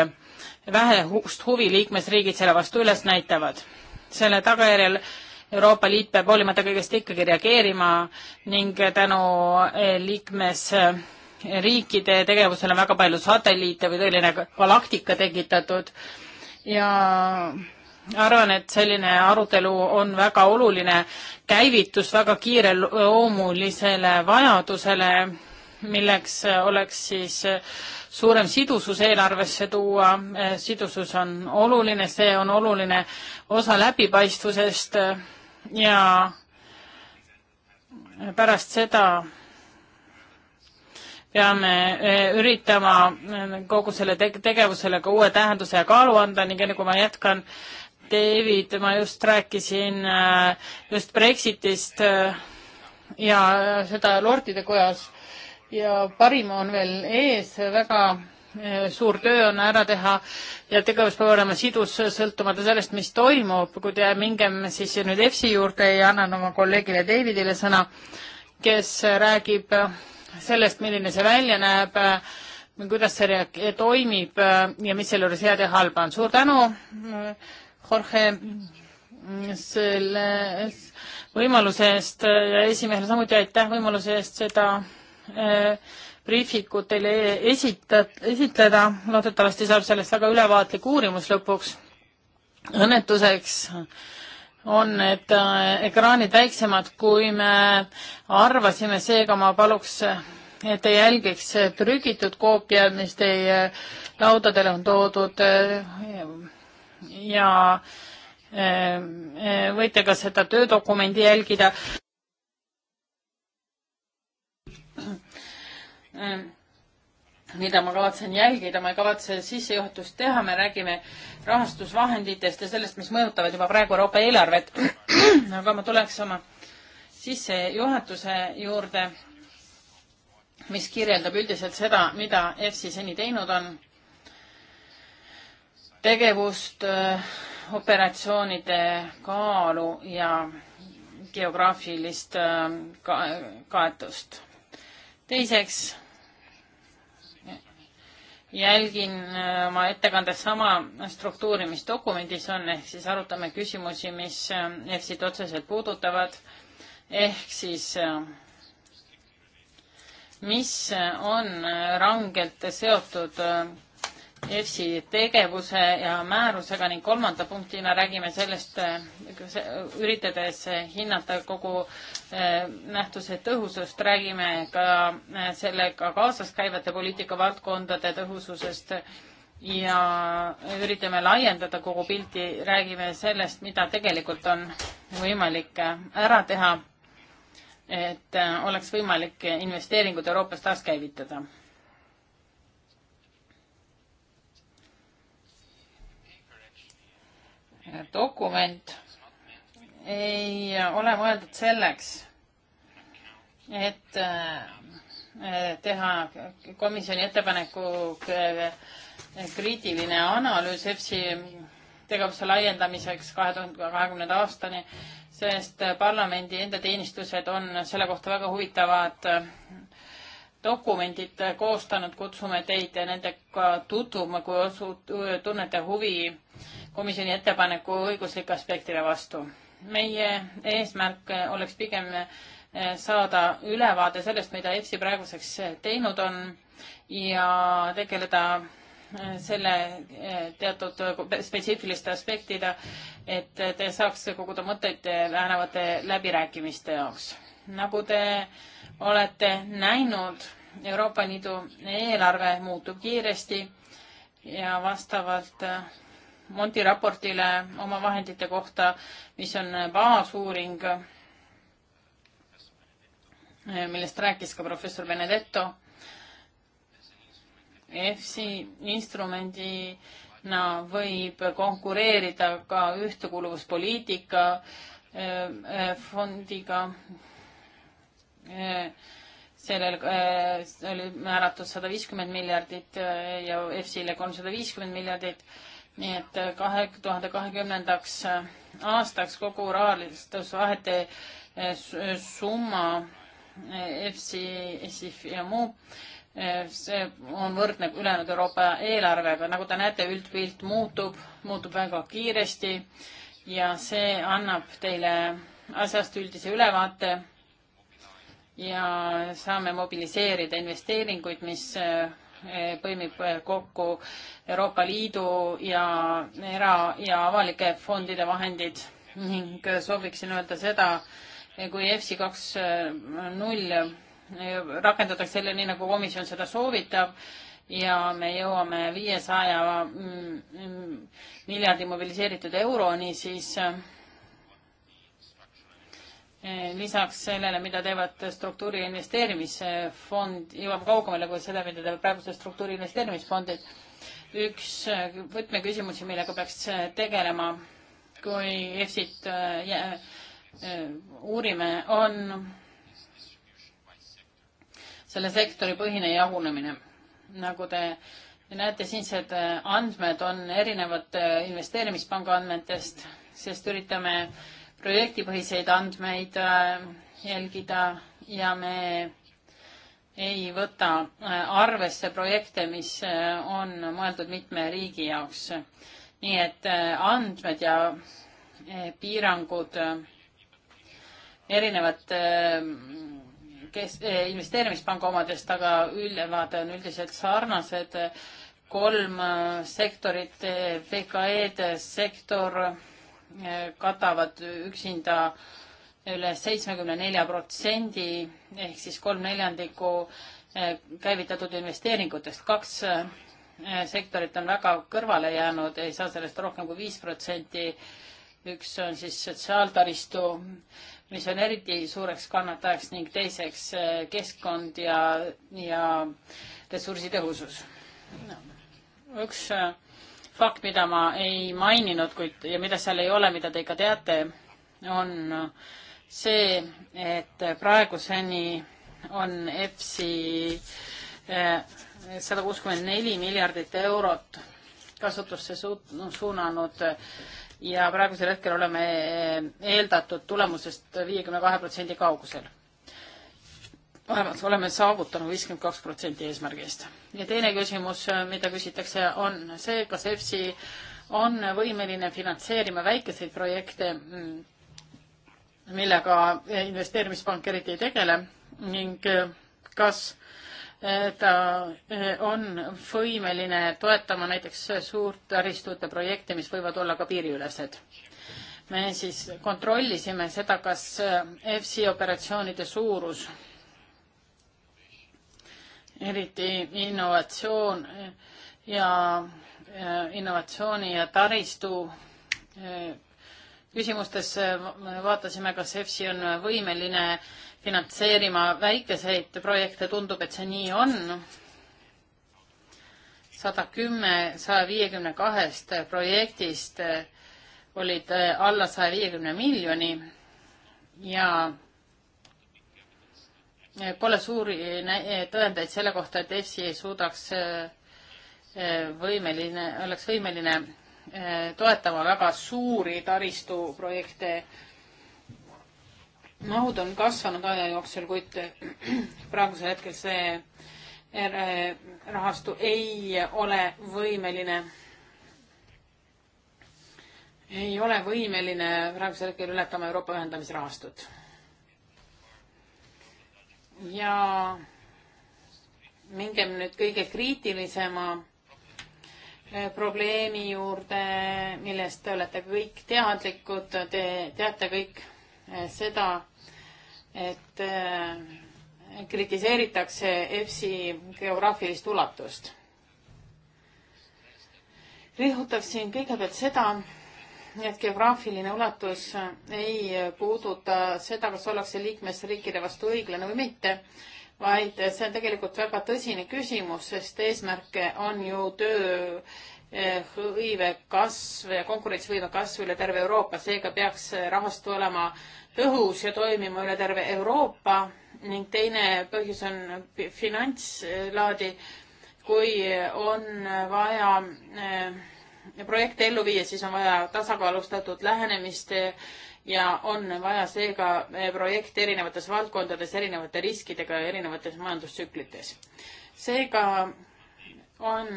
Speaker 1: vähe huvi liikmesriigid selle vastu üles näitavad. selle tagajärjel Euroopa Liit peab hoolimata kõigest ikkagi reageerima ning tänu eh, liikmesriikide eh, tegevusele on väga palju satelliite või tõeline galaktika tekitatud ja arvan, et selline arutelu on väga oluline käivitus väga kiireloomulisele vajadusele, milleks eh, oleks siis suurem sidusus eelarvesse tuua. sidusus on oluline, see on oluline osa läbipaistvusest ja pärast seda peame eh, üritama eh, kogu selle tegevusele ka uue tähenduse ja kaalu anda ning enne kui ma jätkan, David, ma just rääkisin eh, just Brexitist ja seda lordide kojas ja parim on veel ees, väga Eh, suur töö on ära teha ja tegevus peab olema sidus, sõltumata sellest, mis toimub. kuid mingem siis nüüd EFSi juurde ja annan oma kolleegile Davidile sõna, kes räägib eh, sellest, milline see välja näeb, eh, kuidas see toimib ja mis selle juures head ja halba on. suur tänu, Jorge, selle võimaluse eest ja esimehele samuti aitäh võimaluse eest seda äh, briifikut teile esitat-, esitleda, loodetavasti saab sellest väga ülevaatlik uurimus lõpuks. õnnetuseks on need äh, ekraanid väiksemad, kui me arvasime, seega ma paluks, et te jälgiks trükitud koopia, mis teie laudadele on toodud ja äh, äh, võite ka seda töödokumendi jälgida Ähm, mida ma kavatsen jälgida, ma ei kavatse sissejuhatust teha, me räägime rahastusvahenditest ja sellest, mis mõjutavad juba praegu Euroopa eelarvet. aga ma tuleks oma sissejuhatuse juurde, mis kirjeldab üldiselt seda, mida EFSI seni teinud on. tegevust, äh, operatsioonide kaalu ja geograafilist äh, ka kaetust. teiseks jälgin äh, oma ettekandes sama struktuuri, mis dokumendis on, ehk siis arutame küsimusi, mis äh, EFSit otseselt puudutavad, ehk siis äh, mis on rangelt seotud EFSI tegevuse ja määrusega ning kolmanda punktina räägime sellest, üritades hinnata kogu eh, nähtuse tõhusust, räägime ka eh, sellega kaasas käivate poliitikavaldkondade tõhususest ja üritame laiendada kogu pilti, räägime sellest, mida tegelikult on võimalik eh, ära teha, et oleks võimalik investeeringud Euroopas taaskäivitada dokument ei ole mõeldud selleks, et äh, teha komisjoni ettepaneku kriitiline analüüs EFSI tegevuse laiendamiseks kahe tuhande kahekümnenda aastani, sest parlamendi enda teenistused on selle kohta väga huvitavad äh, dokumendid koostanud, kutsume teid nendega tutvuma, kui osu-, tunnete huvi äh, komisjoni ettepaneku õiguslik aspektile vastu. meie eesmärk oleks pigem eh, saada ülevaade sellest, mida EFSI praeguseks teinud on ja tegeleda eh, selle eh, teatud spetsiifiliste aspektida, et te saaks koguda mõtteid lähenevate läbirääkimiste jaoks. nagu te olete näinud, Euroopa Liidu eelarve muutub kiiresti ja vastavalt Monti raportile oma vahendite kohta, mis on baasuuring, millest rääkis ka professor Benedetto. EFSI instrumendina võib konkureerida ka ühtekuuluvuspoliitika eh, eh, fondiga eh, sellel äh, oli määratud sada viiskümmend miljardit äh, ja EFSile kolmsada viiskümmend miljardit. nii et äh, kahe tuhande kahekümnendaks aastaks kogu rahalistusvahete summa EFSi, ESIF ja muu see on võrdne ülejäänud Euroopa eelarvega, nagu te näete, üldpilt muutub, muutub väga kiiresti ja see annab teile asjast üldise ülevaate ja saame mobiliseerida investeeringuid, mis eh, põimib eh, kokku Euroopa Liidu ja era- ja avalike fondide vahendid ning eh, sooviksin öelda seda, kui EFSI kaks null rakendatakse selle nii, nagu komisjon seda soovitab ja me jõuame viiesaja mm, mm, miljardi mobiliseeritud euroni, siis Eh, lisaks sellele, mida teevad struktuuri investeerimisfond, jõuab kaugemale kui seda, mida teevad praegused struktuuri investeerimisfondid. üks eh, võtmeküsimusi, millega peaks eh, tegelema, kui EFSit uurime, on selle sektori põhine jagunemine. nagu te näete, siinsed andmed on erinevad investeerimispanga andmetest, sest üritame äh, projektipõhiseid andmeid äh, jälgida ja me ei võta äh, arvesse projekte, mis äh, on mõeldud mitme riigi jaoks. nii et andmed ja piirangud erinevad kes-, investeerimispanga omadest, aga ülevaade on üldiselt sarnased. kolm sektorit, VKE-d, sektor katavad üksinda üle seitsmekümne nelja protsendi ehk siis kolm neljandikku eh, käivitatud investeeringutest. kaks eh, sektorit on väga kõrvale jäänud, ei saa sellest rohkem kui viis protsenti. üks on siis sotsiaaltaristu, mis on eriti suureks kannatajaks ning teiseks eh, keskkond ja, ja ressursitõhusus no.. üks fakt, mida ma ei maininud, kuid ja mida seal ei ole, mida te ikka teate, on see, et praeguseni on EPSi eh, sada kuuskümmend neli miljardit eurot kasutusse suunanud ja praegusel hetkel oleme eh, eeldatud tulemusest viiekümne kahe protsendi kaugusel vähemalt oleme saavutanud viiskümmend kaks protsenti eesmärgist. ja teine küsimus, mida küsitakse, on see, kas EFSI on võimeline finantseerima väikeseid projekte, millega investeerimispank eriti ei tegele ning kas ta on võimeline toetama näiteks suurt taristute projekte, mis võivad olla ka piiriülesed. me siis kontrollisime seda, kas EFSI operatsioonide suurus eriti innovatsioon ja äh, innovatsiooni ja taristu äh, küsimustes vaatasime, kas EFSI on võimeline finantseerima väikeseid projekte, tundub, et see nii on. sada kümme saja viiekümne kahest projektist olid äh, alla saja viiekümne miljoni ja Eh, pole suuri eh, tõendeid selle kohta, et EFSI ei suudaks eh, võimeline, oleks võimeline toetama väga suuri taristuprojekte. mahud on kasvanud aja jooksul, kuid praegusel hetkel see rahastu ei ole võimeline ei ole võimeline praegusel hetkel ületama Euroopa ühendamisrahastut ja mingem nüüd kõige kriitilisema eh, probleemi juurde, millest te olete kõik teadlikud, te teate kõik eh, seda, et eh, kritiseeritakse EFSi geograafilist ulatust. rõhutaksin kõigepealt seda, nii et geograafiline ulatus äh, ei äh, puuduta seda, kas ollakse liikmesriikide vastu õiglane või mitte, vaid äh, see on tegelikult väga tõsine küsimus, sest eesmärke on ju tööhõive kasv ja konkurentsivõime kasv üle terve Euroopa, seega peaks rahastu olema tõhus ja toimima üle terve Euroopa ning teine põhjus on finantslaadi, kui on vaja äh, projekte ellu viia, siis on vaja tasakaalustatud lähenemist ja on vaja seega projekte erinevates valdkondades, erinevate riskidega, erinevates majandustsüklites. seega on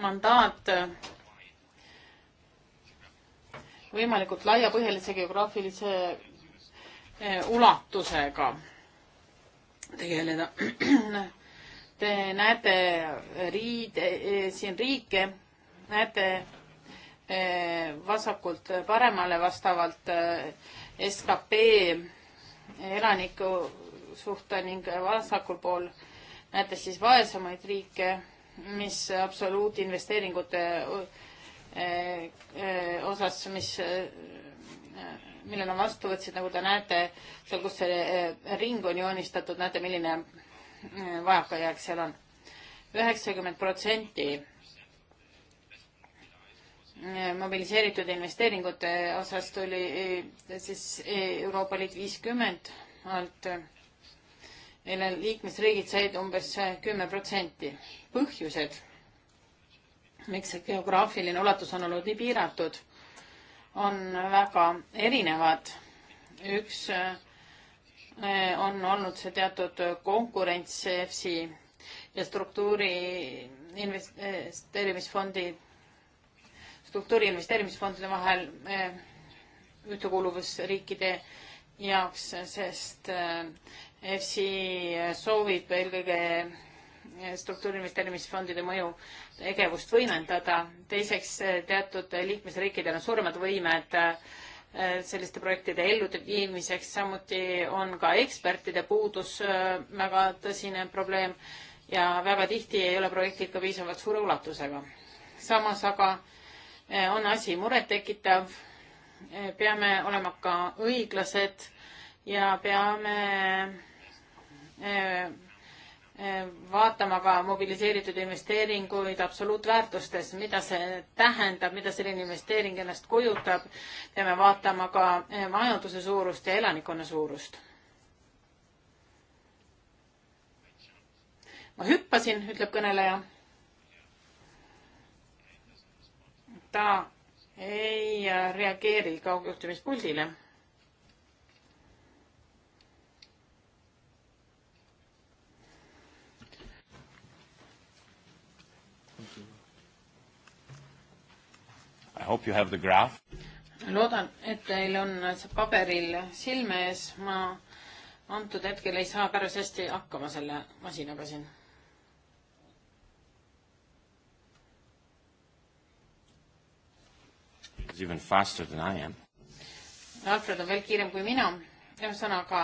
Speaker 1: mandaat võimalikult laiapõhjalise geograafilise eh, ulatusega tegeleda. Te näete riide, eh, siin riike näete eh, vasakult paremale vastavalt eh, skp elaniku suhte ning vasakul pool näete siis vaesemaid riike, mis absoluutinvesteeringute eh, osas, mis, mille nad vastu võtsid, nagu te näete, seal, kus see ring on joonistatud, näete, milline vajakajääk seal on. üheksakümmend protsenti mobiliseeritud investeeringute osas tuli eh, siis eh, Euroopa Liit viiskümmend alt, eh, mille liikmesriigid said umbes kümme protsenti. põhjused, miks see geograafiline ulatus on olnud nii piiratud, on väga erinevad. üks on olnud see teatud konkurents EFSI ja struktuuri investeerimisfondi struktuuri investeerimisfondide vahel eh, ühtekuuluvusriikide jaoks, sest eh, EFSI soovib eelkõige eh, struktuuri investeerimisfondide mõju tegevust võimendada. teiseks, teatud liikmesriikidel on suuremad võimed selliste projektide elluviimiseks, samuti on ka ekspertide puudus väga tõsine probleem ja väga tihti ei ole projektid ka piisavalt suure ulatusega. samas aga äh, Eh, on asi murettekitav. Eh, peame olema ka õiglased ja peame eh, vaatama ka mobiliseeritud investeeringuid absoluutväärtustes, mida see tähendab, mida selline investeering ennast kujutab. peame vaatama ka majanduse suurust ja elanikkonna suurust. ma hüppasin, ütleb kõneleja ta ei reageeri kaugjuhtimispuldile. loodan, et teil on see paberil silme ees, ma antud hetkel ei saa päris hästi hakkama selle masinaga siin even faster than I am. Alfred on veel kiirem kui mina. ühesõnaga,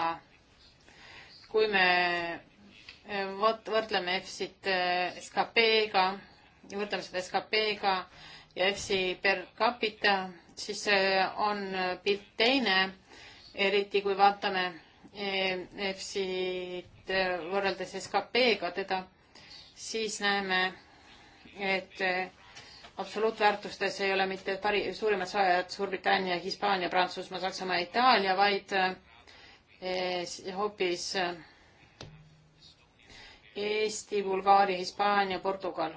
Speaker 1: kui me eh, vot-, võrdleme EFSit eh, SKP-ga, võrdleme seda SKP-ga ja EFSi per capita, siis on pilt teine, eriti kui vaatame EFSit eh, võrreldes SKP-ga teda, siis näeme, et absoluutväärtustes ei ole mitte pari, suurimad saajad Suurbritannia, Hispaania, Prantsusmaa, Saksamaa, Itaalia, vaid eh, hoopis Eesti, Bulgaaria, Hispaania, Portugal,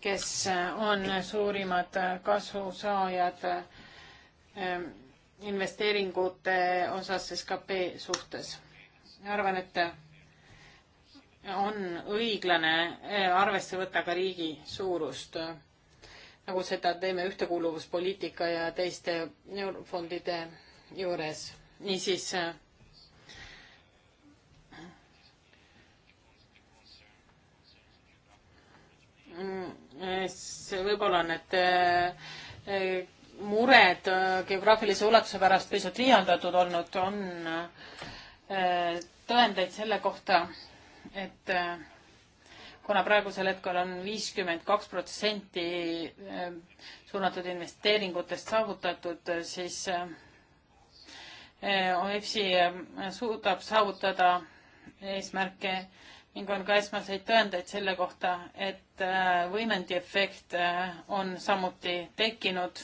Speaker 1: kes on suurimad kasusaajad eh, investeeringute osas SKP suhtes. arvan, et on õiglane eh, arvesse võtta ka riigi suurust, nagu seda teeme ühtekuuluvuspoliitika ja teiste eurofondide juures. niisiis eh, see võib-olla need eh, mured geograafilise ulatuse pärast pisut liialdatud olnud, on tõendeid selle kohta, et äh, kuna praegusel hetkel on viiskümmend kaks protsenti äh, suunatud investeeringutest saavutatud, äh, siis EFSI suudab saavutada eesmärke ning on ka esmaseid tõendeid selle kohta, et võimendiefekt on samuti tekkinud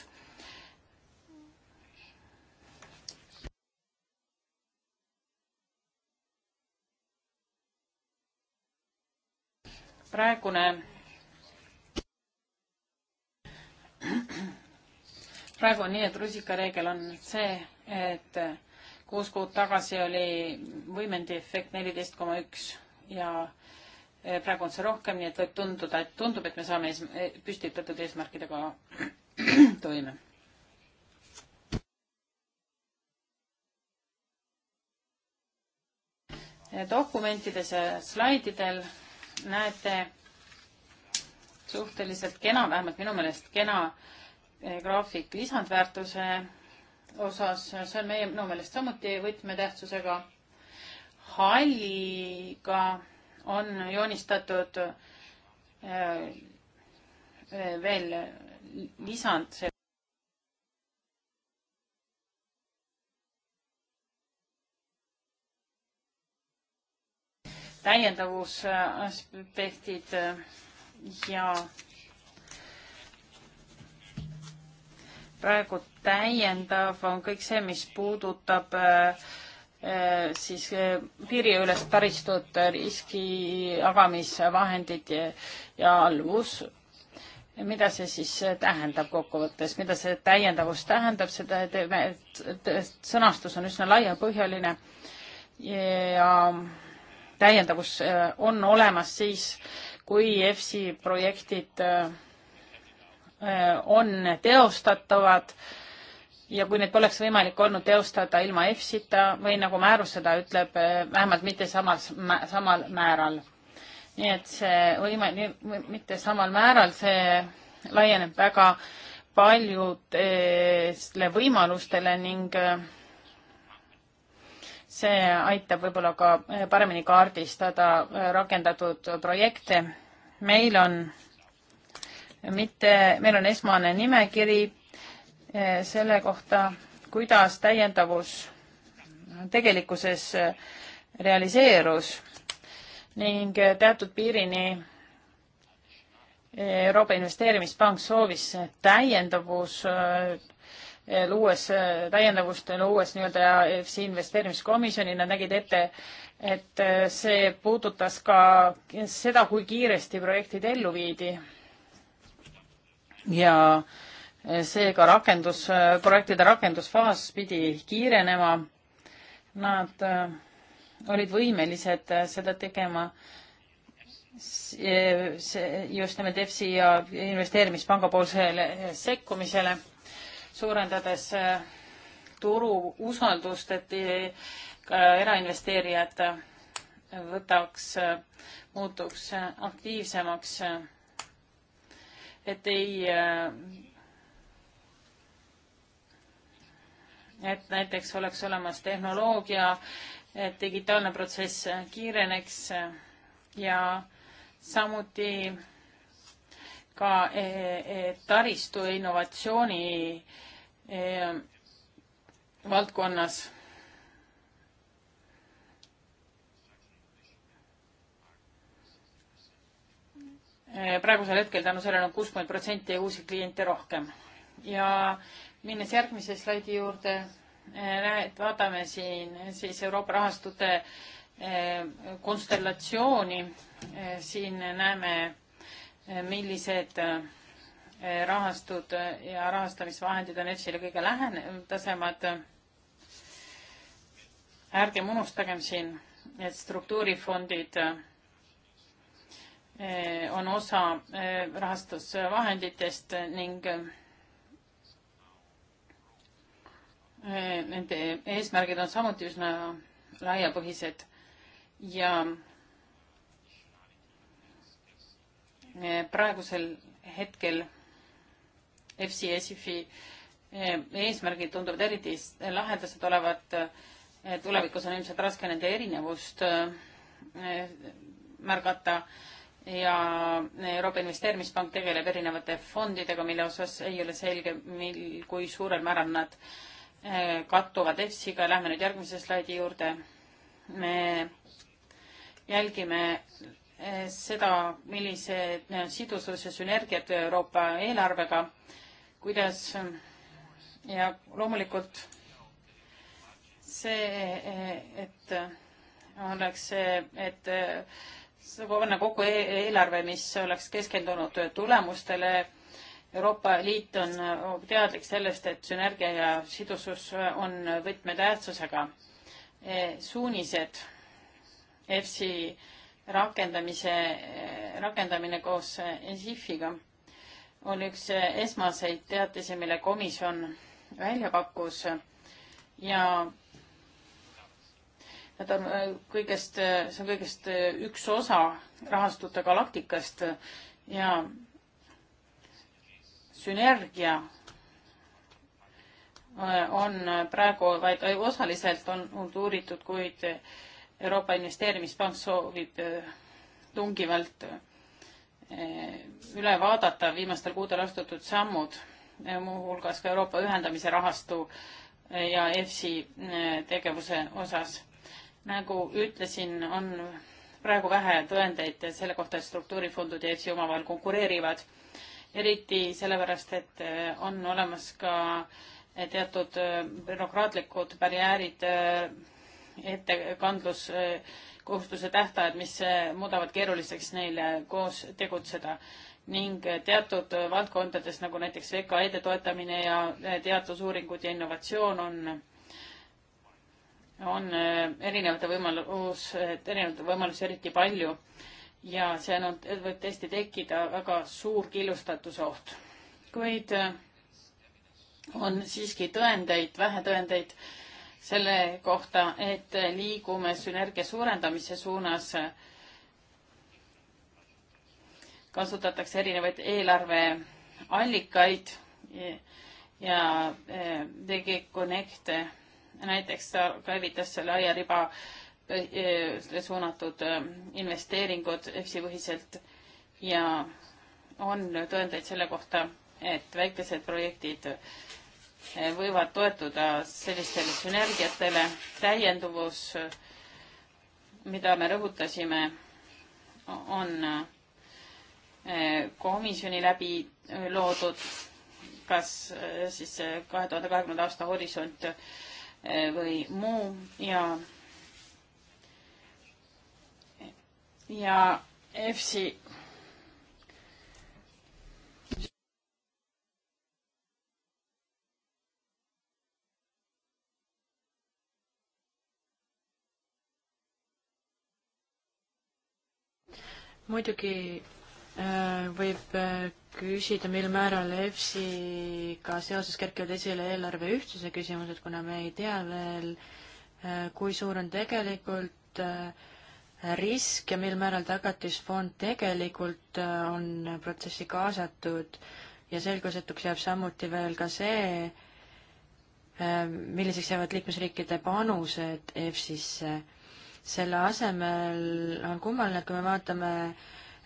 Speaker 1: praegune praegu on nii, et rusikareegel on see, et kuus kuud tagasi oli võimendi efekt neliteist koma üks ja eh, praegu on see rohkem, nii et võib tunduda, et tundub, et me saame ees, eh, püstitatud eesmärkidega toime. dokumentides ja slaididel näete suhteliselt kena, vähemalt minu meelest kena eh, graafik lisandväärtuse osas, see on meie minu meelest samuti võtmetähtsusega. halliga on joonistatud eh, eh, veel lisand, see täiendavusaspektid äh, ja praegu täiendav on kõik see, mis puudutab äh, äh, siis piiriülest taristut, riski jagamisvahendid ja alluvus. mida see siis tähendab kokkuvõttes, mida see täiendavus tähendab, seda sõnastus on üsna laiapõhjaline ja täiendavus äh, on olemas siis, kui EFSI projektid äh, äh, on teostatavad ja kui neid poleks võimalik olnud teostada ilma EFSita või nagu määrus seda ütleb, vähemalt mitte samas, samal määral. nii et see võima-, mitte samal määral, see laieneb väga paljudele võimalustele ning äh, see aitab võib-olla ka eh, paremini kaardistada eh, rakendatud projekte. meil on mitte, meil on esmane nimekiri eh, selle kohta, kuidas täiendavus tegelikkuses realiseerus ning teatud piirini Euroopa Investeerimispank soovis täiendavus luues täiendavust, luues nii-öelda EFSI investeerimiskomisjoni, nad nägid ette, et see puudutas ka seda, kui kiiresti projektid ellu viidi. ja seega rakendus, projektide rakendusfaas pidi kiirenema. Nad äh, olid võimelised seda tegema see just nimelt EFSI ja investeerimispanga poolsele sekkumisele suurendades äh, turu usaldust, et äh, ka erainvesteerijad äh, võtaks, muutuks aktiivsemaks, et ei, et näiteks oleks olemas tehnoloogia, et digitaalne protsess kiireneks ja samuti ka taristu innovatsiooni äh, valdkonnas praegusel hetkel tänu sellele on kuuskümmend protsenti uusi kliente rohkem. ja minnes järgmise slaidi juurde, näed, vaatame siin siis Euroopa rahastute konstellatsiooni. siin näeme, millised rahastud ja rahastamisvahendid on EFSile kõige lähedasemad. ärgem unustagem siin, et struktuurifondid eh, on osa eh, rahastusvahenditest ning eh, nende eesmärgid on samuti üsna laiapõhised ja praegusel hetkel EFSI, ESIFi eh, eesmärgid tunduvad eriti lahedased olevat. Eh, tulevikus on ilmselt raske nende erinevust eh, märgata ja Euroopa Investeerimispank tegeleb erinevate fondidega, mille osas ei ole selge, mil, kui suurel määral nad kattuvad EFSiga. Lähme nüüd järgmise slaidi juurde.
Speaker 2: me
Speaker 1: jälgime seda, millised sidususe sünergiad Euroopa eelarvega kuidas ja loomulikult see, et oleks see, et panna kokku e-, eelarve, mis oleks keskendunud tulemustele. Euroopa Liit on teadlik sellest, et sünergia ja sidusus on võtmetähtsusega. E, suunised EFSI rakendamise, rakendamine koos ESIF-iga on üks esmaseid teatisi, mille komisjon välja pakkus ja nad on äh, kõigest, äh, see on kõigest äh, üks osa rahastute galaktikast ja sünergia on praegu vaid osaliselt on, on uuritud, kuid Euroopa Investeerimispank soovib tungivalt üle vaadata viimastel kuudel astutud sammud, muuhulgas ka Euroopa ühendamise rahastu ja EFSI eh, tegevuse osas. nagu ütlesin, on praegu vähe tõendeid selle kohta, et struktuurifondid ja EFSI omavahel konkureerivad, eriti sellepärast, et eh, on olemas ka eh, teatud bürokraatlikud barjäärid ettekandlus kohustuse tähtajad, mis eh, muudavad keeruliseks neil koos tegutseda ning eh, teatud valdkondades, nagu näiteks VKE-de toetamine ja eh, teadusuuringud ja innovatsioon on, on erinevate võimalus, erinevaid võimalusi eriti palju ja see on, võib tõesti tekkida väga suur killustatuse oht. kuid on siiski tõendeid, vähe tõendeid selle kohta, et liigume sünergia suurendamise suunas. kasutatakse erinevaid eelarveallikaid ja e, DG Connect näiteks ta käivitas selle aiariba e, e, suunatud investeeringud EFSI põhiselt ja on tõendeid selle kohta, et väikesed projektid äh, võivad toetuda sellistele sünergiatele, täienduvus, mida me rõhutasime, on eh, komisjoni läbi loodud, kas eh, siis eh, kahe tuhande kahekümnenda aasta horisont või muu ja ja EFSi
Speaker 2: muidugi äh, võib äh, küsida, mil määral EFSI-ga seoses kerkivad esile eelarve ühtsuse küsimused, kuna me ei tea veel, äh, kui suur on tegelikult risk ja mil määral Tagatisfond tegelikult on protsessi kaasatud ja selgusetuks jääb samuti veel ka see, milliseks jäävad liikmesriikide panused EFSI-sse selle asemel on kummaline, kui me vaatame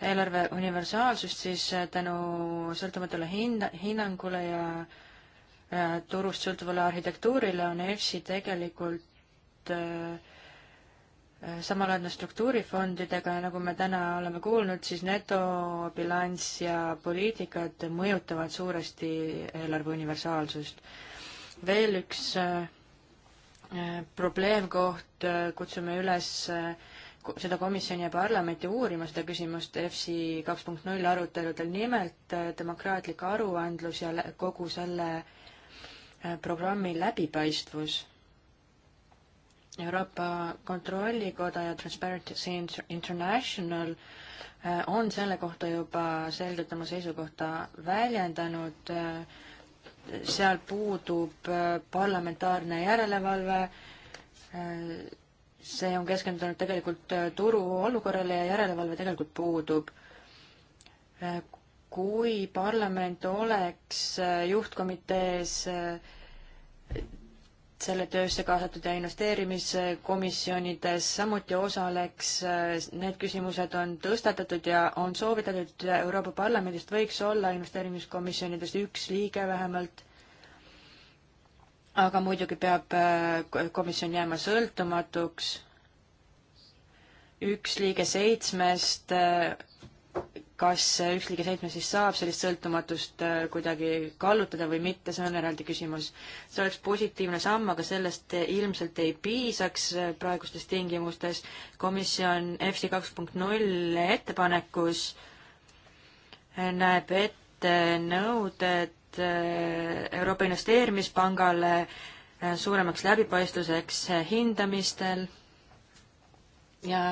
Speaker 2: eelarve universaalsust, siis tänu sõltumatule hinda, hinnangule ja turust sõltuvale arhitektuurile on EFSI tegelikult äh, äh, samalaadne struktuurifondidega ja nagu me täna oleme kuulnud, siis netobilanss ja poliitikad mõjutavad suuresti eelarve universaalsust. veel üks äh, Äh, probleemkoht, äh, kutsume üles äh, seda komisjoni ja parlamenti uurima seda küsimust EFSI kaks punkt null aruteludel, nimelt demokraatlik aruandlus ja kogu selle programmi läbipaistvus. Euroopa Kontrollikoda ja Transparency International on selle kohta juba selgelt oma seisukohta väljendanud äh, seal puudub äh, parlamentaarne järelevalve, äh, see on keskendunud tegelikult äh, turu olukorrale ja järelevalve tegelikult puudub. kui parlament oleks juhtkomitees selle töösse kaasatud ja investeerimiskomisjonides samuti osaleks. Need küsimused on tõstatatud ja on soovitatud, et Euroopa Parlamendist võiks olla investeerimiskomisjonidest üks liige vähemalt. aga muidugi peab äh, komisjon jääma sõltumatuks. üks liige seitsmest äh, kas üks liige seitsme siis saab sellist sõltumatust äh, kuidagi kallutada või mitte, see on eraldi küsimus. see oleks positiivne samm, aga sellest äh, ilmselt ei piisaks äh, praegustes tingimustes. komisjon FC kaks punkt null ettepanekus näeb ette nõuded Euroopa Investeerimispangale suuremaks läbipaistvuseks hindamistel ja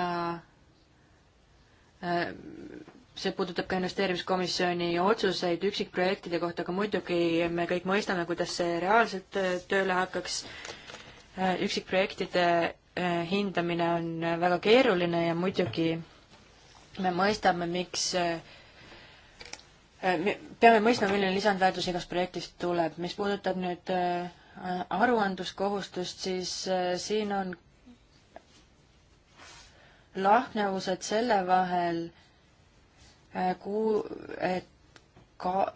Speaker 2: see puudutab ka investeerimiskomisjoni otsuseid üksikprojektide kohta, aga muidugi me kõik mõistame, kuidas see reaalselt äh, tööle hakkaks. Äh, üksikprojektide äh, hindamine on väga keeruline ja muidugi me mõistame, miks me peame mõistma, milline lisandväärtus igast projektist tuleb. mis puudutab nüüd aruandluskohustust, siis siin on lahknevused selle vahel, Äh, kuu-, ka-,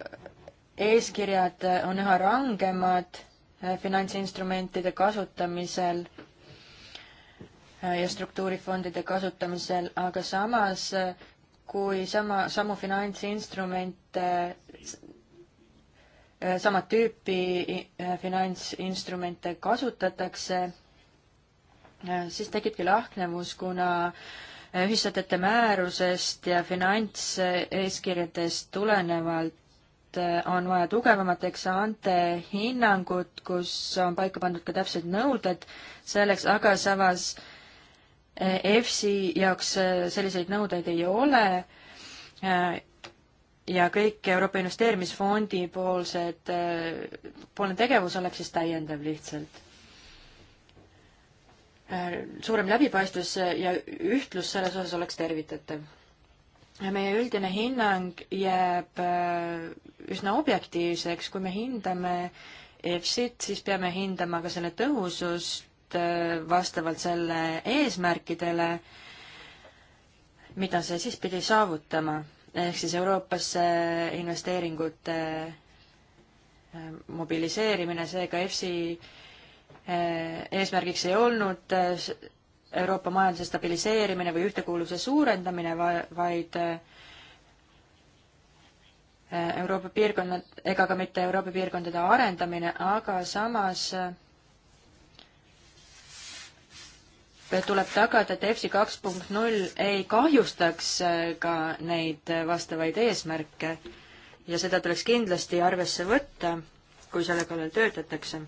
Speaker 2: eeskirjad äh, on üha rangemad äh, finantsinstrumentide kasutamisel ja struktuurifondide kasutamisel, aga samas, kui sama, samu finantsinstrumente, sama tüüpi finantsinstrumente kasutatakse, siis tekibki lahknevus, kuna äh, ühissätete määrusest ja finantseeskirjadest tulenevalt äh, on vaja tugevamat eksante hinnangut, kus on paika pandud ka täpsed nõuded selleks, aga samas äh, EFSi jaoks äh, selliseid nõudeid ei ole ja kõik Euroopa Investeerimisfondi poolsed, poolne tegevus oleks siis täiendav lihtsalt Äh, suurem läbipaistvus ja ühtlus selles osas oleks tervitatav. meie üldine hinnang jääb äh, üsna objektiivseks, kui me hindame EFSit, siis peame hindama ka selle tõhusust äh, vastavalt selle eesmärkidele, mida see siis pidi saavutama, ehk siis Euroopasse investeeringute mobiliseerimine, seega EFSi Eh, eesmärgiks ei olnud eh, Euroopa majanduse stabiliseerimine või ühtekuuluvuse suurendamine, vaid eh, Euroopa piirkonnad, ega ka mitte Euroopa piirkondade arendamine, aga samas tuleb tagada, et EFSI kaks punkt null ei kahjustaks ka neid vastavaid eesmärke ja seda tuleks kindlasti arvesse võtta, kui selle kallal töötatakse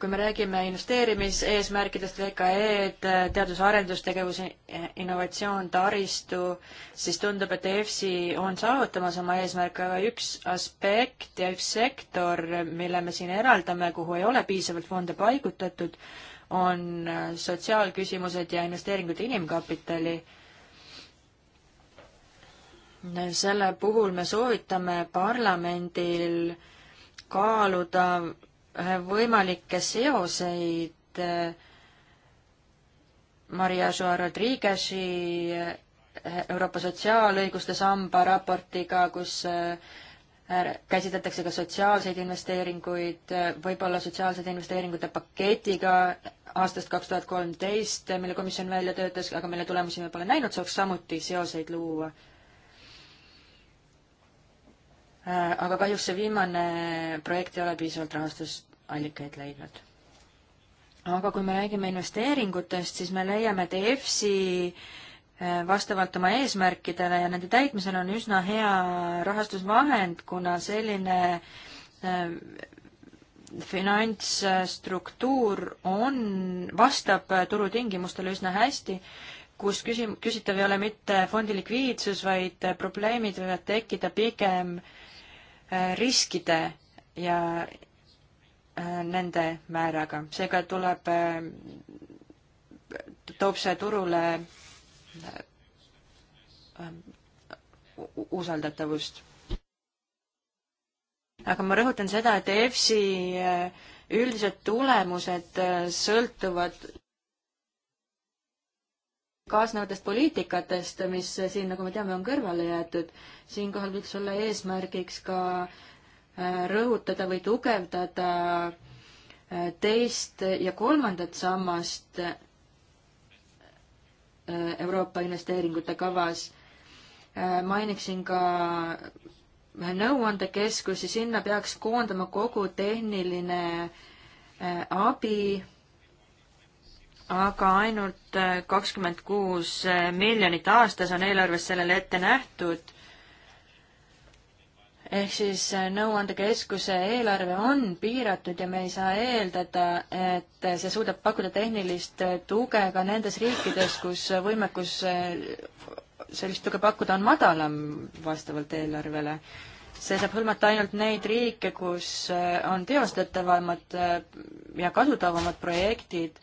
Speaker 2: kui me räägime investeerimiseesmärkidest, VKE-d, teadus- ja arendustegevus, innovatsioon, taristu, siis tundub, et EFSI on saavutamas oma eesmärke, aga üks aspekt ja üks sektor, mille me siin eraldame, kuhu ei ole piisavalt fonde paigutatud, on sotsiaalküsimused ja investeeringud inimkapitali. selle puhul me soovitame parlamendil kaaluda võimalikke seoseid äh, Maria Joa Rodriguez'i äh, Euroopa sotsiaalõiguste samba raportiga, kus äh, käsitletakse ka sotsiaalseid investeeringuid, võib-olla sotsiaalsete investeeringute paketiga aastast kaks tuhat kolmteist, mille komisjon välja töötas, aga mille tulemusi me pole näinud, saaks samuti seoseid luua. aga kahjuks see viimane projekt ei ole piisavalt rahastust allikaid leidnud. aga kui me räägime investeeringutest, siis me leiame, et EFSI äh, vastavalt oma eesmärkidele ja nende täitmisel on üsna hea rahastusvahend, kuna selline äh, finantsstruktuur on, vastab äh, turutingimustele üsna hästi, kus küsim-, küsitav ei ole mitte fondi likviidsus, vaid probleemid võivad tekkida pigem riskide ja Äh, nende määraga, seega tuleb, äh, toob see turule äh, usaldatavust. aga ma rõhutan seda, et EFSi üldised tulemused sõltuvad kaasnevatest poliitikatest, mis siin, nagu me teame, on kõrvale jäetud. siinkohal võiks olla eesmärgiks ka äh, rõhutada või tugevdada äh, teist ja kolmandat sammast äh, Euroopa investeeringute kavas. Äh, mainiksin ka ühe nõuandekeskusi, sinna peaks koondama kogu tehniline abi, aga ainult kakskümmend kuus miljonit aastas on eelarves sellele ette nähtud ehk siis äh, Nõuandekeskuse eelarve on piiratud ja me ei saa eeldada, et see suudab pakkuda tehnilist äh, tuge ka nendes riikides, kus äh, võimekus sellist tuge pakkuda on madalam vastavalt eelarvele. see saab hõlmata ainult neid riike, kus on teostatavamad ja kasutavamad projektid,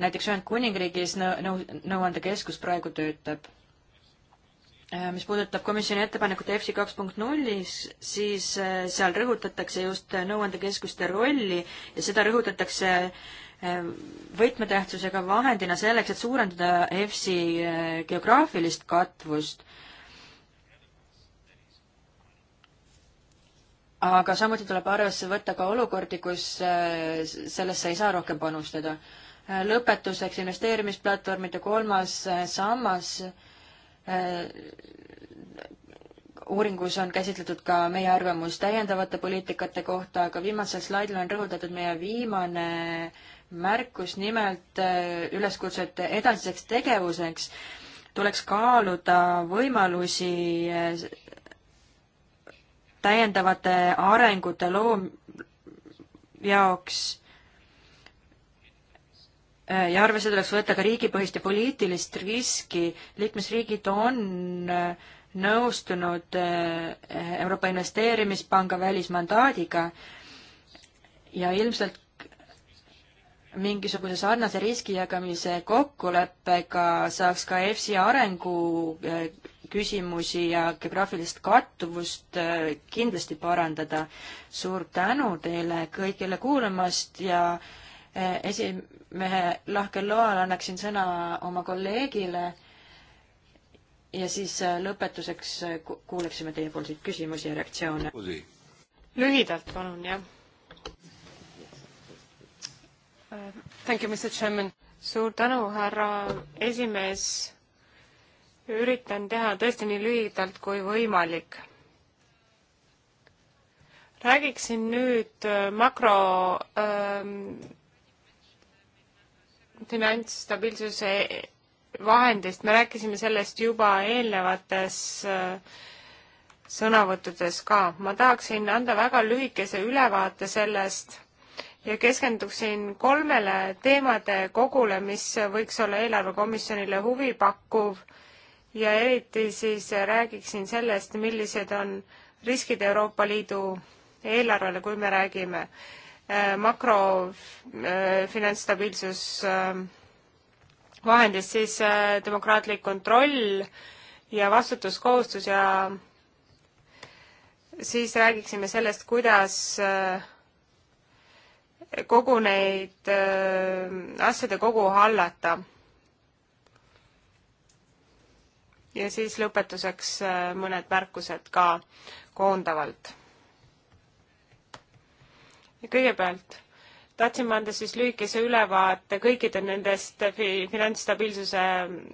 Speaker 2: näiteks Ühendkuningriigis nõu-, nõuandekeskus praegu töötab Äh, mis puudutab komisjoni ettepanekut EFSI kaks punkt nullis, siis äh, seal rõhutatakse just äh, nõuandekeskuste rolli ja seda rõhutatakse võtmetähtsusega vahendina selleks, et suurendada EFSI geograafilist katvust. aga samuti tuleb arvesse võtta ka olukordi, kus sellesse ei saa rohkem panustada. lõpetuseks investeerimisplatvormide kolmas sammas äh, Äh, uuringus on käsitletud ka meie arvamus täiendavate poliitikate kohta, aga viimasel slaidil on rõhutatud meie viimane märkus, nimelt äh, üleskutset edasiseks tegevuseks tuleks kaaluda võimalusi äh, täiendavate arengute loom-, jaoks Äh, ja arvesse tuleks võtta ka riigipõhist ja poliitilist riski. liikmesriigid on äh, nõustunud äh, Euroopa Investeerimispanga välismandaadiga ja ilmselt mingisuguse sarnase riskijagamise kokkuleppega saaks ka EFSI arengu küsimusi ja geograafilist kattuvust kindlasti parandada. suur tänu teile kõigile kuulamast ja esi-, esimehe lahkel loal annaksin sõna oma kolleegile ja siis äh, lõpetuseks äh, kuuleksime teiepoolseid küsimusi ja reaktsioone.
Speaker 3: lühidalt palun, jah. Thank you, Mr Chairman. suur tänu, härra esimees. üritan teha tõesti nii lühidalt kui võimalik räägiksin nüüd äh, makro ähm, finantsstabiilsuse vahendist, me rääkisime sellest juba eelnevates äh, sõnavõttudes ka. ma tahaksin anda väga lühikese ülevaate sellest ja keskenduksin kolmele teemade kogule, mis võiks olla eelarvekomisjonile huvipakkuv ja eriti siis räägiksin sellest, millised on riskid Euroopa Liidu eelarvele, kui me räägime äh, Äh, makrofinantsstabiilsusvahendist, äh, ähm, siis äh, demokraatlik kontroll ja vastutuskohustus ja siis räägiksime sellest, kuidas kogu neid asjade kogu hallata. ja siis lõpetuseks mõned märkused ka koondavalt kõigepealt tahtsin ma anda siis lühikese ülevaate kõikide nendest finantsstabiilsuse,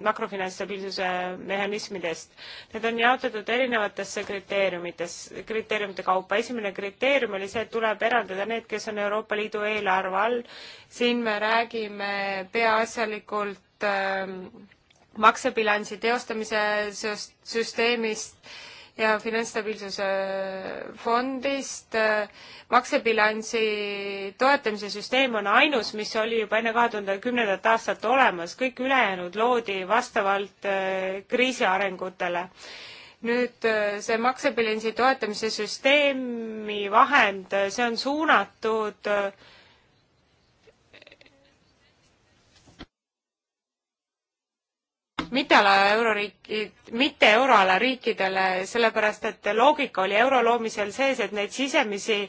Speaker 3: makrofinantsstabiilsuse mehhanismidest. Need on jaotatud erinevatesse kriteeriumites, kriteeriumite kaupa. esimene kriteerium oli see, et tuleb eraldada need, kes on Euroopa Liidu eelarve all. siin me räägime peaasjalikult äh, maksebilansi teostamise süsteemist ja finantsstabiilsuse fondist. maksebilansi toetamise süsteem on ainus, mis oli juba enne kahe tuhande kümnendat aastat olemas, kõik ülejäänud loodi vastavalt äh, kriisi arengutele nüüd äh, see maksebilansi toetamise süsteemi vahend, äh, see on suunatud äh, mitte ala euroriikid, mitte euroala riikidele, sellepärast et loogika oli euro loomisel sees, et neid sisemisi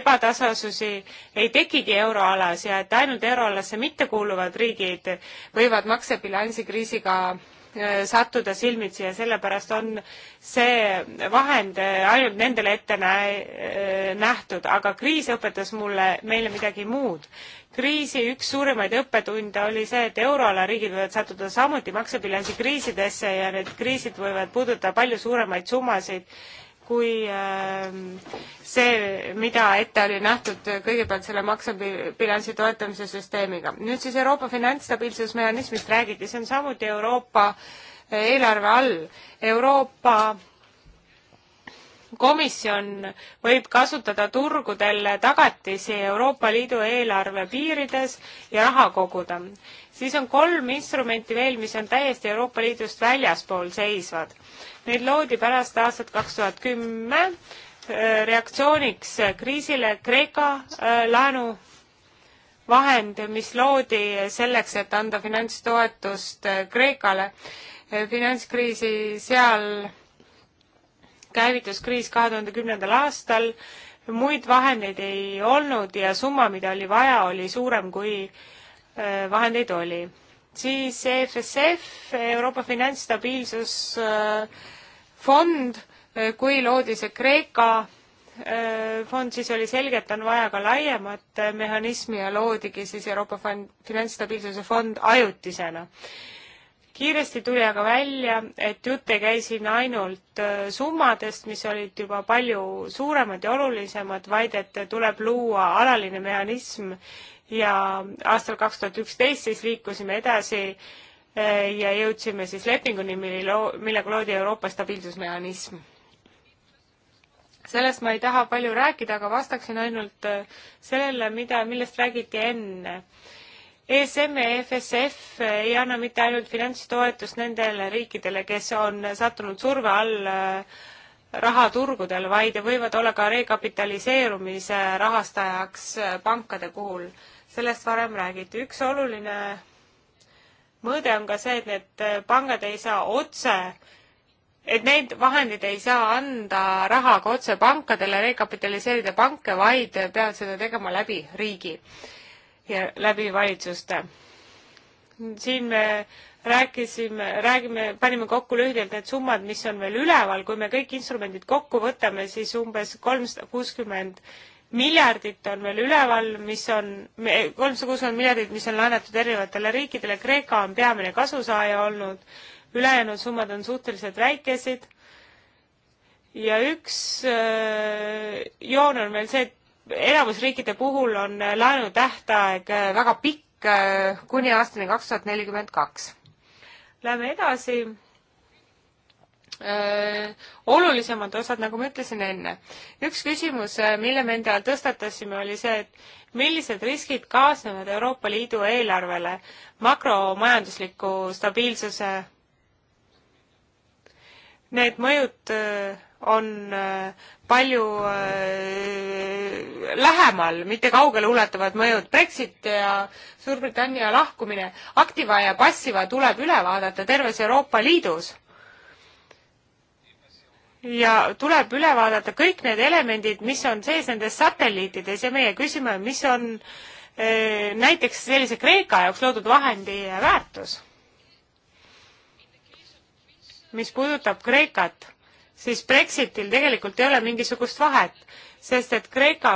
Speaker 3: ebatasasusi ei tekigi euroalas ja et ainult euroalasse mittekuuluvad riigid võivad maksebilansi kriisiga Äh, sattuda silmitsi ja sellepärast on see vahend äh, ainult nendele ette nä-, äh, nähtud, aga kriis õpetas mulle, meile midagi muud. kriisi üks suurimaid õppetunde oli see, et euroala riigid võivad sattuda samuti maksebilansi kriisidesse ja need kriisid võivad puudutada palju suuremaid summasid kui ähm, see, mida ette oli nähtud kõigepealt selle maksebilansi toetamise süsteemiga. nüüd siis Euroopa finantsstabiilsusmehhanismist räägiti, see on samuti Euroopa äh, eelarve all. Euroopa komisjon võib kasutada turgudel tagatisi Euroopa Liidu eelarve piirides ja raha koguda siis on kolm instrumenti veel, mis on täiesti Euroopa Liidust väljaspool seisvad. Need loodi pärast aastat kaks tuhat kümme äh, reaktsiooniks kriisile Kreeka äh, laenu vahend, mis loodi selleks, et anda finantstoetust äh, Kreekale. finantskriisi seal käivitus kriis kahe tuhande kümnendal aastal, muid vahendeid ei olnud ja summa, mida oli vaja, oli suurem kui äh, Äh, vahendeid oli. siis EFSF, Euroopa Finantsstabiilsusfond, äh, kui loodi see Kreeka äh, fond, siis oli selge, et on vaja ka laiemat mehhanismi ja loodigi siis Euroopa Finantsstabiilsuse fond ajutisena. kiiresti tuli aga välja, et jutt ei käi siin ainult summadest, mis olid juba palju suuremad ja olulisemad, vaid et tuleb luua alaline mehhanism ja aastal kaks tuhat üksteist siis liikusime edasi eh, ja jõudsime siis lepinguni, mille, millega loodi Euroopa stabiilsusmehhanism. sellest ma ei taha palju rääkida, aga vastaksin ainult eh, sellele, mida, millest räägiti enne. ESM ja FSF e ei anna mitte ainult finantstoetust nendele riikidele, kes on sattunud surve all eh, rahaturgudel, vaid võivad olla ka rekapitaliseerumise rahastajaks pankade puhul sellest varem räägiti. üks oluline mõõde on ka see, et need pangad ei saa otse, et need vahendid ei saa anda rahaga otse pankadele, rekapitaliseerida panke, vaid peavad seda tegema läbi riigi ja läbi valitsuste. siin me rääkisime, räägime, panime kokku lühidalt need summad, mis on veel üleval, kui me kõik instrumendid kokku võtame, siis umbes kolmsada kuuskümmend miljardit on veel üleval, mis on, kolmsada kuuskümmend miljardit, mis on laenatud erinevatele riikidele, Kreeka on peamine kasusaaja olnud, ülejäänud summad on suhteliselt väikesed ja üks äh, joon on veel see, et enamus riikide puhul on äh, laenu tähtaeg äh, väga pikk äh,, kuni aastani kaks tuhat nelikümmend kaks. Läheme edasi Äh, olulisemad osad, nagu ma ütlesin enne. üks küsimus, äh, mille me enda tõstatasime, oli see, et millised riskid kaasnevad Euroopa Liidu eelarvele makromajandusliku stabiilsuse. Need mõjud äh, on palju lähemal, mitte kaugeleulatuvad mõjud. Brexit ja Suurbritannia lahkumine, aktiva ja passiva tuleb üle vaadata terves Euroopa Liidus ja tuleb üle vaadata kõik need elemendid, mis on sees nendes satelliitides ja meie küsime, mis on eh, näiteks sellise Kreeka jaoks loodud vahendi väärtus. mis puudutab Kreekat, siis Brexitil tegelikult ei ole mingisugust vahet, sest et Kreeka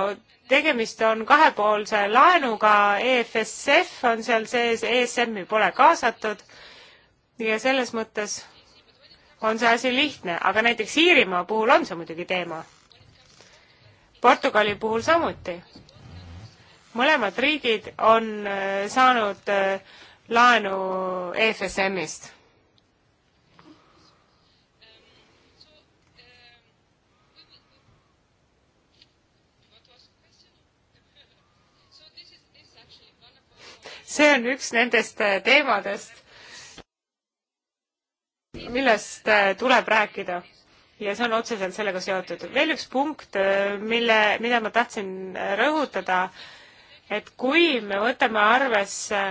Speaker 3: tegemist on kahepoolse laenuga, EFSF on seal sees, ESM-i pole kaasatud ja selles mõttes on see asi lihtne, aga näiteks Iirimaa puhul on see muidugi teema. Portugali puhul samuti. mõlemad riigid on äh, saanud äh, laenu EFSM-ist. see on üks nendest äh, teemadest, millest äh, tuleb rääkida ja see on otseselt sellega seotud. veel üks punkt, äh, mille, mida ma tahtsin rõhutada, et kui me võtame arvesse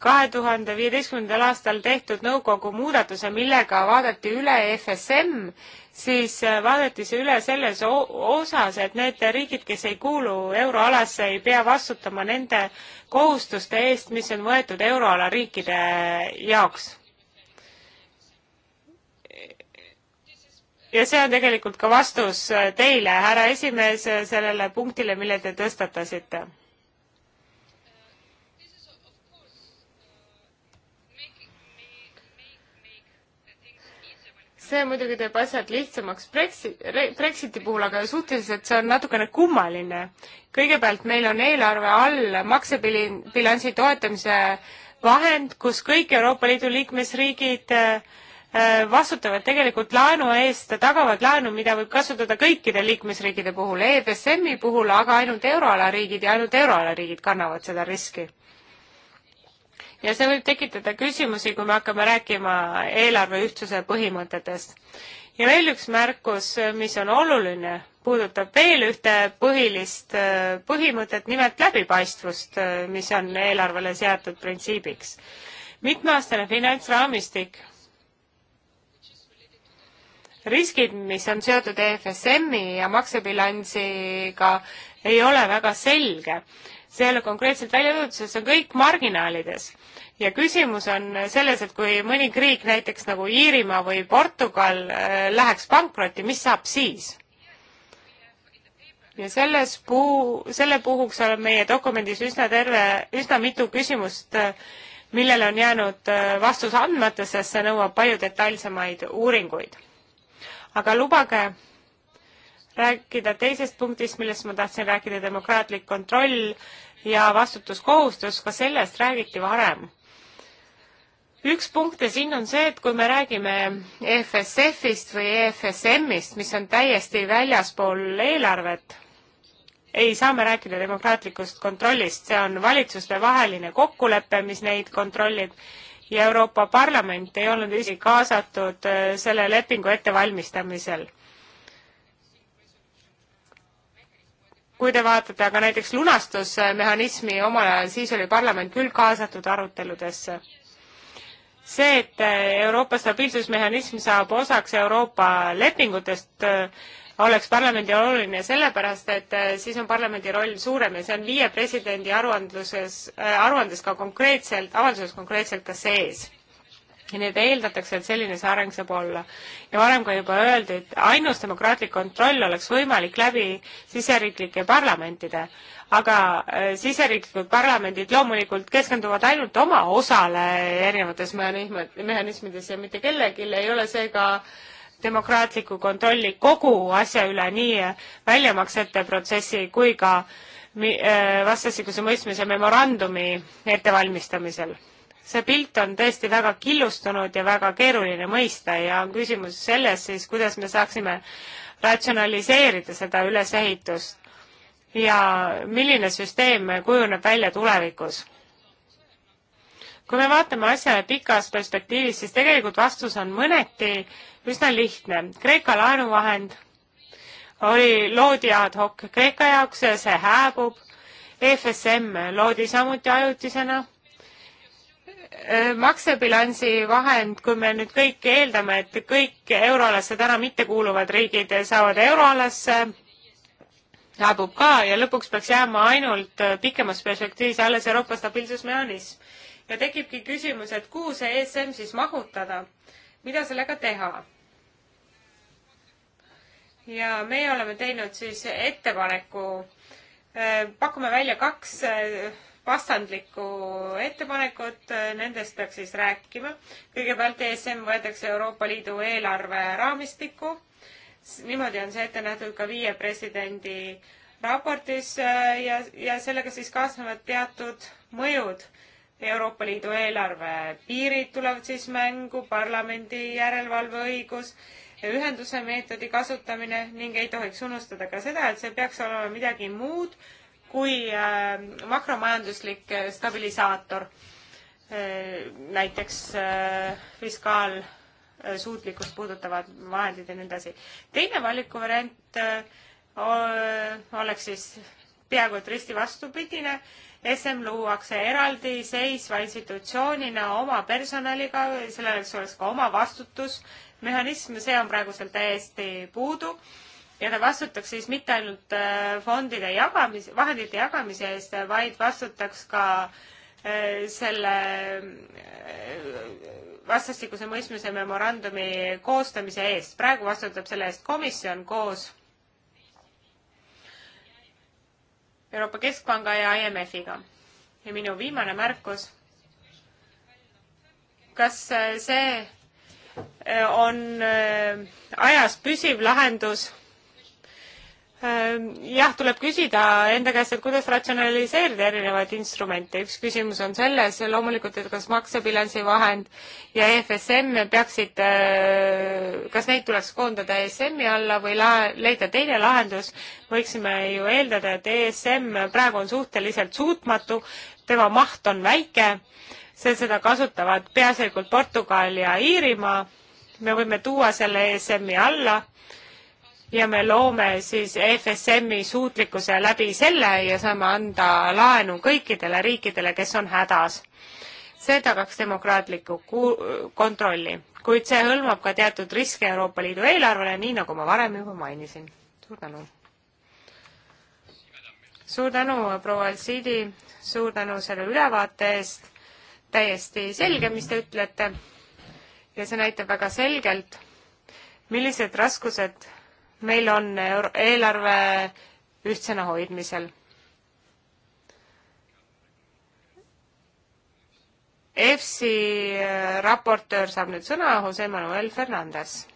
Speaker 3: kahe tuhande viieteistkümnendal aastal tehtud nõukogu muudatuse, millega vaadati üle FSM, siis äh, vaadati see üle selles osas, et need riigid, kes ei kuulu euroalasse, ei pea vastutama nende kohustuste eest, mis on võetud euroala riikide jaoks. ja see on tegelikult ka vastus teile, härra esimees, sellele punktile, mille te tõstatasite see muidugi teeb asjad lihtsamaks Brexi-, Brexiti puhul, aga suhteliselt see on natukene kummaline. kõigepealt meil on eelarve all maksebilansi toetamise vahend, kus kõik Euroopa Liidu liikmesriigid äh, vastutavad tegelikult laenu eest, tagavad laenu, mida võib kasutada kõikide liikmesriikide puhul, EFSM-i puhul aga ainult euroala riigid ja ainult euroala riigid kannavad seda riski ja see võib tekitada küsimusi, kui me hakkame rääkima eelarve ühtsuse põhimõtetest. ja veel üks märkus, mis on oluline, puudutab veel ühte põhilist äh, põhimõtet, nimelt läbipaistvust, äh, mis on eelarvele seatud printsiibiks. mitmeaastane finantsraamistik riskid, mis on seotud EFSM-i ja maksebilansiga, ei ole väga selge see ei ole konkreetselt välja toodud, sest see on kõik marginaalides. ja küsimus on selles, et kui mõni riik, näiteks nagu Iirimaa või Portugal, äh, läheks pankrotti, mis saab siis? ja selles puu, selle puhuks on meie dokumendis üsna terve, üsna mitu küsimust, äh, millele on jäänud äh, vastus andmata, sest see nõuab palju detailsemaid uuringuid. aga lubage rääkida teisest punktist, millest ma tahtsin rääkida, demokraatlik kontroll ja vastutuskohustus, ka sellest räägiti varem. üks punkte siin on see, et kui me räägime EFSF-ist või EFSM-ist, mis on täiesti väljaspool eelarvet, ei saa me rääkida demokraatlikust kontrollist, see on valitsustevaheline kokkulepe, mis neid kontrollib ja Euroopa Parlament ei olnud isegi kaasatud äh, selle lepingu ettevalmistamisel kui te vaatate aga näiteks lunastusmehhanismi omal ajal, siis oli parlament küll kaasatud aruteludesse. see, et Euroopa stabiilsusmehhanism saab osaks Euroopa lepingutest, oleks parlamendi oluline sellepärast, et siis on parlamendi roll suurem ja see on viie presidendi aruandluses, aruandes ka konkreetselt, avalduses konkreetselt ka sees ja nii et eeldatakse, et selline see areng saab olla. ja varem ka juba öeldi, et ainus demokraatlik kontroll oleks võimalik läbi siseriiklike parlamentide, aga äh, siseriiklikud parlamendid loomulikult keskenduvad ainult oma osale erinevates mehhanismides ja mitte kellelgi ei ole seega demokraatliku kontrolli kogu asja üle, nii väljamaksete protsessi kui ka äh, vastastikuse mõistmise memorandumi ettevalmistamisel see pilt on tõesti väga killustunud ja väga keeruline mõista ja on küsimus selles siis, kuidas me saaksime ratsionaliseerida seda ülesehitust ja milline süsteem kujuneb välja tulevikus. kui me vaatame asjale pikas perspektiivis, siis tegelikult vastus on mõneti üsna lihtne. Kreeka laenuvahend oli, loodi ad hoc Kreeka jaoks ja see hääbub. EFSM loodi samuti ajutisena Äh, maksebilansi vahend, kui me nüüd kõik eeldame, et kõik euroalasse täna mittekuuluvad riigid saavad euroalasse, saabub ka ja lõpuks peaks jääma ainult pikemas perspektiivis alles Euroopa stabiilsusmehhanism. ja tekibki küsimus, et kuhu see ESM siis mahutada, mida sellega teha? ja meie oleme teinud siis ettepaneku, äh, pakume välja kaks äh, vastandlikku ettepanekut, nendest peaks siis rääkima. kõigepealt ESM võetakse Euroopa Liidu eelarve raamistikku. niimoodi on see ette nähtud ka viie presidendi raportis äh, ja, ja sellega siis kaasnevad teatud mõjud. Euroopa Liidu eelarve piirid tulevad siis mängu, parlamendi järelevalveõigus ja ühenduse meetodi kasutamine ning ei tohiks unustada ka seda, et see peaks olema midagi muud kui äh, makromajanduslik äh, stabilisaator, äh, näiteks fiskaalsuutlikkust puudutavad vahendid ja nii edasi. teine valikuvariant oleks siis peaaegu et risti vastupidine. SM luuakse eraldiseisva institutsioonina oma personaliga, selleks oleks ka oma vastutusmehhanism, see on praegusel täiesti puudu ja ta vastutaks siis mitte ainult äh, fondide jagamise, vahendite jagamise eest, vaid vastutaks ka äh, selle äh, vastastikuse mõistmise memorandumi koostamise eest. praegu vastutab selle eest komisjon koos Euroopa Keskpanga ja IMF-iga. ja minu viimane märkus. kas see on ajas püsiv lahendus? Ehm, jah, tuleb küsida enda käest, et kuidas ratsionaliseerida erinevaid instrumente. üks küsimus on selles loomulikult, et kas maksebilansi vahend ja EFSM peaksid, ehm, kas neid tuleks koondada ESM-i alla või la-, leida teine lahendus. võiksime ju eeldada, et ESM praegu on suhteliselt suutmatu, tema maht on väike, see, seda kasutavad peaasjalikult Portugal ja Iirimaa. me võime tuua selle ESM-i alla ja me loome siis FSM-i suutlikkuse läbi selle ja saame anda laenu kõikidele riikidele, kes on hädas. see tagaks demokraatliku kontrolli, kuid see hõlmab ka teatud riske Euroopa Liidu eelarvele, nii nagu ma varem juba mainisin. suur tänu! suur tänu, proua Alcidi, suur tänu selle ülevaate eest, täiesti selge, mis te ütlete ja see näitab väga selgelt, millised raskused meil on euro-, eelarve ühtsena hoidmisel. EFSi äh, raportöör saab nüüd sõna, Jose Manuel Fernandez.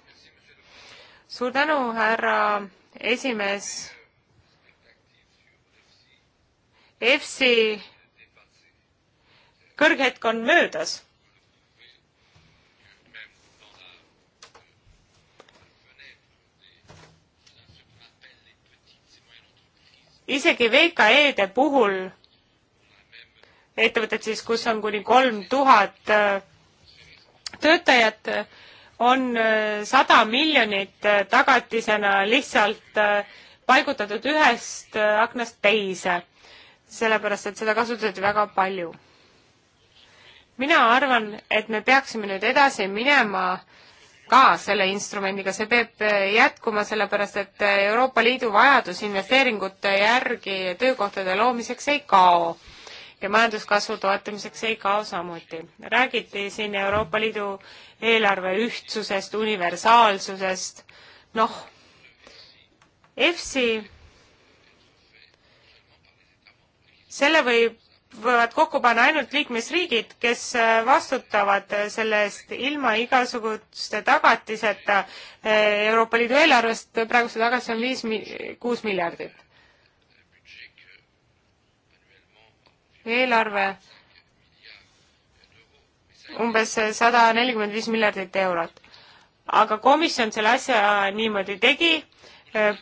Speaker 3: suur tänu, härra esimees. EFSi kõrghetk on möödas isegi VKE-de puhul, ettevõtted siis, kus on kuni kolm tuhat äh, töötajat, äh, on äh, sada miljonit tagatisena lihtsalt paigutatud ühest aknast teise, sellepärast et seda kasutati väga palju. mina arvan, et me peaksime nüüd edasi minema äh, ka selle instrumendiga, see peab eh, jätkuma, sellepärast et eh, Euroopa Liidu vajadus investeeringute järgi töökohtade loomiseks ei kao ja majanduskasvu toetamiseks ei kao samuti. räägiti siin Euroopa Liidu eelarve ühtsusest, universaalsusest, noh, EFSI, selle võib võivad kokku panna ainult liikmesriigid, kes äh, vastutavad äh, selle eest ilma igasuguste tagatiseta. Äh, Euroopa Liidu eelarvest praeguse tagasi on viis, kuus miljardit. eelarve umbes sada nelikümmend viis miljardit eurot. aga komisjon selle asja niimoodi tegi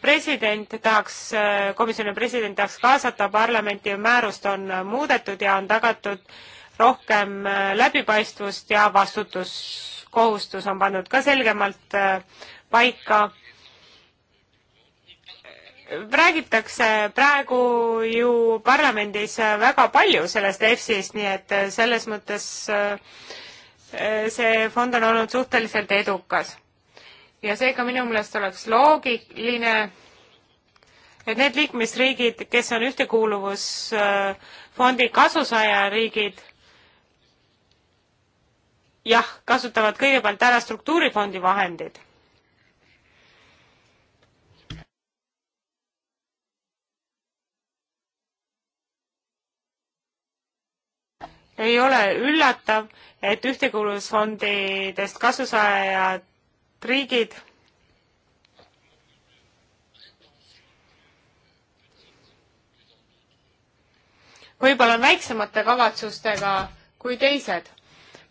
Speaker 3: president tahaks, komisjoni president tahaks kaasata parlamenti ja määrust on muudetud ja on tagatud rohkem äh, läbipaistvust ja vastutuskohustus on pandud ka selgemalt äh, paika. räägitakse praegu ju parlamendis äh, väga palju sellest EFSist, nii et selles mõttes see fond on olnud suhteliselt edukas ja seega minu meelest oleks loogiline, et need liikmesriigid, kes on ühtekuuluvusfondi kasusaajariigid, jah, kasutavad kõigepealt ära struktuurifondi vahendid ei ole üllatav, et ühtekuuluvusfondidest kasusaajad riigid võib-olla on väiksemate kavatsustega kui teised.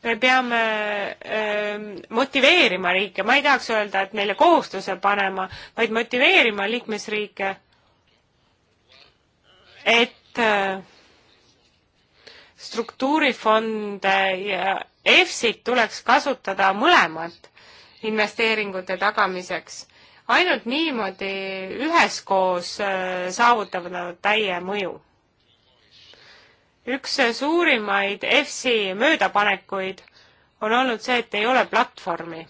Speaker 3: me peame öö, ähm, motiveerima riike, ma ei tahaks öelda, et meile kohustuse panema, vaid motiveerima liikmesriike, et öö, äh, struktuurifonde ja EFSit tuleks kasutada mõlemat investeeringute tagamiseks. ainult niimoodi üheskoos äh, saavutavad nad täie mõju. üks äh, suurimaid EFSi möödapanekuid on olnud see, et ei ole platvormi.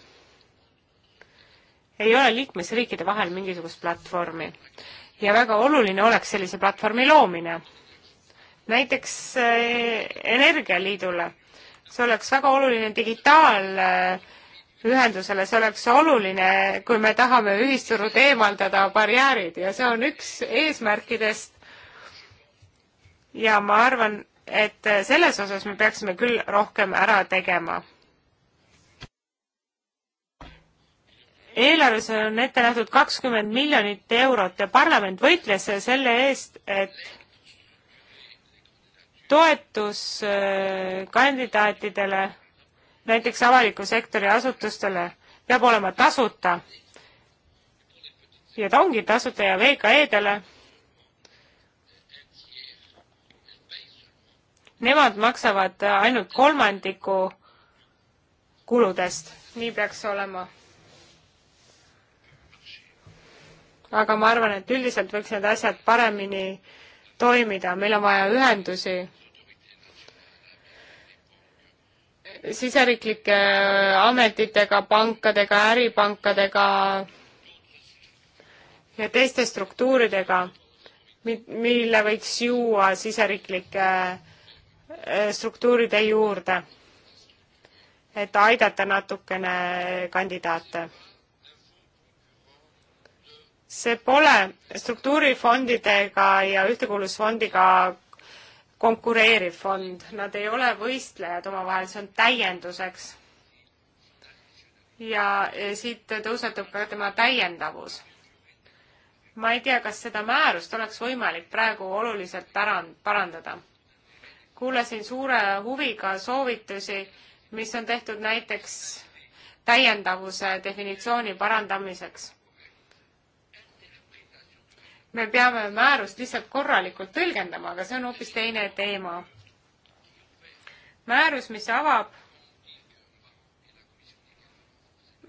Speaker 3: ei ole liikmesriikide vahel mingisugust platvormi ja väga oluline oleks sellise platvormi loomine. näiteks äh, Energialiidule, see oleks väga oluline digitaal äh, ühendusele, see oleks oluline, kui me tahame ühisturult eemaldada barjäärid ja see on üks eesmärkidest. ja ma arvan, et selles osas me peaksime küll rohkem ära tegema. eelarves on ette nähtud kakskümmend miljonit eurot ja parlament võitles selle eest, et toetus äh, kandidaatidele näiteks avaliku sektori asutustele peab olema tasuta ja ta ongi tasuta ja VKE-dele. Nemad maksavad ainult kolmandiku kuludest, nii peaks olema. aga ma arvan, et üldiselt võiks need asjad paremini toimida, meil on vaja ühendusi siseriiklike äh, ametitega, pankadega, äripankadega ja teiste struktuuridega, mille võiks juua siseriiklike äh, struktuuride juurde, et aidata natukene kandidaate. see pole struktuurifondidega ja ühtekuuluvusfondiga konkureeriv fond, nad ei ole võistlejad omavahel, see on täienduseks. ja e, siit tõusetub ka tema täiendavus. ma ei tea, kas seda määrust oleks võimalik praegu oluliselt pärand-, parandada. kuulasin suure huviga soovitusi, mis on tehtud näiteks täiendavuse definitsiooni parandamiseks me peame määrust lihtsalt korralikult tõlgendama, aga see on hoopis teine teema. määrus, mis avab,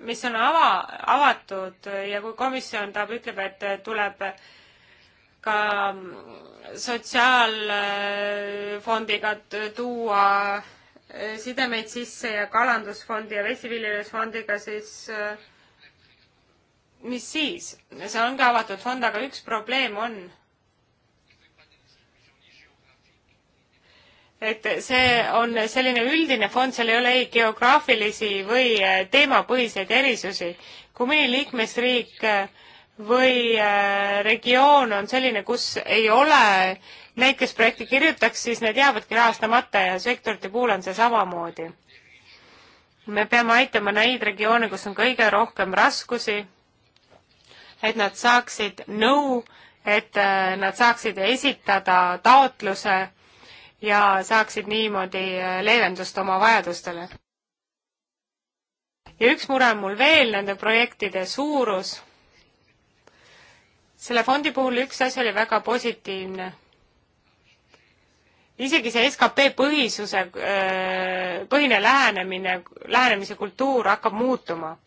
Speaker 3: mis on ava, avatud ja kui komisjon tahab, ütleb, et tuleb ka sotsiaalfondiga tuua sidemeid sisse ja kalandusfondi ja vesiviljelusfondiga, siis äh, mis siis? see on ka avatud fond, aga üks probleem on, et see on selline üldine fond, seal ei ole ei geograafilisi või äh, teemapõhiseid erisusi. kui mõni liikmesriik äh, või äh, regioon on selline, kus ei ole need, kes projekti kirjutaks, siis need jäävadki rahastamata ja sektorite puhul on see samamoodi. me peame aitama neid regioone, kus on kõige rohkem raskusi et nad saaksid nõu, et äh, nad saaksid esitada taotluse ja saaksid niimoodi äh, leevendust oma vajadustele. ja üks mure on mul veel, nende projektide suurus. selle fondi puhul üks asi oli väga positiivne isegi see skp põhisuse, äh, põhine lähenemine, lähenemise kultuur hakkab muutuma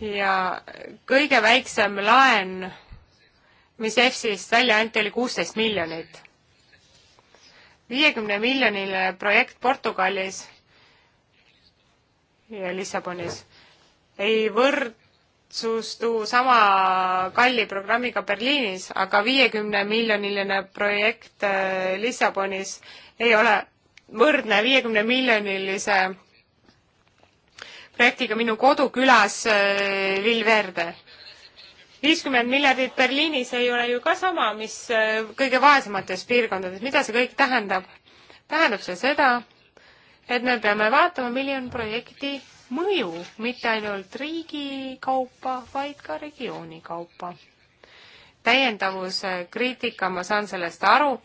Speaker 3: ja kõige väiksem laen, mis EFSist välja anti, oli kuusteist miljonit. viiekümne miljoniline projekt Portugalis ja Lissabonis ei võrdsustu sama kalli programmiga Berliinis, aga viiekümne miljoniline projekt äh, Lissabonis ei ole võrdne viiekümne miljonilise projektiga minu kodukülas äh, Lillverde. viiskümmend miljardit Berliinis ei ole ju ka sama, mis äh, kõige vaesemates piirkondades, mida see kõik tähendab? tähendab see seda, et me peame vaatama, milline on projekti mõju, mitte ainult riigi kaupa, vaid ka regiooni kaupa. täiendavuse kriitika, ma saan sellest aru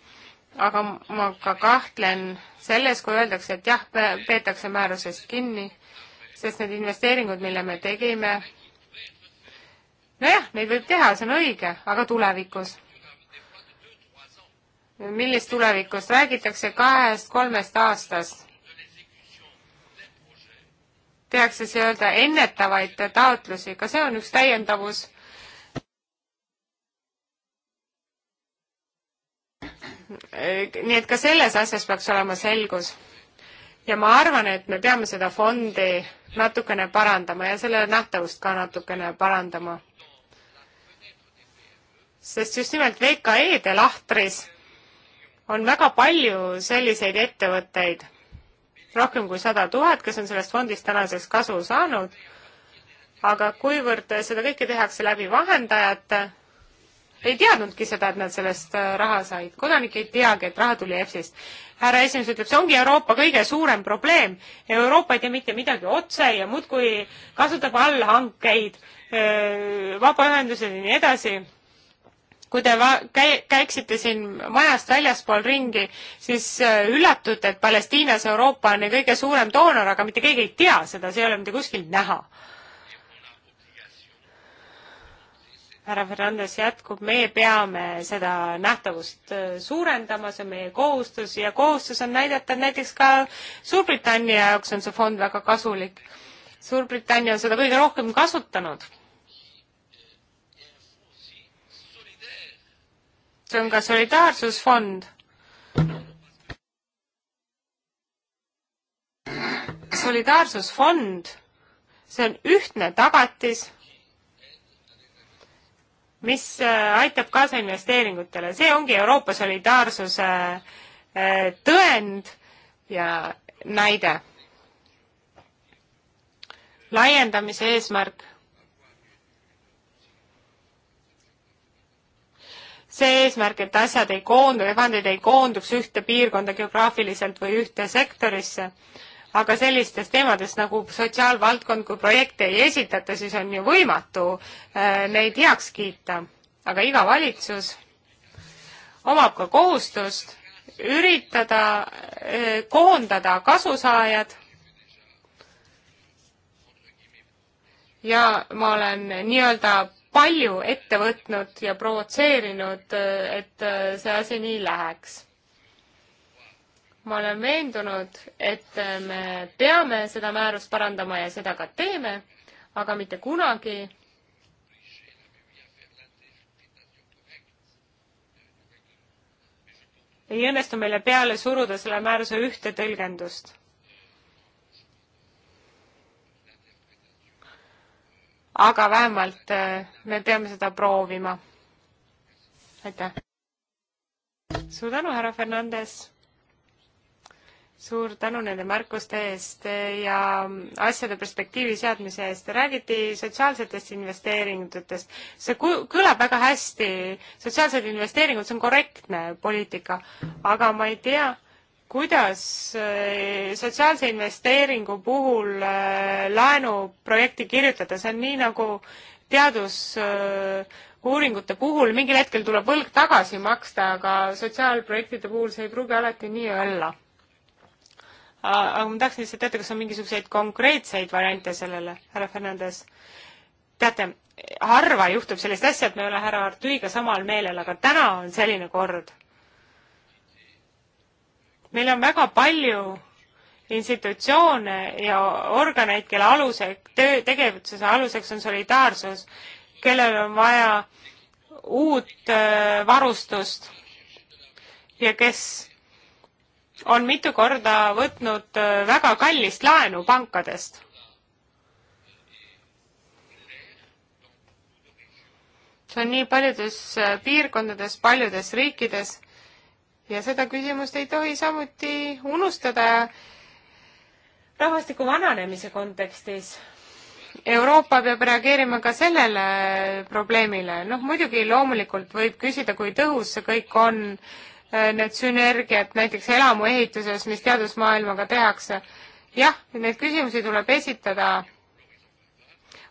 Speaker 3: aga ma ka kahtlen selles, kui öeldakse, et jah, peetakse määrusest kinni sest need investeeringud, mille me tegime, nojah, neid võib teha, see on õige, aga tulevikus? millist tulevikust, räägitakse kahest-kolmest aastast. tehakse nii-öelda ennetavaid taotlusi, ka see on üks täiendavus nii et ka selles asjas peaks olema selgus ja ma arvan, et me peame seda fondi natukene parandama ja selle nähtavust ka natukene parandama. sest just nimelt VKE-de lahtris on väga palju selliseid ettevõtteid, rohkem kui sada tuhat, kes on sellest fondist tänaseks kasu saanud, aga kuivõrd seda kõike tehakse läbi vahendajate, ei teadnudki seda, et nad sellest äh, raha said. kodanik ei teagi, et raha tuli EFSist. härra esimees ütleb, see ongi Euroopa kõige suurem probleem. Euroopa ei tee mitte midagi otse ja muudkui kasutab allhankeid, äh, vabaühendused ja nii edasi kui te va-, käi-, käiksite siin majast väljaspool ringi, siis äh, üllatute, et Palestiinas Euroopa on kõige suurem doonor, aga mitte keegi ei tea seda, see ei ole mitte kuskil näha. härra Fernandes jätkub, meie peame seda nähtavust äh, suurendama, see on meie kohustus ja kohustus on näidata, et näiteks ka Suurbritannia jaoks on see fond väga kasulik. Suurbritannia on seda kõige rohkem kasutanud. see on ka solidaarsusfond solidaarsusfond, see on ühtne tagatis mis äh, aitab kaasa investeeringutele. see ongi Euroopa solidaarsuse äh, tõend ja näide. laiendamise eesmärk. see eesmärk, et asjad ei koondu, vahendid ei koonduks ühte piirkonda geograafiliselt või ühte sektorisse aga sellistest teemadest nagu sotsiaalvaldkond, kui projekte ei esitata, siis on ju võimatu äh, neid heaks kiita. aga iga valitsus omab ka kohustust üritada äh, koondada kasusaajad ja ma olen nii-öelda palju ette võtnud ja provotseerinud, äh, et see asi nii läheks ma olen veendunud, et me peame seda määrust parandama ja seda ka teeme, aga mitte kunagi ei õnnestu meile peale suruda selle määruse ühte tõlgendust. aga vähemalt äh, me peame seda proovima. aitäh! suur tänu, härra Fernandes! suur tänu nende märkuste eest ja asjade perspektiivi seadmise eest. räägiti sotsiaalsetest investeeringutest. see kõlab väga hästi, sotsiaalsed investeeringud, see on korrektne poliitika, aga ma ei tea, kuidas eh, sotsiaalse investeeringu puhul eh, laenuprojekti kirjutada, see on nii nagu teadusuuringute eh, puhul mingil hetkel tuleb võlg tagasi maksta, aga sotsiaalprojektide puhul see ei pruugi alati nii olla aga ma tahaksin lihtsalt teada, kas on mingisuguseid konkreetseid variante sellele, härra Fernandes. teate, harva juhtub sellist asja, et me ei ole härra Artüiga samal meelel, aga täna on selline kord. meil on väga palju institutsioone ja organeid, kelle aluse, töö, tegevuse aluseks on solidaarsus, kellel on vaja uut äh, varustust ja kes on mitu korda võtnud äh, väga kallist laenu pankadest. see on nii paljudes äh, piirkondades, paljudes riikides ja seda küsimust ei tohi samuti unustada rahvastiku vananemise kontekstis. Euroopa peab reageerima ka sellele probleemile, noh muidugi loomulikult võib küsida, kui tõhus see kõik on, Äh, need sünergiad näiteks elamuehituses, mis teadusmaailmaga tehakse. jah, neid küsimusi tuleb esitada.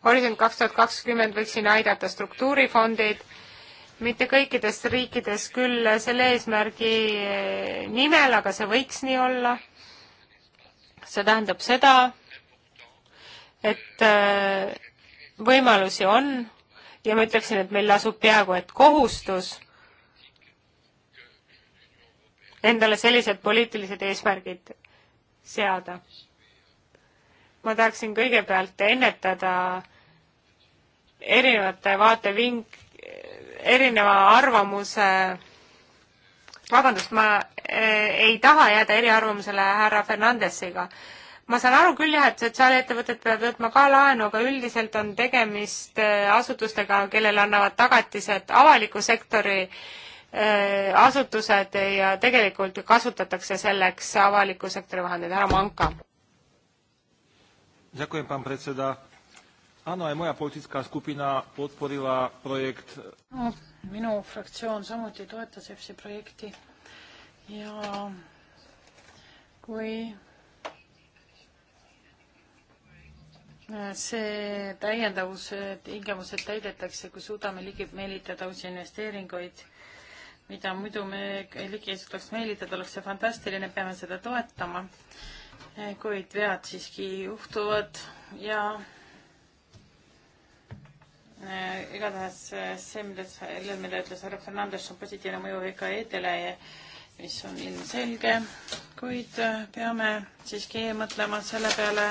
Speaker 3: Horisont kaks tuhat kakskümmend võiks siin aidata struktuurifondid, mitte kõikides riikides küll selle eesmärgi äh, nimel, aga see võiks nii olla. see tähendab seda, et äh, võimalusi on ja ma ütleksin, et meil lasub peaaegu et kohustus endale sellised poliitilised eesmärgid seada. ma tahaksin kõigepealt ennetada erinevate vaatevink-, erineva arvamuse, vabandust, ma eh, ei taha jääda eriarvamusele härra Fernandesiga ma saan aru küll jah, et sotsiaalettevõtted peavad võtma ka laenu, aga üldiselt on tegemist eh, asutustega, kellele annavad tagatised avaliku sektori Äh, asutused ja tegelikult kasutatakse selleks avaliku sektori vahendeid. härra Manka.
Speaker 2: No,
Speaker 1: minu fraktsioon samuti toetas EFSI projekti ja kui see täiendavuse tingimused täidetakse, kui suudame ligi meelitada uusi investeeringuid mida muidu me ligi ei suudaks meelitada, oleks see fantastiline, peame seda toetama. kuid vead siiski juhtuvad ja eh, igatahes eh, see, mida, mida ütles härra Fernandes, on positiivne mõju EKE-dele, mis on ilmselge, kuid eh, peame siiski mõtlema selle peale,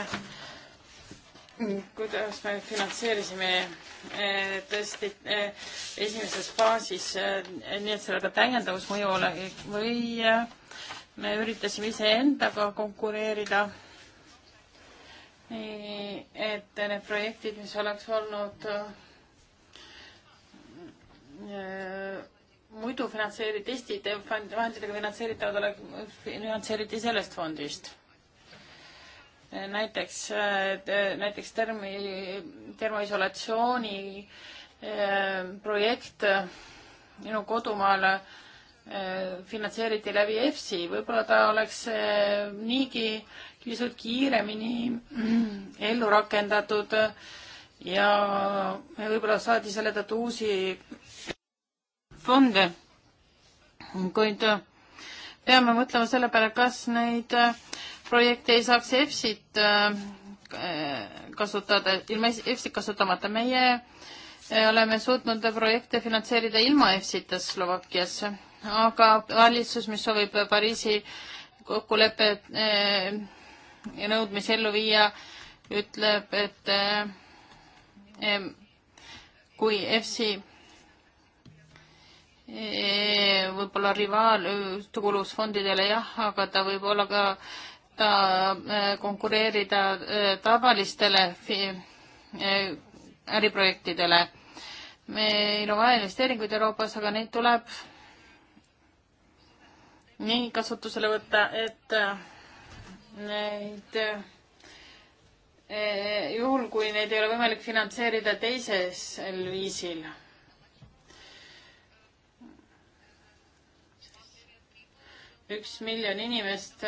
Speaker 1: kuidas me finantseerisime eh, tõesti eh, esimeses faasis, eh, nii et sellel ka täiendavusmõju ole või me üritasime iseendaga konkureerida. nii et need projektid, mis oleks olnud muidu finantseeriti, teiste fondidega finantseeritavad, finantseeriti sellest fondist näiteks, näiteks termi, termoisolatsiooni eh, projekt eh, minu kodumaal eh, finantseeriti läbi EFSI, võib-olla ta oleks niigi pisut kiiremini ellu rakendatud ja võib-olla saadi selle tõttu uusi fonde. kuid peame mõtlema selle peale, kas neid äh, projekti ei saaks EFSit äh, kasutada, ilma EFSit kasutamata. meie äh, oleme suutnud projekte finantseerida ilma EFSita Slovakkias, aga valitsus, mis soovib Pariisi kokkuleppe äh, ja nõudmisi ellu viia, ütleb, et kui EFSi võib-olla rivaal tulusfondidele jah, aga ta võib olla ka suuda äh, konkureerida äh, tavalistele äh, äriprojektidele. meil on vaja investeeringuid Euroopas, aga neid tuleb nii kasutusele võtta, et neid juhul, kui neid ei ole võimalik finantseerida teisel viisil. üks miljon inimest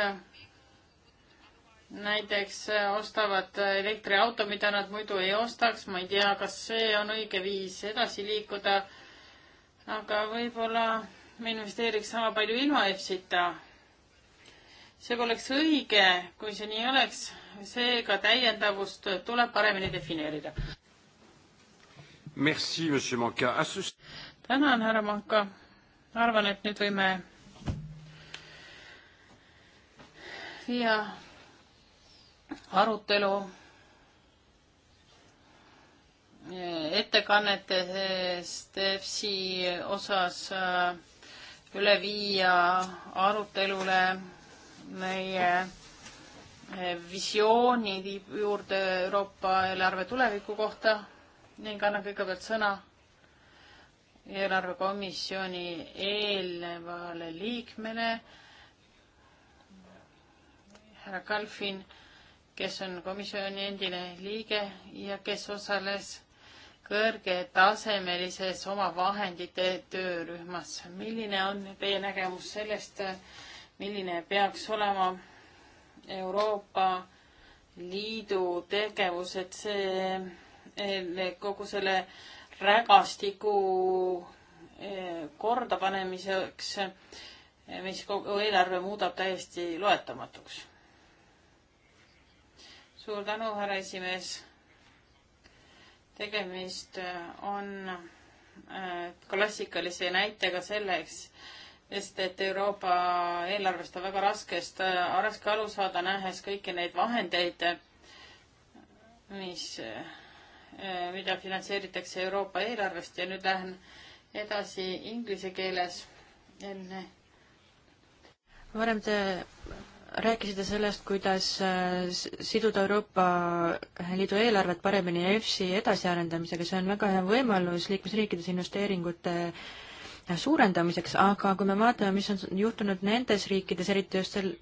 Speaker 1: näiteks äh, ostavad äh, elektriauto, mida nad muidu ei ostaks, ma ei tea, kas see on õige viis edasi liikuda. aga võib-olla me investeeriks sama palju ilma EFSita. see poleks õige, kui see nii oleks, seega täiendavust tuleb paremini defineerida. Merci, monsieur Manka. tänan, härra Manka. arvan, et nüüd võime viia arutelu ettekannetest EFSi osas äh, üle viia arutelule meie äh, visiooni juurde Euroopa eelarve tuleviku kohta ning annan kõigepealt sõna eelarvekomisjoni eelnevale liikmele, härra Kalfin kes on komisjoni endine liige ja kes osales kõrgetasemelises omavahendite töörühmas. milline on teie nägemus sellest, milline peaks olema Euroopa Liidu tegevused, see, kogu selle rägastiku eh, kordapanemiseks, mis kogu eelarve muudab täiesti loetamatuks? suur tänu, härra esimees. tegemist äh, on äh, klassikalise näitega selleks, sest et Euroopa eelarvest on väga raskest, äh, raske aru saada, nähes kõiki neid vahendeid, mis, mida finantseeritakse Euroopa eelarvest ja nüüd lähen edasi inglise keeles enne.
Speaker 2: varem te rääkisite sellest, kuidas äh, siduda Euroopa Liidu eelarvet paremini EFSI edasiarendamisega, see on väga hea võimalus liikmesriikides investeeringute suurendamiseks, aga kui me vaatame, mis on juhtunud nendes riikides, eriti just sel-,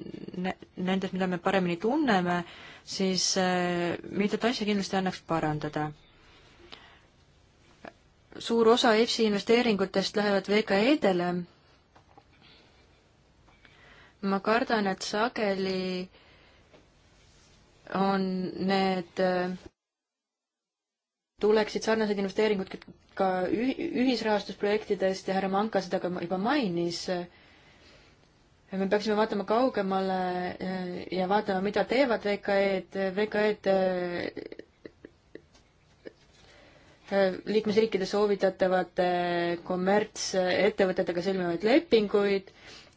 Speaker 2: nendes, mida me paremini tunneme, siis äh, mitut asja kindlasti annaks parandada. suur osa EFSI investeeringutest lähevad VKE-dele ma kardan, et sageli on need, tuleksid sarnased investeeringud ka ühisrahastusprojektidest ja härra Manka seda ka juba mainis, me peaksime vaatama kaugemale eh, ja vaatama, mida teevad VKE-d, VKE-d eh, liikmesriikide soovitatavate kommertsettevõtetega sõlmivaid lepinguid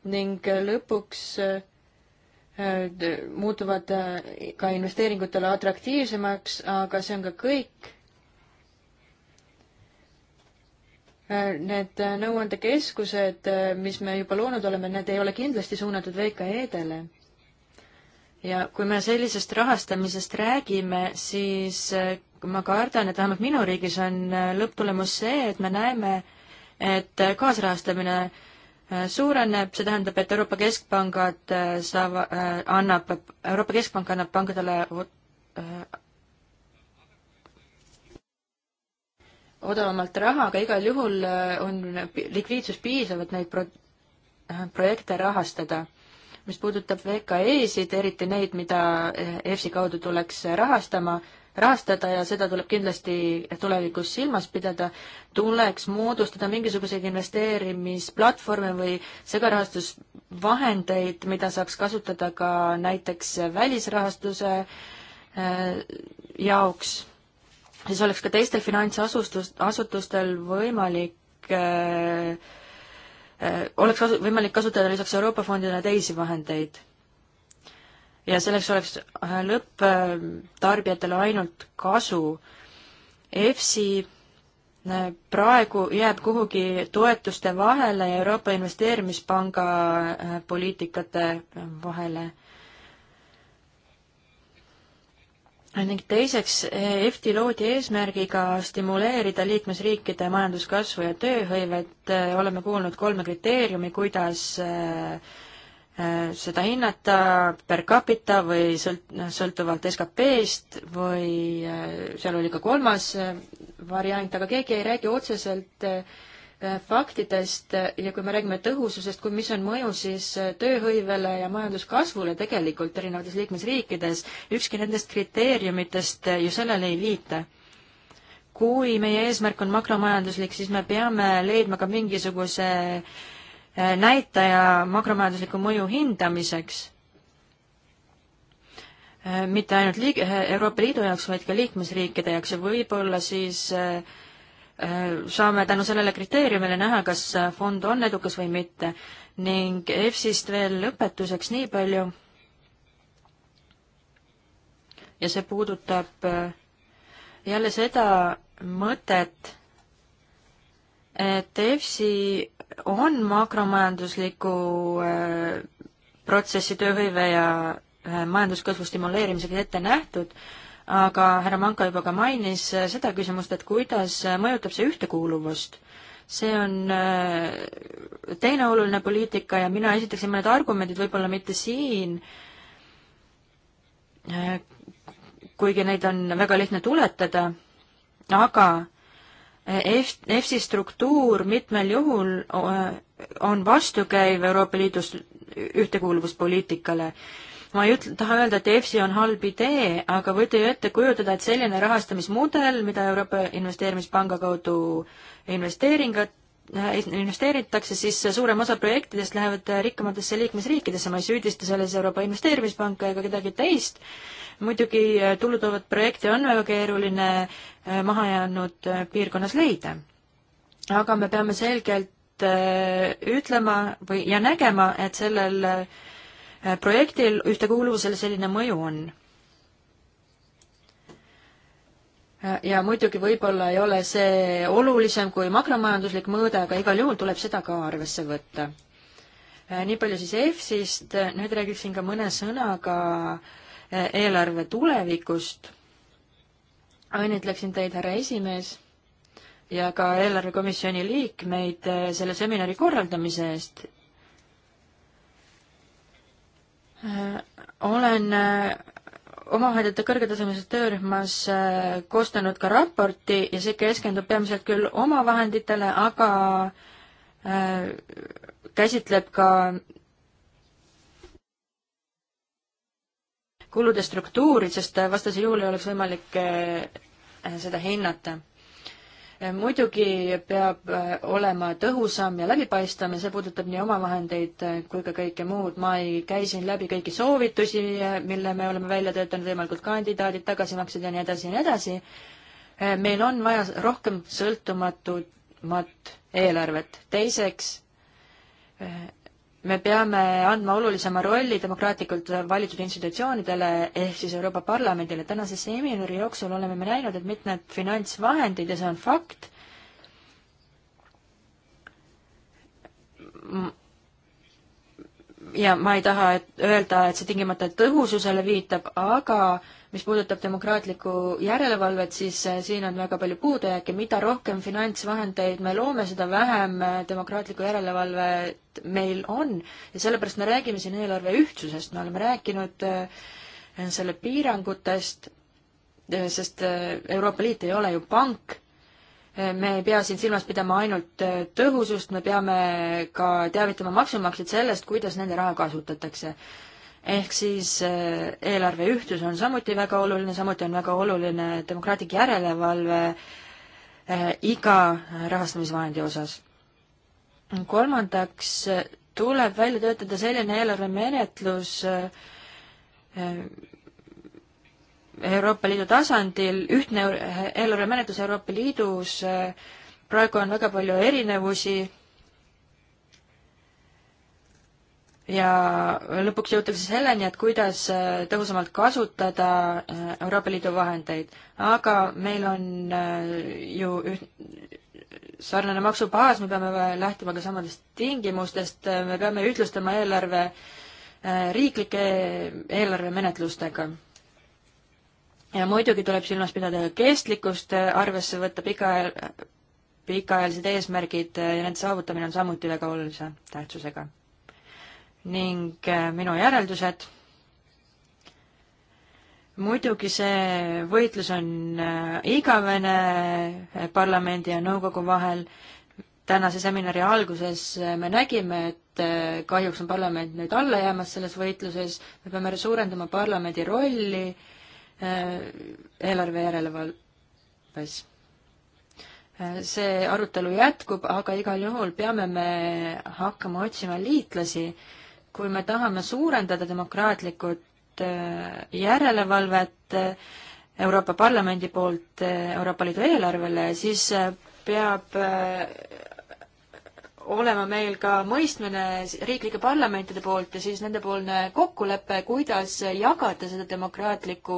Speaker 2: ning lõpuks äh, muutuvad äh, ka investeeringutele atraktiivsemaks, aga see on ka kõik. Äh, need nõuandekeskused, mis me juba loonud oleme, need ei ole kindlasti suunatud VKE-dele. ja kui me sellisest rahastamisest räägime, siis ma kardan, et vähemalt minu riigis on lõpptulemus see, et me näeme, et kaasrahastamine äh, Äh, suureneb, see tähendab, et Euroopa Keskpangad äh, saava, äh, annab, Euroopa Keskpank annab pankadele odavamalt raha, aga igal juhul on likviidsus piisav, et neid pro-, projekte rahastada. mis puudutab VKE-sid, eriti neid, mida EFSI kaudu tuleks rahastama, rahastada ja seda tuleb kindlasti tulevikus silmas pidada, tuleks moodustada mingisuguseid investeerimisplatvorme või segarahastusvahendeid, mida saaks kasutada ka näiteks välisrahastuse äh, jaoks, siis oleks ka teistel finantsasutust, asutustel võimalik äh, äh, oleks kasu-, võimalik kasutada lisaks Euroopa fondidele teisi vahendeid ja selleks oleks äh, lõpptarbijatele äh, ainult kasu. EFSI äh, praegu jääb kuhugi toetuste vahele ja Euroopa Investeerimispanga poliitikate vahele. ning teiseks, EFTi loodi eesmärgiga stimuleerida liikmesriikide majanduskasvu ja tööhõivet, oleme kuulnud kolme kriteeriumi, kuidas äh, Äh, seda hinnata per capita või sõlt-, sõltuvalt SKP-st või äh, seal oli ka kolmas äh, variant, aga keegi ei räägi otseselt faktidest ja kui me räägime tõhususest, kui mis on mõju siis tööhõivele ja majanduskasvule tegelikult erinevates liikmesriikides, ükski nendest kriteeriumitest ju sellele ei viita. kui meie eesmärk on makromajanduslik, siis me peame leidma ka mingisuguse äh, Äh, näitaja makromajandusliku mõju hindamiseks äh, mitte ainult liig-, äh, Euroopa Liidu jaoks, vaid ka liikmesriikide jaoks ja võib-olla siis saame tänu sellele kriteeriumile näha, kas fond on edukas või mitte. ning EFSist veel lõpetuseks nii palju, ja see puudutab jälle seda mõtet, et EFSi on makromajandusliku äh, protsessi tööhõive ja äh, majanduskasvu stimuleerimisega ette nähtud, aga härra Manka juba ka mainis äh, seda küsimust, et kuidas mõjutab see ühtekuuluvust. see on teine oluline poliitika ja mina esitaksin mõned argumendid, võib-olla mitte siin, kuigi neid on väga lihtne tuletada, aga EFSI struktuur mitmel juhul on vastukäiv Euroopa Liidus ühtekuuluvuspoliitikale. ma ei ütle, taha öelda, et EFSI on halb idee, aga võite ju ette kujutada, et selline rahastamismudel, mida Euroopa Investeerimispanga kaudu investeeringud, Äh, investeeritakse, siis suurem osa projektidest lähevad rikkamatesse liikmesriikidesse, ma ei süüdista selles Euroopa Investeerimispanka ega kedagi teist, muidugi äh, tulutoovat projekti on väga keeruline äh, mahajäänud piirkonnas leida. aga me peame selgelt ütlema või, ja nägema, et sellel projektil ühtekuuluvusel selline mõju on Äh, ja muidugi võib-olla ei ole see olulisem kui makromajanduslik mõõde, aga igal juhul tuleb seda ka arvesse võtta. Äh, nii palju siis EFSist, nüüd räägiksin ka mõne sõnaga äh, eelarve tulevikust. õnnitleksin teid, härra esimees ja ka eelarvekomisjoni liikmeid selle seminari korraldamise eest. olen omavahendite kõrgetasemelises töörühmas äh, koostanud ka raporti ja see keskendub peamiselt küll omavahenditele, aga äh, käsitleb ka kulude struktuuri, sest äh, vastasel juhul ei oleks võimalik seda hinnata muidugi peab äh, olema tõhusam ja läbipaistvam ja see puudutab nii omavahendeid äh, kui ka kõike muud. ma ei käi siin läbi kõiki soovitusi, äh, mille me oleme välja töötanud, võimalikud kandidaadid, tagasimaksed ja nii edasi ja nii edasi. meil on vaja rohkem sõltumatumat eelarvet. teiseks, me peame andma olulisema rolli demokraatlikult valitud institutsioonidele ehk siis Euroopa Parlamendile. tänase seminari jooksul oleme me näinud, et mitmed finantsvahendid ja see on fakt, ja ma ei taha et öelda, et see tingimata tõhususele viitab, aga äh, mis puudutab demokraatlikku järelevalvet, siis äh, siin on väga palju puudujääke, mida rohkem finantsvahendeid me loome, seda vähem äh, demokraatlikku järelevalvet meil on ja sellepärast me räägime siin eelarve ühtsusest, me oleme rääkinud äh, selle piirangutest, sest Euroopa Liit ei ole ju pank, me ei pea siin silmas pidama ainult tõhusust, me peame ka teavitama maksumaksjaid sellest, kuidas nende raha kasutatakse ehk siis eh, eelarve ühtsus on samuti väga oluline, samuti on väga oluline demokraatlik järelevalve eh, iga rahastamisvahendi osas. kolmandaks tuleb välja töötada selline eelarvemenetlus eh, Euroopa Liidu tasandil, ühtne eelarvemenetlus Euroopa Liidus, praegu on väga palju erinevusi ja lõpuks jõutakse selleni, et kuidas äh, tõhusamalt kasutada äh, Euroopa Liidu vahendeid. aga meil on äh, ju üht, sarnane maksubaas, me peame lähtuma ka samadest tingimustest, me peame ühtlustama eelarve riiklike eelarvemenetlustega. ja muidugi tuleb silmas pidada kestlikkust, arvesse võtta pika, pikaajalised eesmärgid ja nende saavutamine on samuti väga olulise tähtsusega ning äh, minu järeldused. muidugi see võitlus on äh, igavene äh, parlamendi ja nõukogu vahel. tänase seminari alguses me nägime, et kahjuks on parlament nüüd alla jäämas selles võitluses, me peame suurendama parlamendi rolli eelarve järelevalves see arutelu jätkub, aga igal juhul peame me hakkama otsima liitlasi kui me tahame suurendada demokraatlikud äh, järelevalvet äh, Euroopa Parlamendi poolt äh, Euroopa Liidu eelarvele, siis peab olema meil ka mõistmine riiklike parlamentide poolt ja siis nendepoolne kokkulepe, kuidas jagada seda demokraatlikku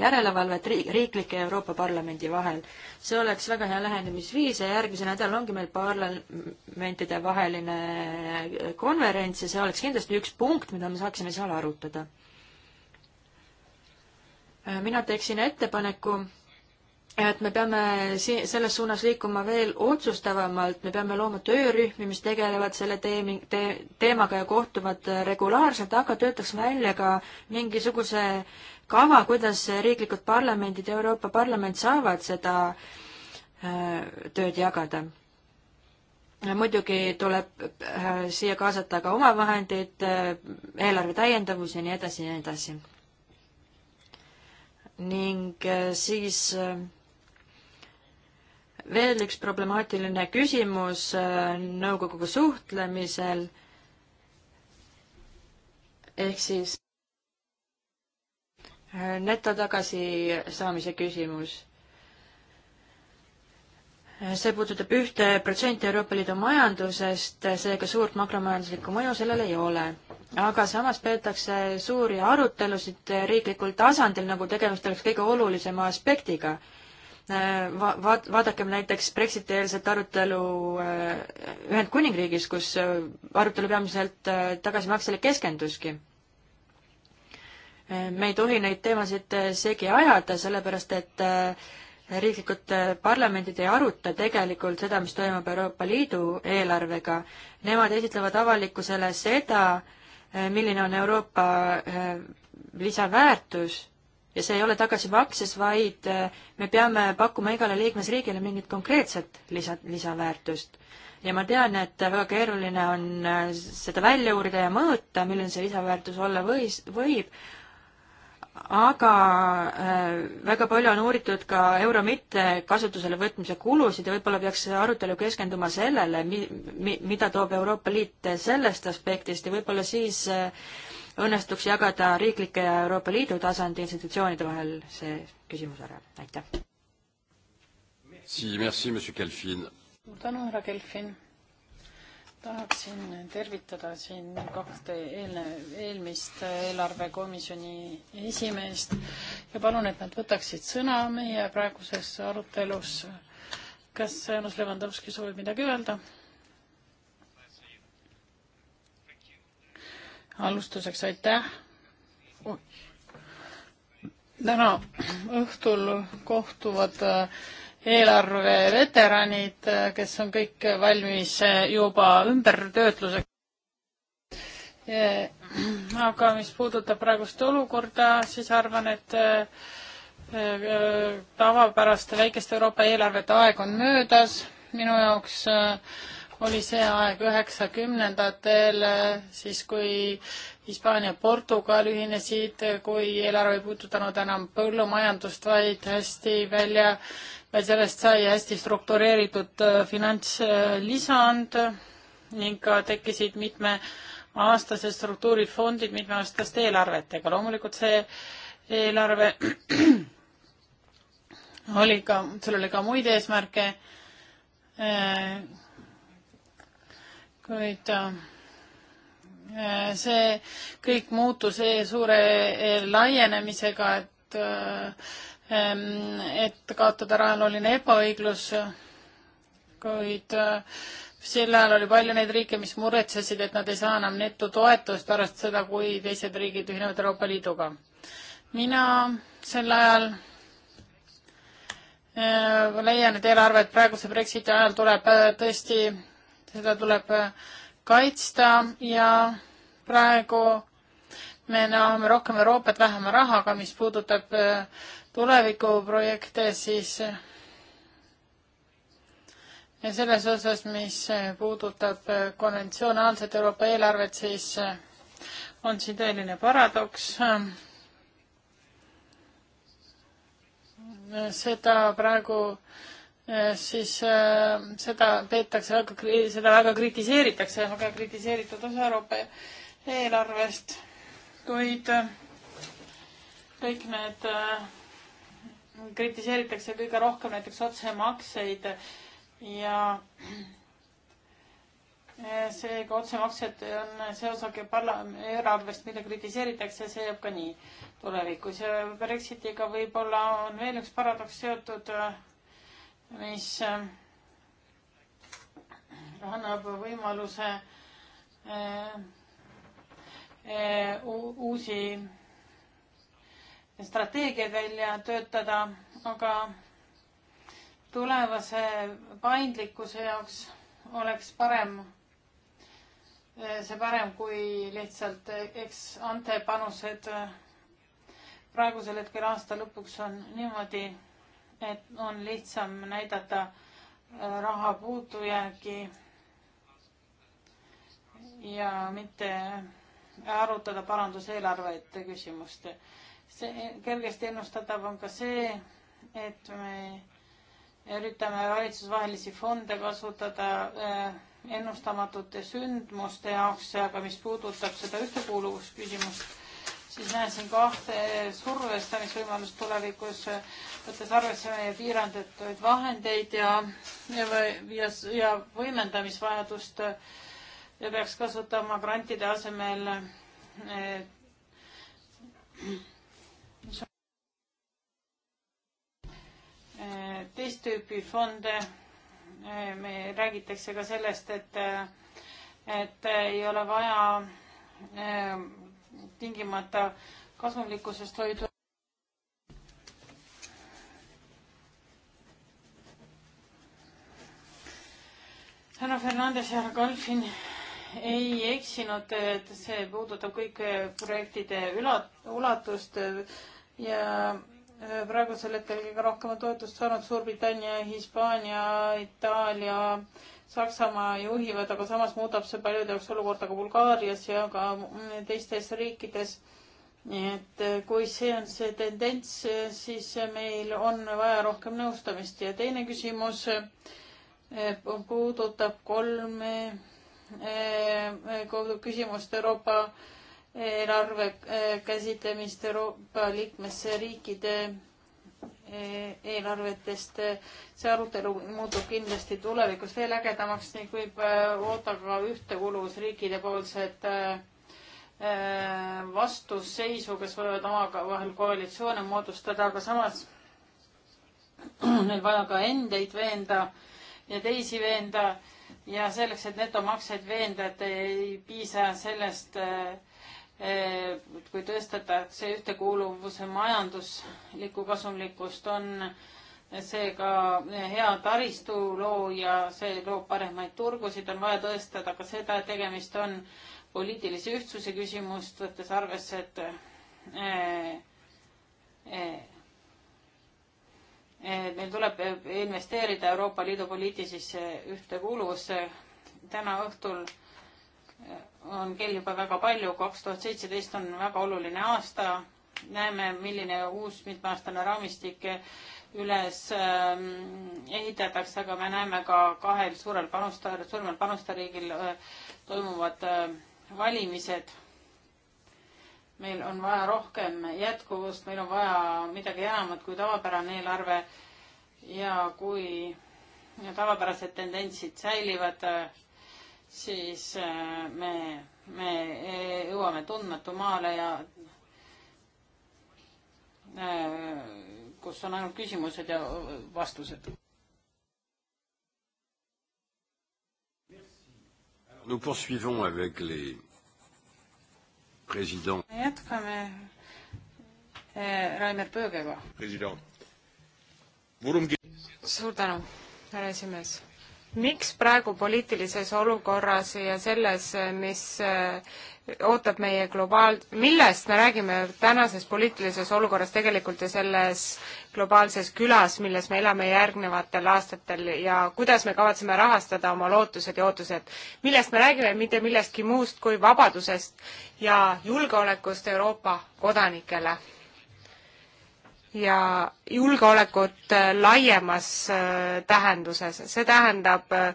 Speaker 2: järelevalvet riiklike ja Euroopa Parlamendi vahel. see oleks väga hea lähenemisviis ja järgmisel nädalal ongi meil parlamentide vaheline konverents ja see oleks kindlasti üks punkt, mida me saaksime seal arutada. mina teeksin ettepaneku et me peame si-, selles suunas liikuma veel otsustavamalt, me peame looma töörühmi, mis tegelevad selle teemi-, te-, teemaga ja kohtuvad regulaarselt, aga töötaks välja ka mingisuguse kava, kuidas riiklikud parlamendid ja Euroopa Parlament saavad seda äh, tööd jagada ja. muidugi tuleb äh, siia kaasata ka omavahendid äh,, eelarve täiendavus ja nii edasi ja nii edasi. ning äh, siis äh, veel üks problemaatiline küsimus äh, nõukoguga suhtlemisel ehk siis äh, neto tagasisaamise küsimus. Äh, see puudutab ühte protsenti Euroopa Liidu majandusest, seega suurt makromajanduslikku mõju sellel ei ole. aga samas peetakse suuri arutelusid riiklikul tasandil, nagu tegemist oleks kõige olulisema aspektiga Äh, va-, vaat-, vaadakem näiteks Brexiti-eelset arutelu äh, Ühendkuningriigis, kus äh, arutelu peamiselt tagasimaksele keskenduski. me ei tohi neid teemasid segi ajada, sellepärast et riiklikud parlamendid ei aruta tegelikult seda, mis toimub Euroopa Liidu eelarvega. Nemad esitlevad avalikkusele seda, milline on Euroopa lisaväärtus ja see ei ole tagasimakses, vaid äh, me peame pakkuma igale liikmesriigile mingit konkreetset lisa, lisaväärtust. ja ma tean, et väga keeruline on äh, seda välja uurida ja mõõta, milline see lisaväärtus olla võis, võib, aga äh, väga palju on uuritud ka euro mitte kasutusele võtmise kulusid ja võib-olla peaks arutelu keskenduma sellele, mi-, mi-, mida toob Euroopa Liit sellest aspektist ja võib-olla siis äh, õnnestuks jagada riiklike ja Euroopa Liidu tasandi institutsioonide vahel see küsimus ära, aitäh.
Speaker 3: suur
Speaker 1: tänu, härra Kelfin. tahaksin tervitada siin kahte eelne, eelmist eelarvekomisjoni esimeest ja palun, et nad võtaksid sõna meie praeguses arutelus. kas Jaanus Levandovski soovib midagi öelda? alustuseks aitäh. täna õhtul kohtuvad äh, eelarveveteranid, äh, kes on kõik valmis äh, juba ümbertöötluseks. aga mis puudutab praegust olukorda, siis arvan, et tavapäraste väikeste Euroopa eelarvete aeg on möödas minu jaoks äh, oli see aeg üheksakümnendatel, siis kui Hispaania, Portugal ühinesid, kui eelarve ei puudutanud enam põllumajandust, vaid hästi välja, vaid sellest sai hästi struktureeritud äh, finantslisand ning ka tekkisid mitmeaastased struktuurifondid mitmeaastaste eelarvetega. loomulikult see eelarve oli ka, seal oli ka muid eesmärke äh, kuid äh, äh, see kõik muutus e-, suure e-, laienemisega, et, äh, et kaotada ära ajalooline ebaõiglus, kuid sel ajal oli palju neid riike, mis muretsesid, et nad ei saa enam netotoetust pärast seda, kui teised riigid ühinevad Euroopa Liiduga. mina sel ajal leian, et eelarvet praeguse Brexiti ajal tuleb tõesti seda tuleb äh, kaitsta ja praegu me näeme rohkem Euroopat vähema rahaga, mis puudutab äh, tulevikuprojekte, siis äh, ja selles osas, mis puudutab konventsionaalset Euroopa eelarvet, siis on siin tõeline paradoks. seda praegu Äh, siis äh, seda peetakse väga, seda väga kritiseeritakse, väga kritiseeritud osa Euroopa eelarvest, kuid äh, kõik need äh, kritiseeritakse kõige rohkem näiteks otsemakseid ja äh, seega otsemaksed on see osake eelarvest, mida kritiseeritakse, see jääb ka nii tulevikus ja Brexitiga võib-olla on veel üks paradoks seotud äh, mis äh, annab võimaluse äh, äh, uusi strateegiaid välja töötada, aga tulevase paindlikkuse jaoks oleks parem, see parem kui lihtsalt eks antepanused praegusel hetkel aasta lõpuks on niimoodi et on lihtsam näidata äh, raha puudujäägi ja mitte arutada paranduseelarveid küsimust. see kergesti ennustatav on ka see, et me üritame valitsusvahelisi fonde kasutada äh, ennustamatute sündmuste jaoks, aga mis puudutab seda ühtekuuluvusküsimust siis näen siin kahte survestamisvõimalust tulevikus, võttes arvesse meie piirandetuid vahendeid ja, ja, ja, ja võimendamisvajadust ja peaks kasutama grantide asemel eh, eh, teist tüüpi fonde eh,. me räägitakse ka sellest, et, eh, et ei ole vaja eh, tingimata kasumlikkusest hoidu. härra Fernandes ja härra Kalfin ei eksinud, et see puudutab kõik projektide ülat-, ulatust ja praegusel hetkel kõige rohkem on toetust saanud Suurbritannia, Hispaania, Itaalia, Saksamaa juhivad, aga samas muudab see paljude jaoks olukorda ka Bulgaarias ja ka mm, teistes riikides. nii et eh, kui see on see tendents, eh, siis meil on vaja rohkem nõustamist ja teine küsimus eh, puudutab kolme küsimust Euroopa eelarve käsitlemist Euroopa liikmesriikide eelarvetest. see arutelu muutub kindlasti tulevikus veel ägedamaks ning võib äh, oota ka ühtekuuluvusriikide poolset äh, äh, vastusseisu, kes võivad omavahel koalitsioone moodustada, aga samas on meil vaja ka endeid veenda ja teisi veenda ja selleks, et netomaksjaid veenda, et ei piisa sellest äh, Eh, kui tõstetakse ühtekuuluvuse majanduslikku kasumlikkust, on seega hea taristu looja, see loob paremaid turgusid, on vaja tõestada ka seda, et tegemist on poliitilise ühtsuse küsimust, võttes arvesse, et et eh, eh, meil tuleb investeerida Euroopa Liidu poliitilisesse ühtekuuluvusse. täna õhtul on kell juba väga palju, kaks tuhat seitseteist on väga oluline aasta, näeme, milline uus mitmeaastane raamistik üles ähm, ehitatakse, aga me näeme ka kahel suurel panustajal, suuremal panustajariigil äh, toimuvad äh, valimised. meil on vaja rohkem jätkuvust, meil on vaja midagi enamat kui tavapärane eelarve ja kui tavapärased tendentsid säilivad, äh, siis äh, me, me äh, jõuame tundmatu maale ja äh, kus on ainult küsimused ja vastused.
Speaker 3: Nous poursuivons avec les présidents.
Speaker 1: jätkame Rainer Pöögega.
Speaker 3: suur tänu, härra esimees miks praegu poliitilises olukorras ja selles, mis äh, ootab meie globaal-, millest me räägime tänases poliitilises olukorras tegelikult ja selles globaalses külas, milles me elame järgnevatel aastatel ja kuidas me kavatseme rahastada oma lootused ja ootused. millest me räägime, mitte millestki muust kui vabadusest ja julgeolekust Euroopa kodanikele ja julgeolekut äh, laiemas äh, tähenduses, see tähendab äh,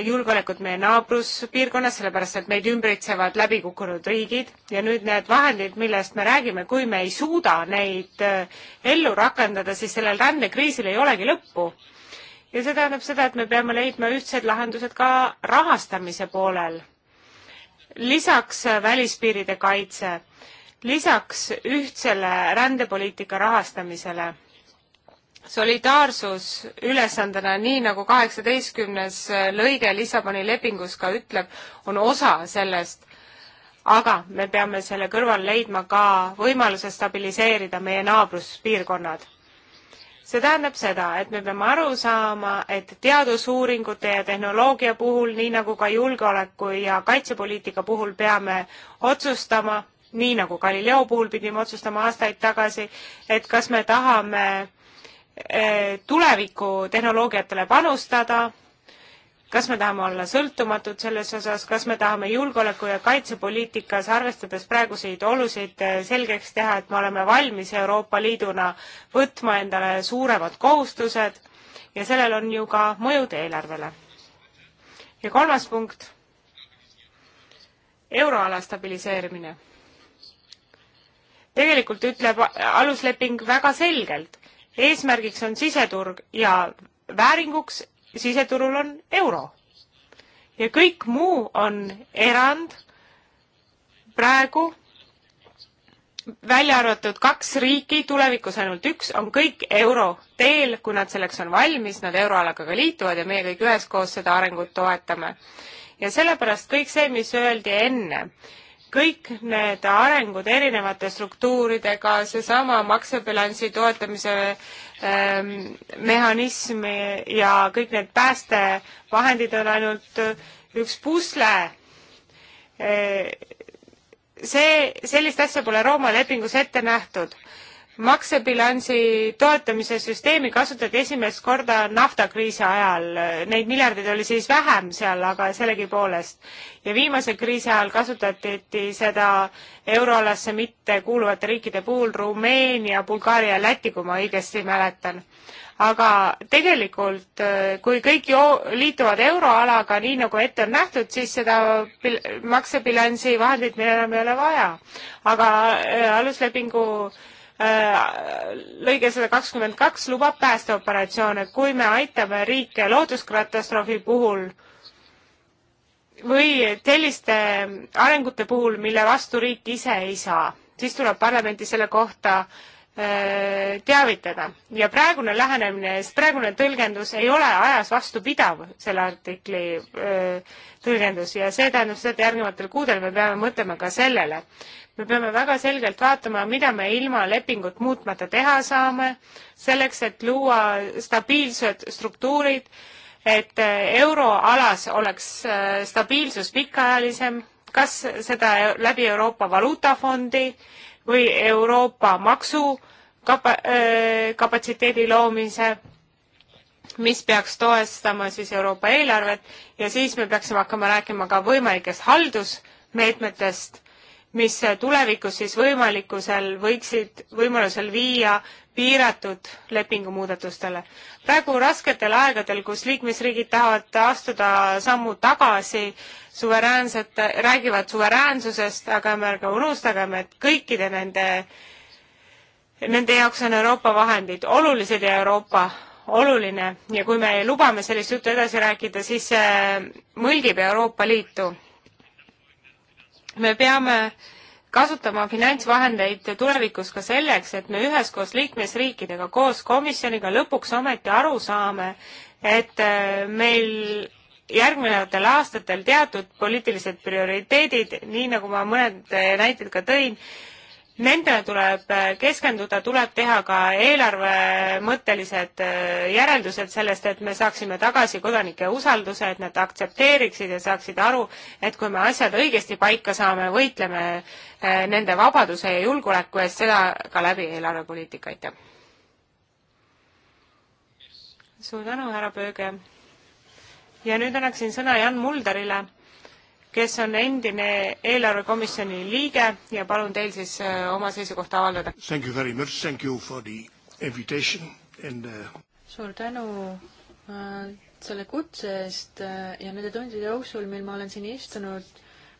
Speaker 3: julgeolekut meie naabruspiirkonnas, sellepärast et meid ümbritsevad läbikukkunud riigid ja nüüd need vahendid, millest me räägime, kui me ei suuda neid ellu rakendada, siis sellel rändekriisil ei olegi lõppu. ja see tähendab seda, et me peame leidma ühtsed lahendused ka rahastamise poolel. lisaks välispiiride kaitse lisaks ühtsele rändepoliitika rahastamisele solidaarsus ülesandena, nii nagu kaheksateistkümnes lõige Lissaboni lepingus ka ütleb, on osa sellest. aga me peame selle kõrval leidma ka võimaluse stabiliseerida meie naabruspiirkonnad. see tähendab seda, et me peame aru saama, et teadusuuringute ja tehnoloogia puhul, nii nagu ka julgeoleku ja kaitsepoliitika puhul, peame otsustama, nii nagu Galileo puhul pidime otsustama aastaid tagasi, et kas me tahame eh, tulevikutehnoloogiatele panustada, kas me tahame olla sõltumatud selles osas, kas me tahame julgeoleku- ja kaitsepoliitikas, arvestades praeguseid olusid, eh, selgeks teha, et me oleme valmis Euroopa Liiduna võtma endale suuremad kohustused ja sellel on ju ka mõjud eelarvele. ja kolmas punkt, euroala stabiliseerimine tegelikult ütleb alusleping väga selgelt, eesmärgiks on siseturg ja vääringuks siseturul on euro. ja kõik muu on erand praegu, välja arvatud kaks riiki, tulevikus ainult üks, on kõik euro teel, kui nad selleks on valmis, nad euroalaga ka liituvad ja meie kõik üheskoos seda arengut toetame. ja sellepärast kõik see, mis öeldi enne, kõik need arengud erinevate struktuuridega, seesama maksebilansi toetamise ähm, mehhanism ja kõik need päästevahendid on ainult üks pusle äh, see, sellist asja pole Rooma lepingus ette nähtud maksebilansi toetamise süsteemi kasutati esimest korda naftakriisi ajal, neid miljardeid oli siis vähem seal, aga sellegipoolest. ja viimase kriisi ajal kasutati seda euroalasse mitte kuuluvate riikide puhul Rumeenia, Bulgaaria ja Läti, kui ma õigesti mäletan. aga tegelikult, kui kõik joo-, liituvad euroalaga, nii nagu ette on nähtud, siis seda maksebilansi vahendit meil enam ei ole vaja. aga äh, aluslepingu äh, Äh, lõige sada kakskümmend kaks lubab päästeoperatsioone, kui me aitame riike looduskatastroofi puhul või selliste arengute puhul, mille vastu riik ise ei saa, siis tuleb parlamenti selle kohta äh, teavitada ja praegune lähenemine, praegune tõlgendus ei ole ajas vastupidav, selle artikli öö, äh, tõlgendus ja see tähendab seda, et järgnevatel kuudel me peame mõtlema ka sellele me peame väga selgelt vaatama, mida me ilma lepingut muutmata teha saame, selleks et luua stabiilsed struktuurid, et äh, euroalas oleks äh, stabiilsus pikaajalisem, kas seda e-, läbi Euroopa Valuutafondi või Euroopa maksukapa-, äh, kapatsiteedi loomise mis peaks toestama siis Euroopa eelarvet ja siis me peaksime hakkama rääkima ka võimalikest haldusmeetmetest mis tulevikus siis võimalikkusel võiksid, võimalusel viia piiratud lepingumuudatustele. praegu rasketel aegadel, kus liikmesriigid tahavad astuda sammu tagasi, suveräänset, räägivad suveräänsusest, aga me ärge unustagem, et kõikide nende, nende jaoks on Euroopa vahendid olulised ja Euroopa oluline ja kui me lubame sellist juttu edasi rääkida, siis see mõlgib Euroopa Liitu me peame kasutama finantsvahendeid tulevikus ka selleks, et me üheskoos liikmesriikidega, koos komisjoniga lõpuks ometi aru saame, et äh, meil järgnevatel aastatel teatud poliitilised prioriteedid, nii nagu ma mõned äh, näited ka tõin, nendele tuleb äh, keskenduda, tuleb teha ka eelarvemõttelised äh, järeldused sellest, et me saaksime tagasi kodanike usalduse, et nad aktsepteeriksid ja saaksid aru, et kui me asjad õigesti paika saame, võitleme äh, nende vabaduse ja julgeoleku eest, seda ka läbi eelarvepoliitika, aitäh! suur tänu, härra Pööge! ja nüüd annaksin sõna Jan Mulderile kes on endine eelarvekomisjoni liige ja
Speaker 2: palun teil siis äh, oma seisukohta avaldada. And, uh... suur tänu äh, selle kutse eest ja nende tundide jooksul, mil ma olen siin istunud,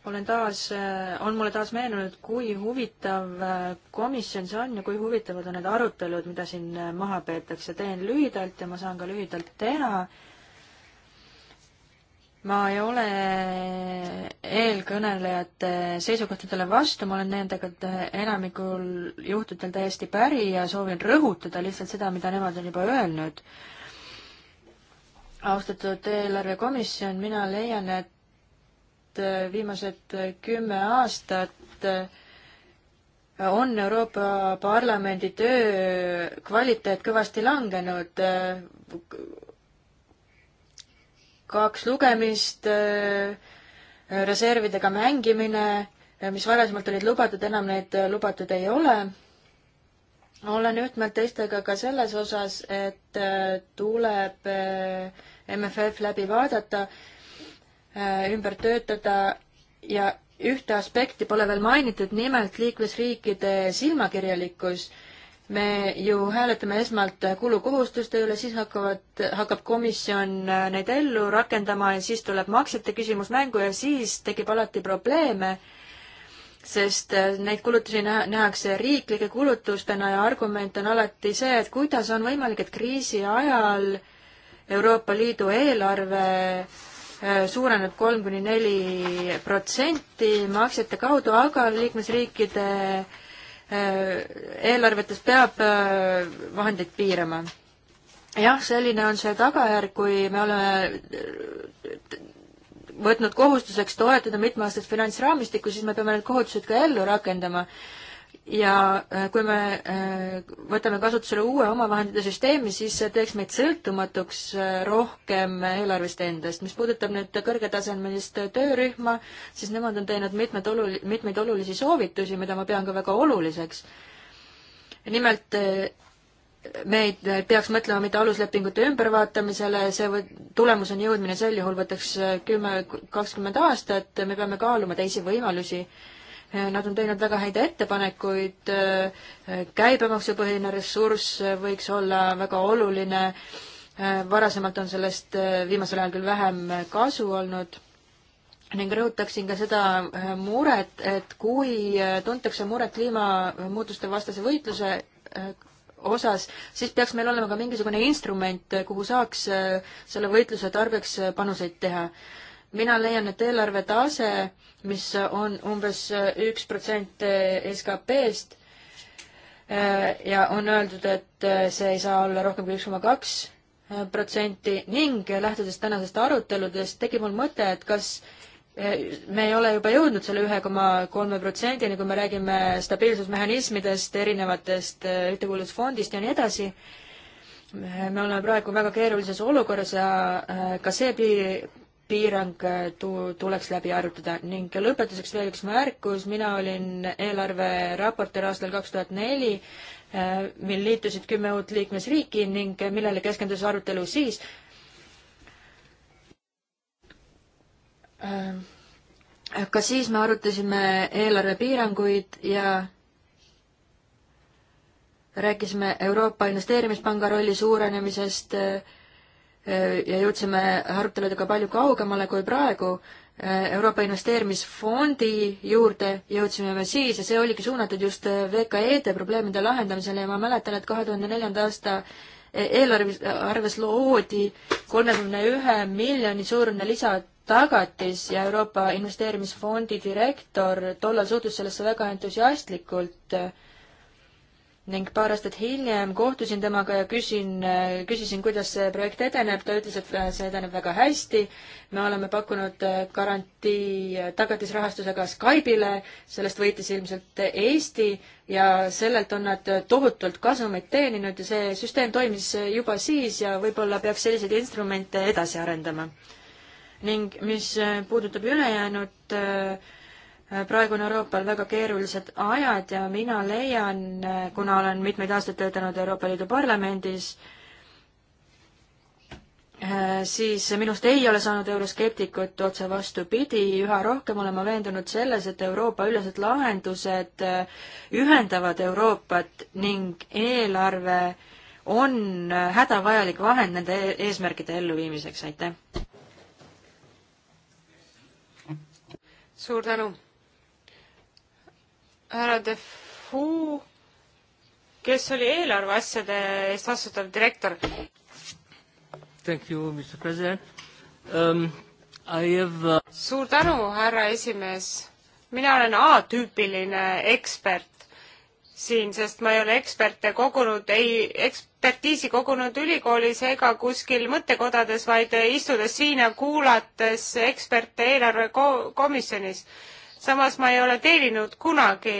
Speaker 2: olen taas, on mulle taas meenunud, kui huvitav komisjon see on ja kui huvitavad on need arutelud, mida siin maha peetakse. teen lühidalt ja ma saan ka lühidalt teha ma ei ole eelkõnelejate seisukohtadele vastu, ma olen nendega enamikul juhtudel täiesti päri ja soovin rõhutada lihtsalt seda, mida nemad on juba öelnud. austatud eelarvekomisjon, mina leian, et viimased kümme aastat on Euroopa Parlamendi töö kvaliteet kõvasti langenud kaks lugemist, äh, reservidega mängimine, äh, mis varasemalt olid lubatud, enam need äh, lubatud ei ole. olen ühtmelt teistega ka selles osas, et tuleb MFF läbi vaadata, ümber töötada ja ühte aspekti pole veel mainitud, nimelt liikmesriikide silmakirjalikkus me ju hääletame esmalt kulukohustuste üle, siis hakkavad, hakkab komisjon neid ellu rakendama ja siis tuleb maksete küsimus mängu ja siis tekib alati probleeme, sest neid kulutusi nähakse riiklike kulutustena ja argument on alati see, et kuidas on võimalik, et kriisi ajal Euroopa Liidu eelarve äh, suureneb kolm kuni neli protsenti maksete kaudu, aga liikmesriikide äh, Äh, eelarvetes peab äh, vahendeid piirama. jah, selline on see tagajärg, kui me oleme äh, võtnud kohustuseks toetada mitmeaastast finantsraamistikku, siis me peame need kohustused ka ellu rakendama ja äh, kui me äh, võtame kasutusele uue omavahendite süsteemi, siis see teeks meid sõltumatuks äh, rohkem eelarvest endast. mis puudutab nüüd kõrgetasemelist töörühma, siis nemad on teinud mitmed olul-, mitmeid olulisi soovitusi, mida ma pean ka väga oluliseks. nimelt me ei peaks mõtlema mitte aluslepingute ümbervaatamisele, see või tulemuseni jõudmine sel juhul võtaks kümme, kakskümmend aastat, me peame kaaluma teisi võimalusi Nad on teinud väga häid ettepanekuid, käibemaksupõhine ressurss võiks olla väga oluline, varasemalt on sellest viimasel ajal küll vähem kasu olnud ning rõhutaksin ka seda muret, et kui tuntakse muret kliimamuutuste vastase võitluse osas, siis peaks meil olema ka mingisugune instrument, kuhu saaks selle võitluse tarbeks panuseid teha mina leian, et eelarve tase, mis on umbes üks protsent SKP-st äh, ja on öeldud, et äh, see ei saa olla rohkem kui üks koma kaks protsenti ning lähtudes tänasest aruteludest tekib mul mõte, et kas äh, me ei ole juba jõudnud selle ühe koma kolme protsendini, kui me räägime stabiilsusmehhanismidest, erinevatest ühtekuuluvusfondist ja nii edasi. me oleme praegu väga keerulises olukorras ja ka see piir, piirang äh, tu-, tuleks läbi arutada ning lõpetuseks veel üks märkus, mina olin eelarveraportöör aastal kaks tuhat neli, äh, mil liitusid kümme uut liikmesriiki ning äh, millele keskendus arutelu siis. ka siis me arutasime eelarvepiiranguid ja rääkisime Euroopa Investeerimispanga rolli suurenemisest äh, ja jõudsime aruteludega palju kaugemale kui praegu. Euroopa Investeerimisfondi juurde jõudsime me siis ja see oligi suunatud just VKE-de probleemide lahendamisele ja ma mäletan, et kahe tuhande neljanda aasta eelarves, arves loodi kolmekümne ühe miljoni suurune lisatagatis ja Euroopa Investeerimisfondi direktor tollal suhtus sellesse väga entusiastlikult äh, ning paar aastat hiljem kohtusin temaga ja küsin, küsisin, kuidas see projekt edeneb, ta ütles, et äh, see edeneb väga hästi. me oleme pakkunud äh, garantii äh, tagatisrahastusega Skype'ile, sellest võitis ilmselt Eesti ja sellelt on nad tohutult kasumit teeninud ja see süsteem toimis juba siis ja võib-olla peaks selliseid instrumente edasi arendama. ning mis puudutab ülejäänud äh, praegu on Euroopal väga keerulised ajad ja mina leian, kuna olen mitmeid aastaid töötanud Euroopa Liidu Parlamendis, siis minust ei ole saanud euroskeptikut, otse vastupidi, üha rohkem olen ma veendunud selles, et Euroopa-ülesed lahendused ühendavad Euroopat ning eelarve on hädavajalik vahend nende e-, eesmärkide elluviimiseks, aitäh! suur tänu! härra
Speaker 3: Defoe, kes oli eelarveasjade eest vastutav direktor. Thank you, Mr President um,. I have uh... suur tänu, härra esimees. mina olen A-tüüpiline ekspert siin, sest ma ei ole eksperte kogunud, ei ekspertiisi kogunud ülikoolis ega kuskil mõttekodades, vaid istudes siin ja kuulates eksperte eelarvekomisjonis ko samas ma ei ole teeninud kunagi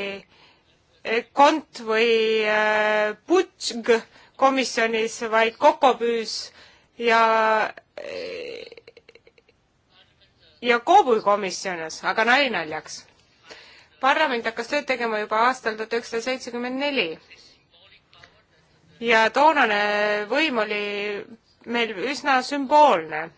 Speaker 3: eh, kont või eh, putšg komisjonis, vaid kokopüüs ja eh, ja koobukomisjonis, aga nali naljaks. parlament hakkas tööd tegema juba aastal tuhat üheksasada seitsekümmend neli. ja toonane võim oli meil üsna sümboolne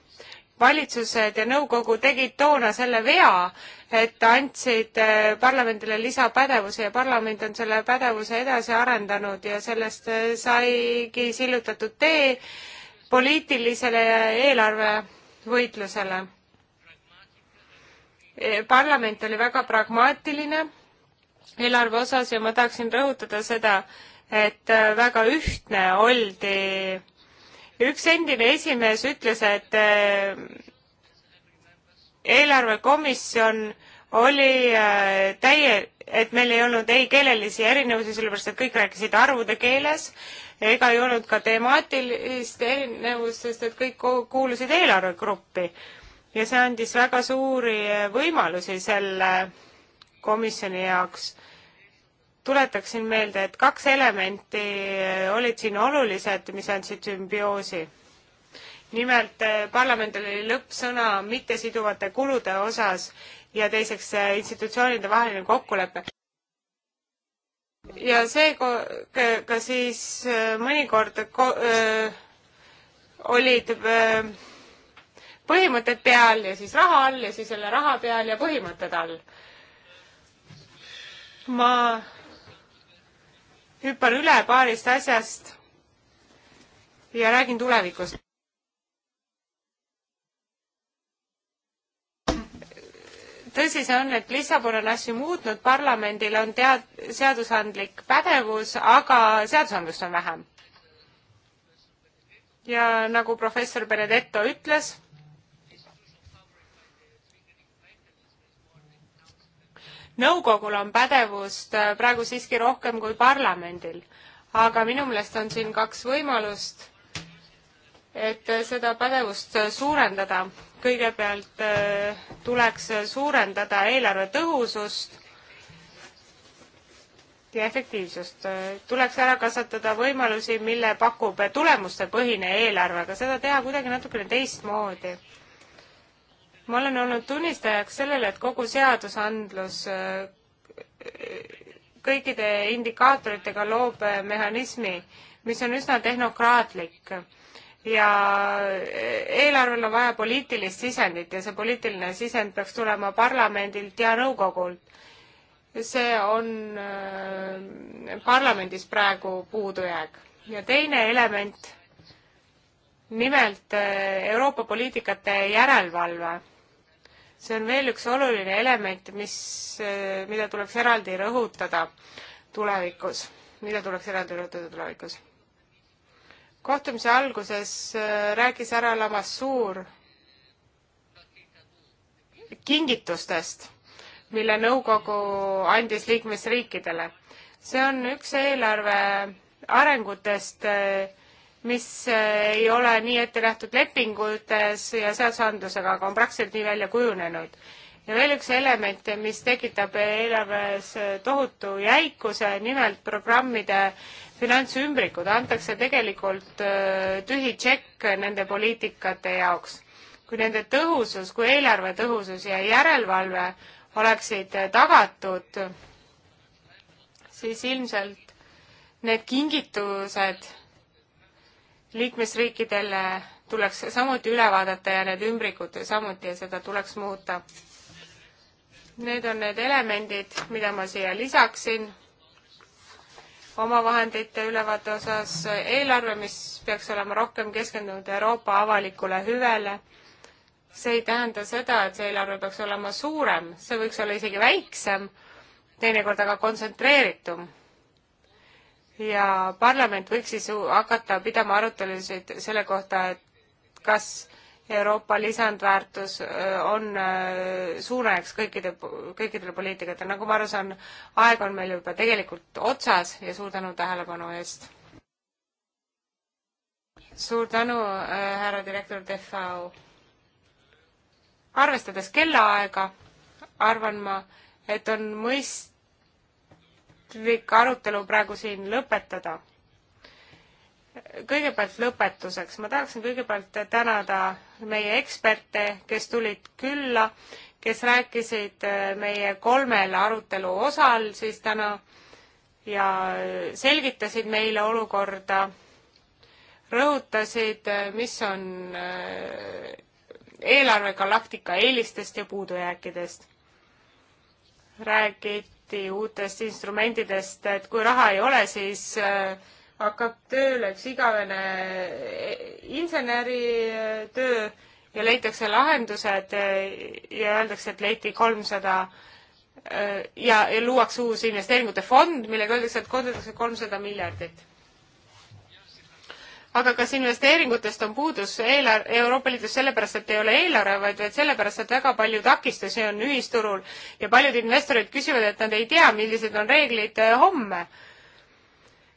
Speaker 3: valitsused ja nõukogu tegid toona selle vea, et andsid äh, parlamendile lisapädevuse ja parlament on selle pädevuse edasi arendanud ja sellest äh, saigi sillutatud tee poliitilisele eelarvevõitlusele. E, parlament oli väga pragmaatiline eelarve osas ja ma tahaksin rõhutada seda, et äh, väga ühtne oldi üks endine esimees ütles, et äh, eelarvekomisjon oli äh, täie, et meil ei olnud ei keelelisi erinevusi, sellepärast et kõik rääkisid arvude keeles, ega ei olnud ka temaatilist erinevust, sest et kõik kuulusid eelarvegruppi. ja see andis väga suuri äh, võimalusi selle komisjoni jaoks tuletaksin meelde, et kaks elementi eh, olid siin olulised, mis andsid sümbioosi. nimelt eh, parlamendil oli lõppsõna mittesiduvate kulude osas ja teiseks eh, institutsioonide vaheline kokkulepe. ja see ka siis mõnikord ko öö, olid öö, põhimõtted peal ja siis raha all ja siis jälle raha peal ja põhimõtted all. ma hüppan üle paarist asjast ja räägin tulevikust. tõsi see on, et Lissabon on asju muutnud, parlamendil on tead-, seadusandlik pädevus, aga seadusandlust on vähem. ja nagu professor Benedetto ütles nõukogul on pädevust äh, praegu siiski rohkem kui parlamendil. aga minu meelest on siin kaks võimalust, et äh, seda pädevust äh, suurendada. kõigepealt tuleks suurendada eelarve tõhusust ja efektiivsust. tuleks ära kasutada võimalusi, mille pakub tulemustepõhine eelarve, aga seda teha kuidagi natukene teistmoodi ma olen olnud tunnistajaks sellele, et kogu seadusandlus äh, kõikide indikaatoritega loob äh, mehhanismi, mis on üsna tehnokraatlik ja äh, eelarvel on vaja poliitilist sisendit ja see poliitiline sisend peaks tulema parlamendilt ja nõukogult. see on parlamendis praegu puudujääk. ja teine element, nimelt Euroopa poliitikate järelevalve see on veel üks oluline element, mis, äh, mida tuleks eraldi rõhutada tulevikus, mida tuleks eraldi rõhutada tulevikus. kohtumise alguses äh, rääkis härra Lamassuur kingitustest, mille nõukogu andis liikmesriikidele. see on üks eelarve arengutest äh, mis äh, ei ole nii ette nähtud lepingutes ja seadusandlusega, aga on praktiliselt nii välja kujunenud. ja veel üks element, mis tekitab eelarves äh, tohutu jäikuse, nimelt programmide finantsümbrikud, antakse tegelikult äh, tühi tšekk nende poliitikate jaoks. kui nende tõhusus, kui eelarve tõhusus ja järelevalve oleksid tagatud, siis ilmselt need kingitused liikmesriikidele tuleks samuti üle vaadata ja need ümbrikud samuti ja seda tuleks muuta. Need on need elemendid, mida ma siia lisaksin. omavahendite ülevaate osas eelarve, mis peaks olema rohkem keskendunud Euroopa avalikule hüvele. see ei tähenda seda, et see eelarve peaks olema suurem, see võiks olla isegi väiksem, teinekord aga kontsentreeritum ja parlament võiks siis hakata pidama arutelusid selle kohta, et kas Euroopa lisandväärtus on suunajaks kõikide, kõikidele poliitikatele, nagu ma aru saan, aeg on meil juba tegelikult otsas ja suur tänu tähelepanu eest. suur tänu, härra direktor Defau. arvestades kellaaega, arvan ma, et on mõist-, mõistlik arutelu praegu siin lõpetada. kõigepealt lõpetuseks, ma tahaksin kõigepealt tänada meie eksperte, kes tulid külla, kes rääkisid äh, meie kolmel arutelu osal siis täna ja selgitasid meile olukorda, rõhutasid, äh, mis on äh, eelarvegalaktika eelistest ja puudujääkidest räägid, räägiti uutest instrumentidest, et kui raha ei ole, siis äh, hakkab tööle üks igavene e, inseneritöö äh, ja leitakse lahendused äh, ja öeldakse, et leiti kolmsada ja, ja luuakse uus investeeringute fond, millega öeldakse, et koondatakse kolmsada miljardit aga kas investeeringutest on puudus eelar-, Euroopa Liidus sellepärast, et ei ole eelarveid, vaid sellepärast, et väga palju takistusi on ühisturul ja paljud investorid küsivad, et nad ei tea, millised on reeglid eh, homme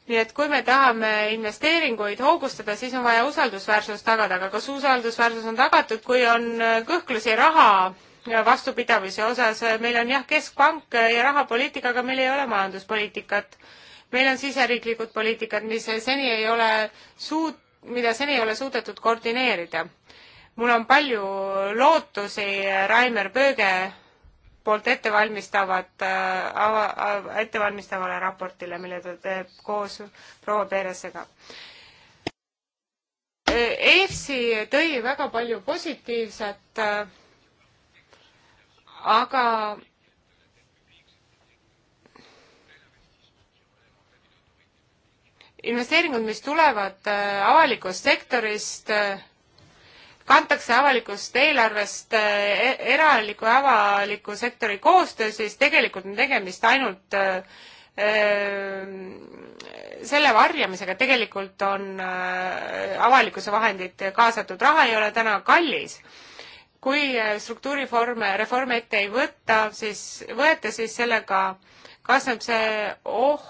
Speaker 3: nii et kui me tahame investeeringuid hoogustada, siis on vaja usaldusväärsus tagada, aga kas usaldusväärsus on tagatud, kui on eh, kõhklusi raha eh, vastupidavuse osas, meil on jah, keskpank ja rahapoliitika, aga meil ei ole majanduspoliitikat meil on siseriiklikud poliitikad, mis seni ei ole suut-, mida seni ei ole suudetud koordineerida. mul on palju lootusi Raimar Pööge poolt ettevalmistavat äh, äh,, ettevalmistavale raportile, mille ta teeb koos proua Peresega. EFSi tõi väga palju positiivset äh,, aga investeeringud, mis tulevad äh, avalikust sektorist, äh, kantakse avalikust eelarvest äh, e-, eraliku ja avaliku sektori koostöö, siis tegelikult on tegemist ainult öö, selle varjamisega, tegelikult on öö, avalikkuse vahendid kaasatud, raha ei ole täna kallis. kui struktuuriforme, reforme ette ei võta, siis, võeta, siis sellega kaasneb see oht,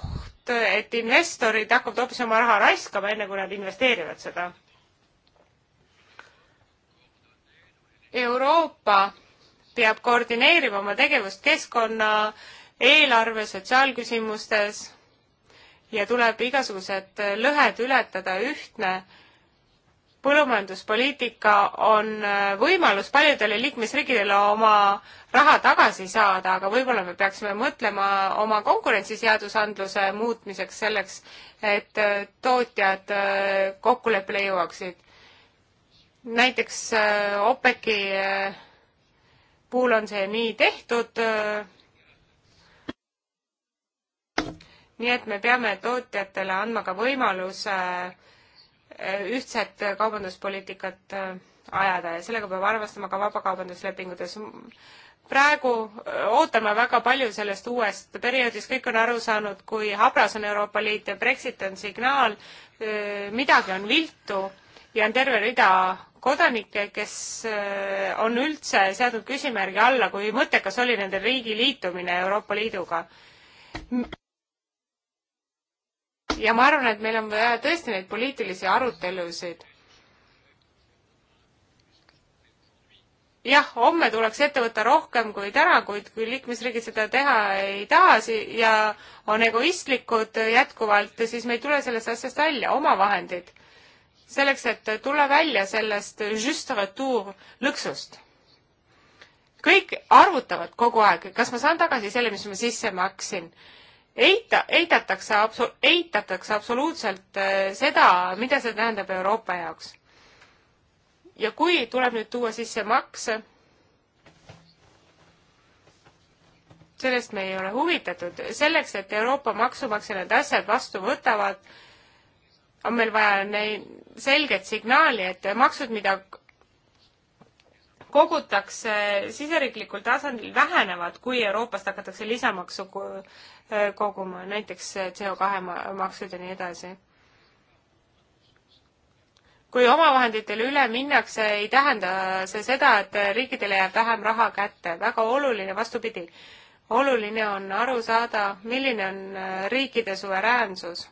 Speaker 3: oht, et investorid hakkavad hoopis oma raha raiskama, enne kui nad investeerivad seda. Euroopa peab koordineerima oma tegevust keskkonna, eelarve, sotsiaalküsimustes ja tuleb igasugused lõhed ületada, ühtne põllumajanduspoliitika on äh, võimalus paljudele liikmesriikidele oma raha tagasi saada, aga võib-olla me peaksime mõtlema oma konkurentsiseadusandluse muutmiseks selleks, et äh, tootjad äh, kokkuleppele jõuaksid. näiteks OPEC-i puhul on see nii tehtud. nii et me peame tootjatele andma ka võimaluse äh, ühtset kaubanduspoliitikat äh, ajada ja sellega peab arvestama ka vabakaubanduslepingutes. praegu äh, ootame väga palju sellest uuest perioodist, kõik on aru saanud, kui habras on Euroopa Liit ja Brexit on signaal, äh, midagi on viltu ja on terve rida kodanikke, kes on üldse seadnud küsimärgi alla, kui mõttekas oli nende riigi liitumine Euroopa Liiduga ja ma arvan, et meil on vaja tõesti neid poliitilisi arutelusid. jah, homme tuleks ette võtta rohkem kui täna, kuid kui liikmesriigid seda teha ei taha ja on egoistlikud jätkuvalt, siis me ei tule sellest asjast välja, omavahendid. selleks, et tulla välja sellest just retour lõksust. kõik arvutavad kogu aeg, kas ma saan tagasi selle, mis ma sisse maksin ma eita, eitatakse absolu-, eitatakse absoluutselt äh, seda, mida see tähendab Euroopa jaoks. ja kui tuleb nüüd tuua sisse makse, sellest me ei ole huvitatud, selleks, et Euroopa maksumaksja need asjad vastu võtavad, on meil vaja neil selget signaali, et maksud, mida kogutakse siseriiklikul tasandil, vähenevad, kui Euroopast hakatakse lisamaksu äh, koguma, näiteks CO2 maksud ja nii edasi kui omavahenditele üle minnakse, ei tähenda see seda, et riikidele jääb vähem raha kätte. väga oluline, vastupidi, oluline on aru saada, milline on äh, riikide suveräänsus.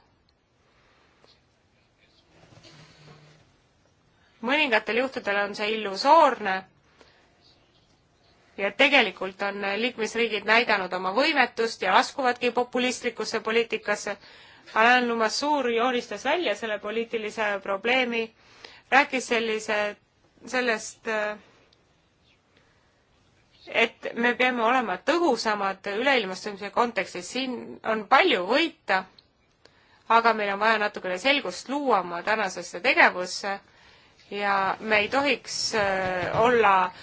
Speaker 3: mõningatel juhtudel on see illusoorne ja tegelikult on liikmesriigid näidanud oma võimetust ja laskuvadki populistlikusse poliitikasse. Alain Lumassoor joonistas välja selle poliitilise probleemi, rääkis sellise, sellest, et me peame olema tõhusamad üleilmastumise kontekstis, siin on palju võita, aga meil on vaja natukene selgust luua oma tänasesse tegevusse ja me ei tohiks äh, olla äh,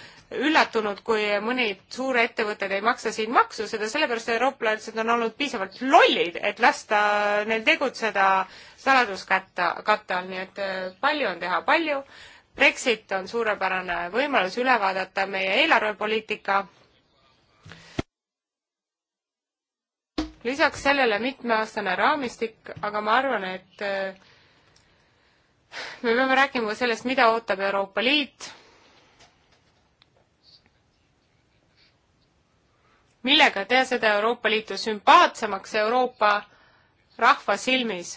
Speaker 3: üllatunud, kui mõni suur ettevõte ei maksa siin maksu, seda sellepärast, et eurooplased on olnud piisavalt lollid, et lasta neil tegutseda saladuskatta, katta all, nii et äh, palju on teha, palju. Brexit on suurepärane võimalus üle vaadata meie eelarvepoliitika. lisaks sellele mitmeaastane raamistik, aga ma arvan, et äh, me peame rääkima ka sellest, mida ootab Euroopa Liit millega teha seda Euroopa Liitu sümpaatsemaks Euroopa rahva silmis.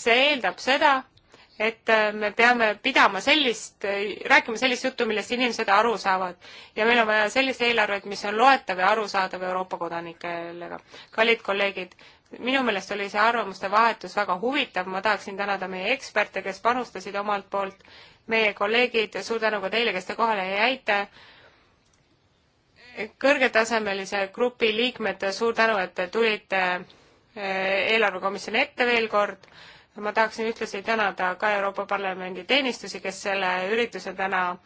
Speaker 3: see eeldab seda, et äh, me peame pidama sellist, äh, rääkima sellist juttu, millest inimesed aru saavad. ja meil on vaja sellist eelarvet, mis on loetav ja arusaadav Euroopa kodanikele. kallid kolleegid, minu meelest oli see arvamuste vahetus väga huvitav, ma tahaksin tänada meie eksperte, kes panustasid omalt poolt, meie kolleegid, suur tänu ka teile, kes te kohale jäite ja kõrgetasemelise grupi liikmed, suur tänu, et te tulite eh, eelarvekomisjoni ette veel kord. ma tahaksin ühtlasi tänada ka Euroopa Parlamendi teenistusi, kes selle ürituse täna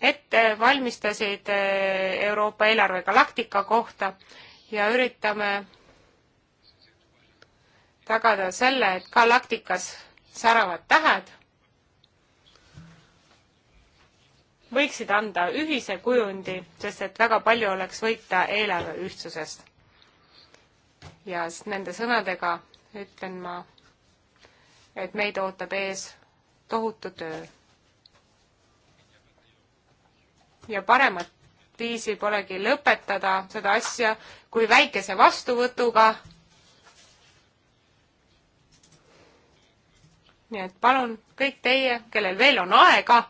Speaker 3: ette valmistasid eh, Euroopa eelarve galaktika kohta ja üritame tagada selle, et galaktikas säravad tähed võiksid anda ühise kujundi, sest et väga palju oleks võita eelarve ühtsusest. ja nende sõnadega ütlen ma, et meid ootab ees tohutu töö. ja paremat viisi polegi lõpetada seda asja kui väikese vastuvõtuga. nii et palun kõik teie, kellel veel on aega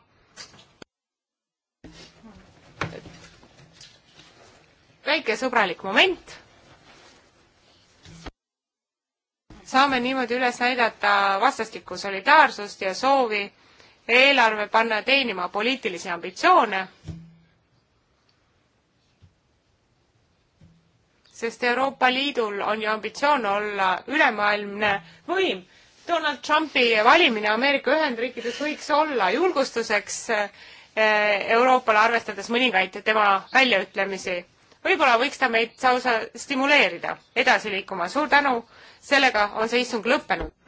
Speaker 3: väike sõbralik moment. saame niimoodi üles näidata vastastikku solidaarsust ja soovi eelarve panna teenima poliitilisi ambitsioone. sest Euroopa Liidul on ju ambitsioon olla ülemaailmne võim. Donald Trumpi valimine Ameerika Ühendriikides võiks olla julgustuseks eh, Euroopale, arvestades mõningaid tema väljaütlemisi võib-olla võiks ta meid lausa stimuleerida edasi liikuma. suur tänu, sellega on see istung lõppenud.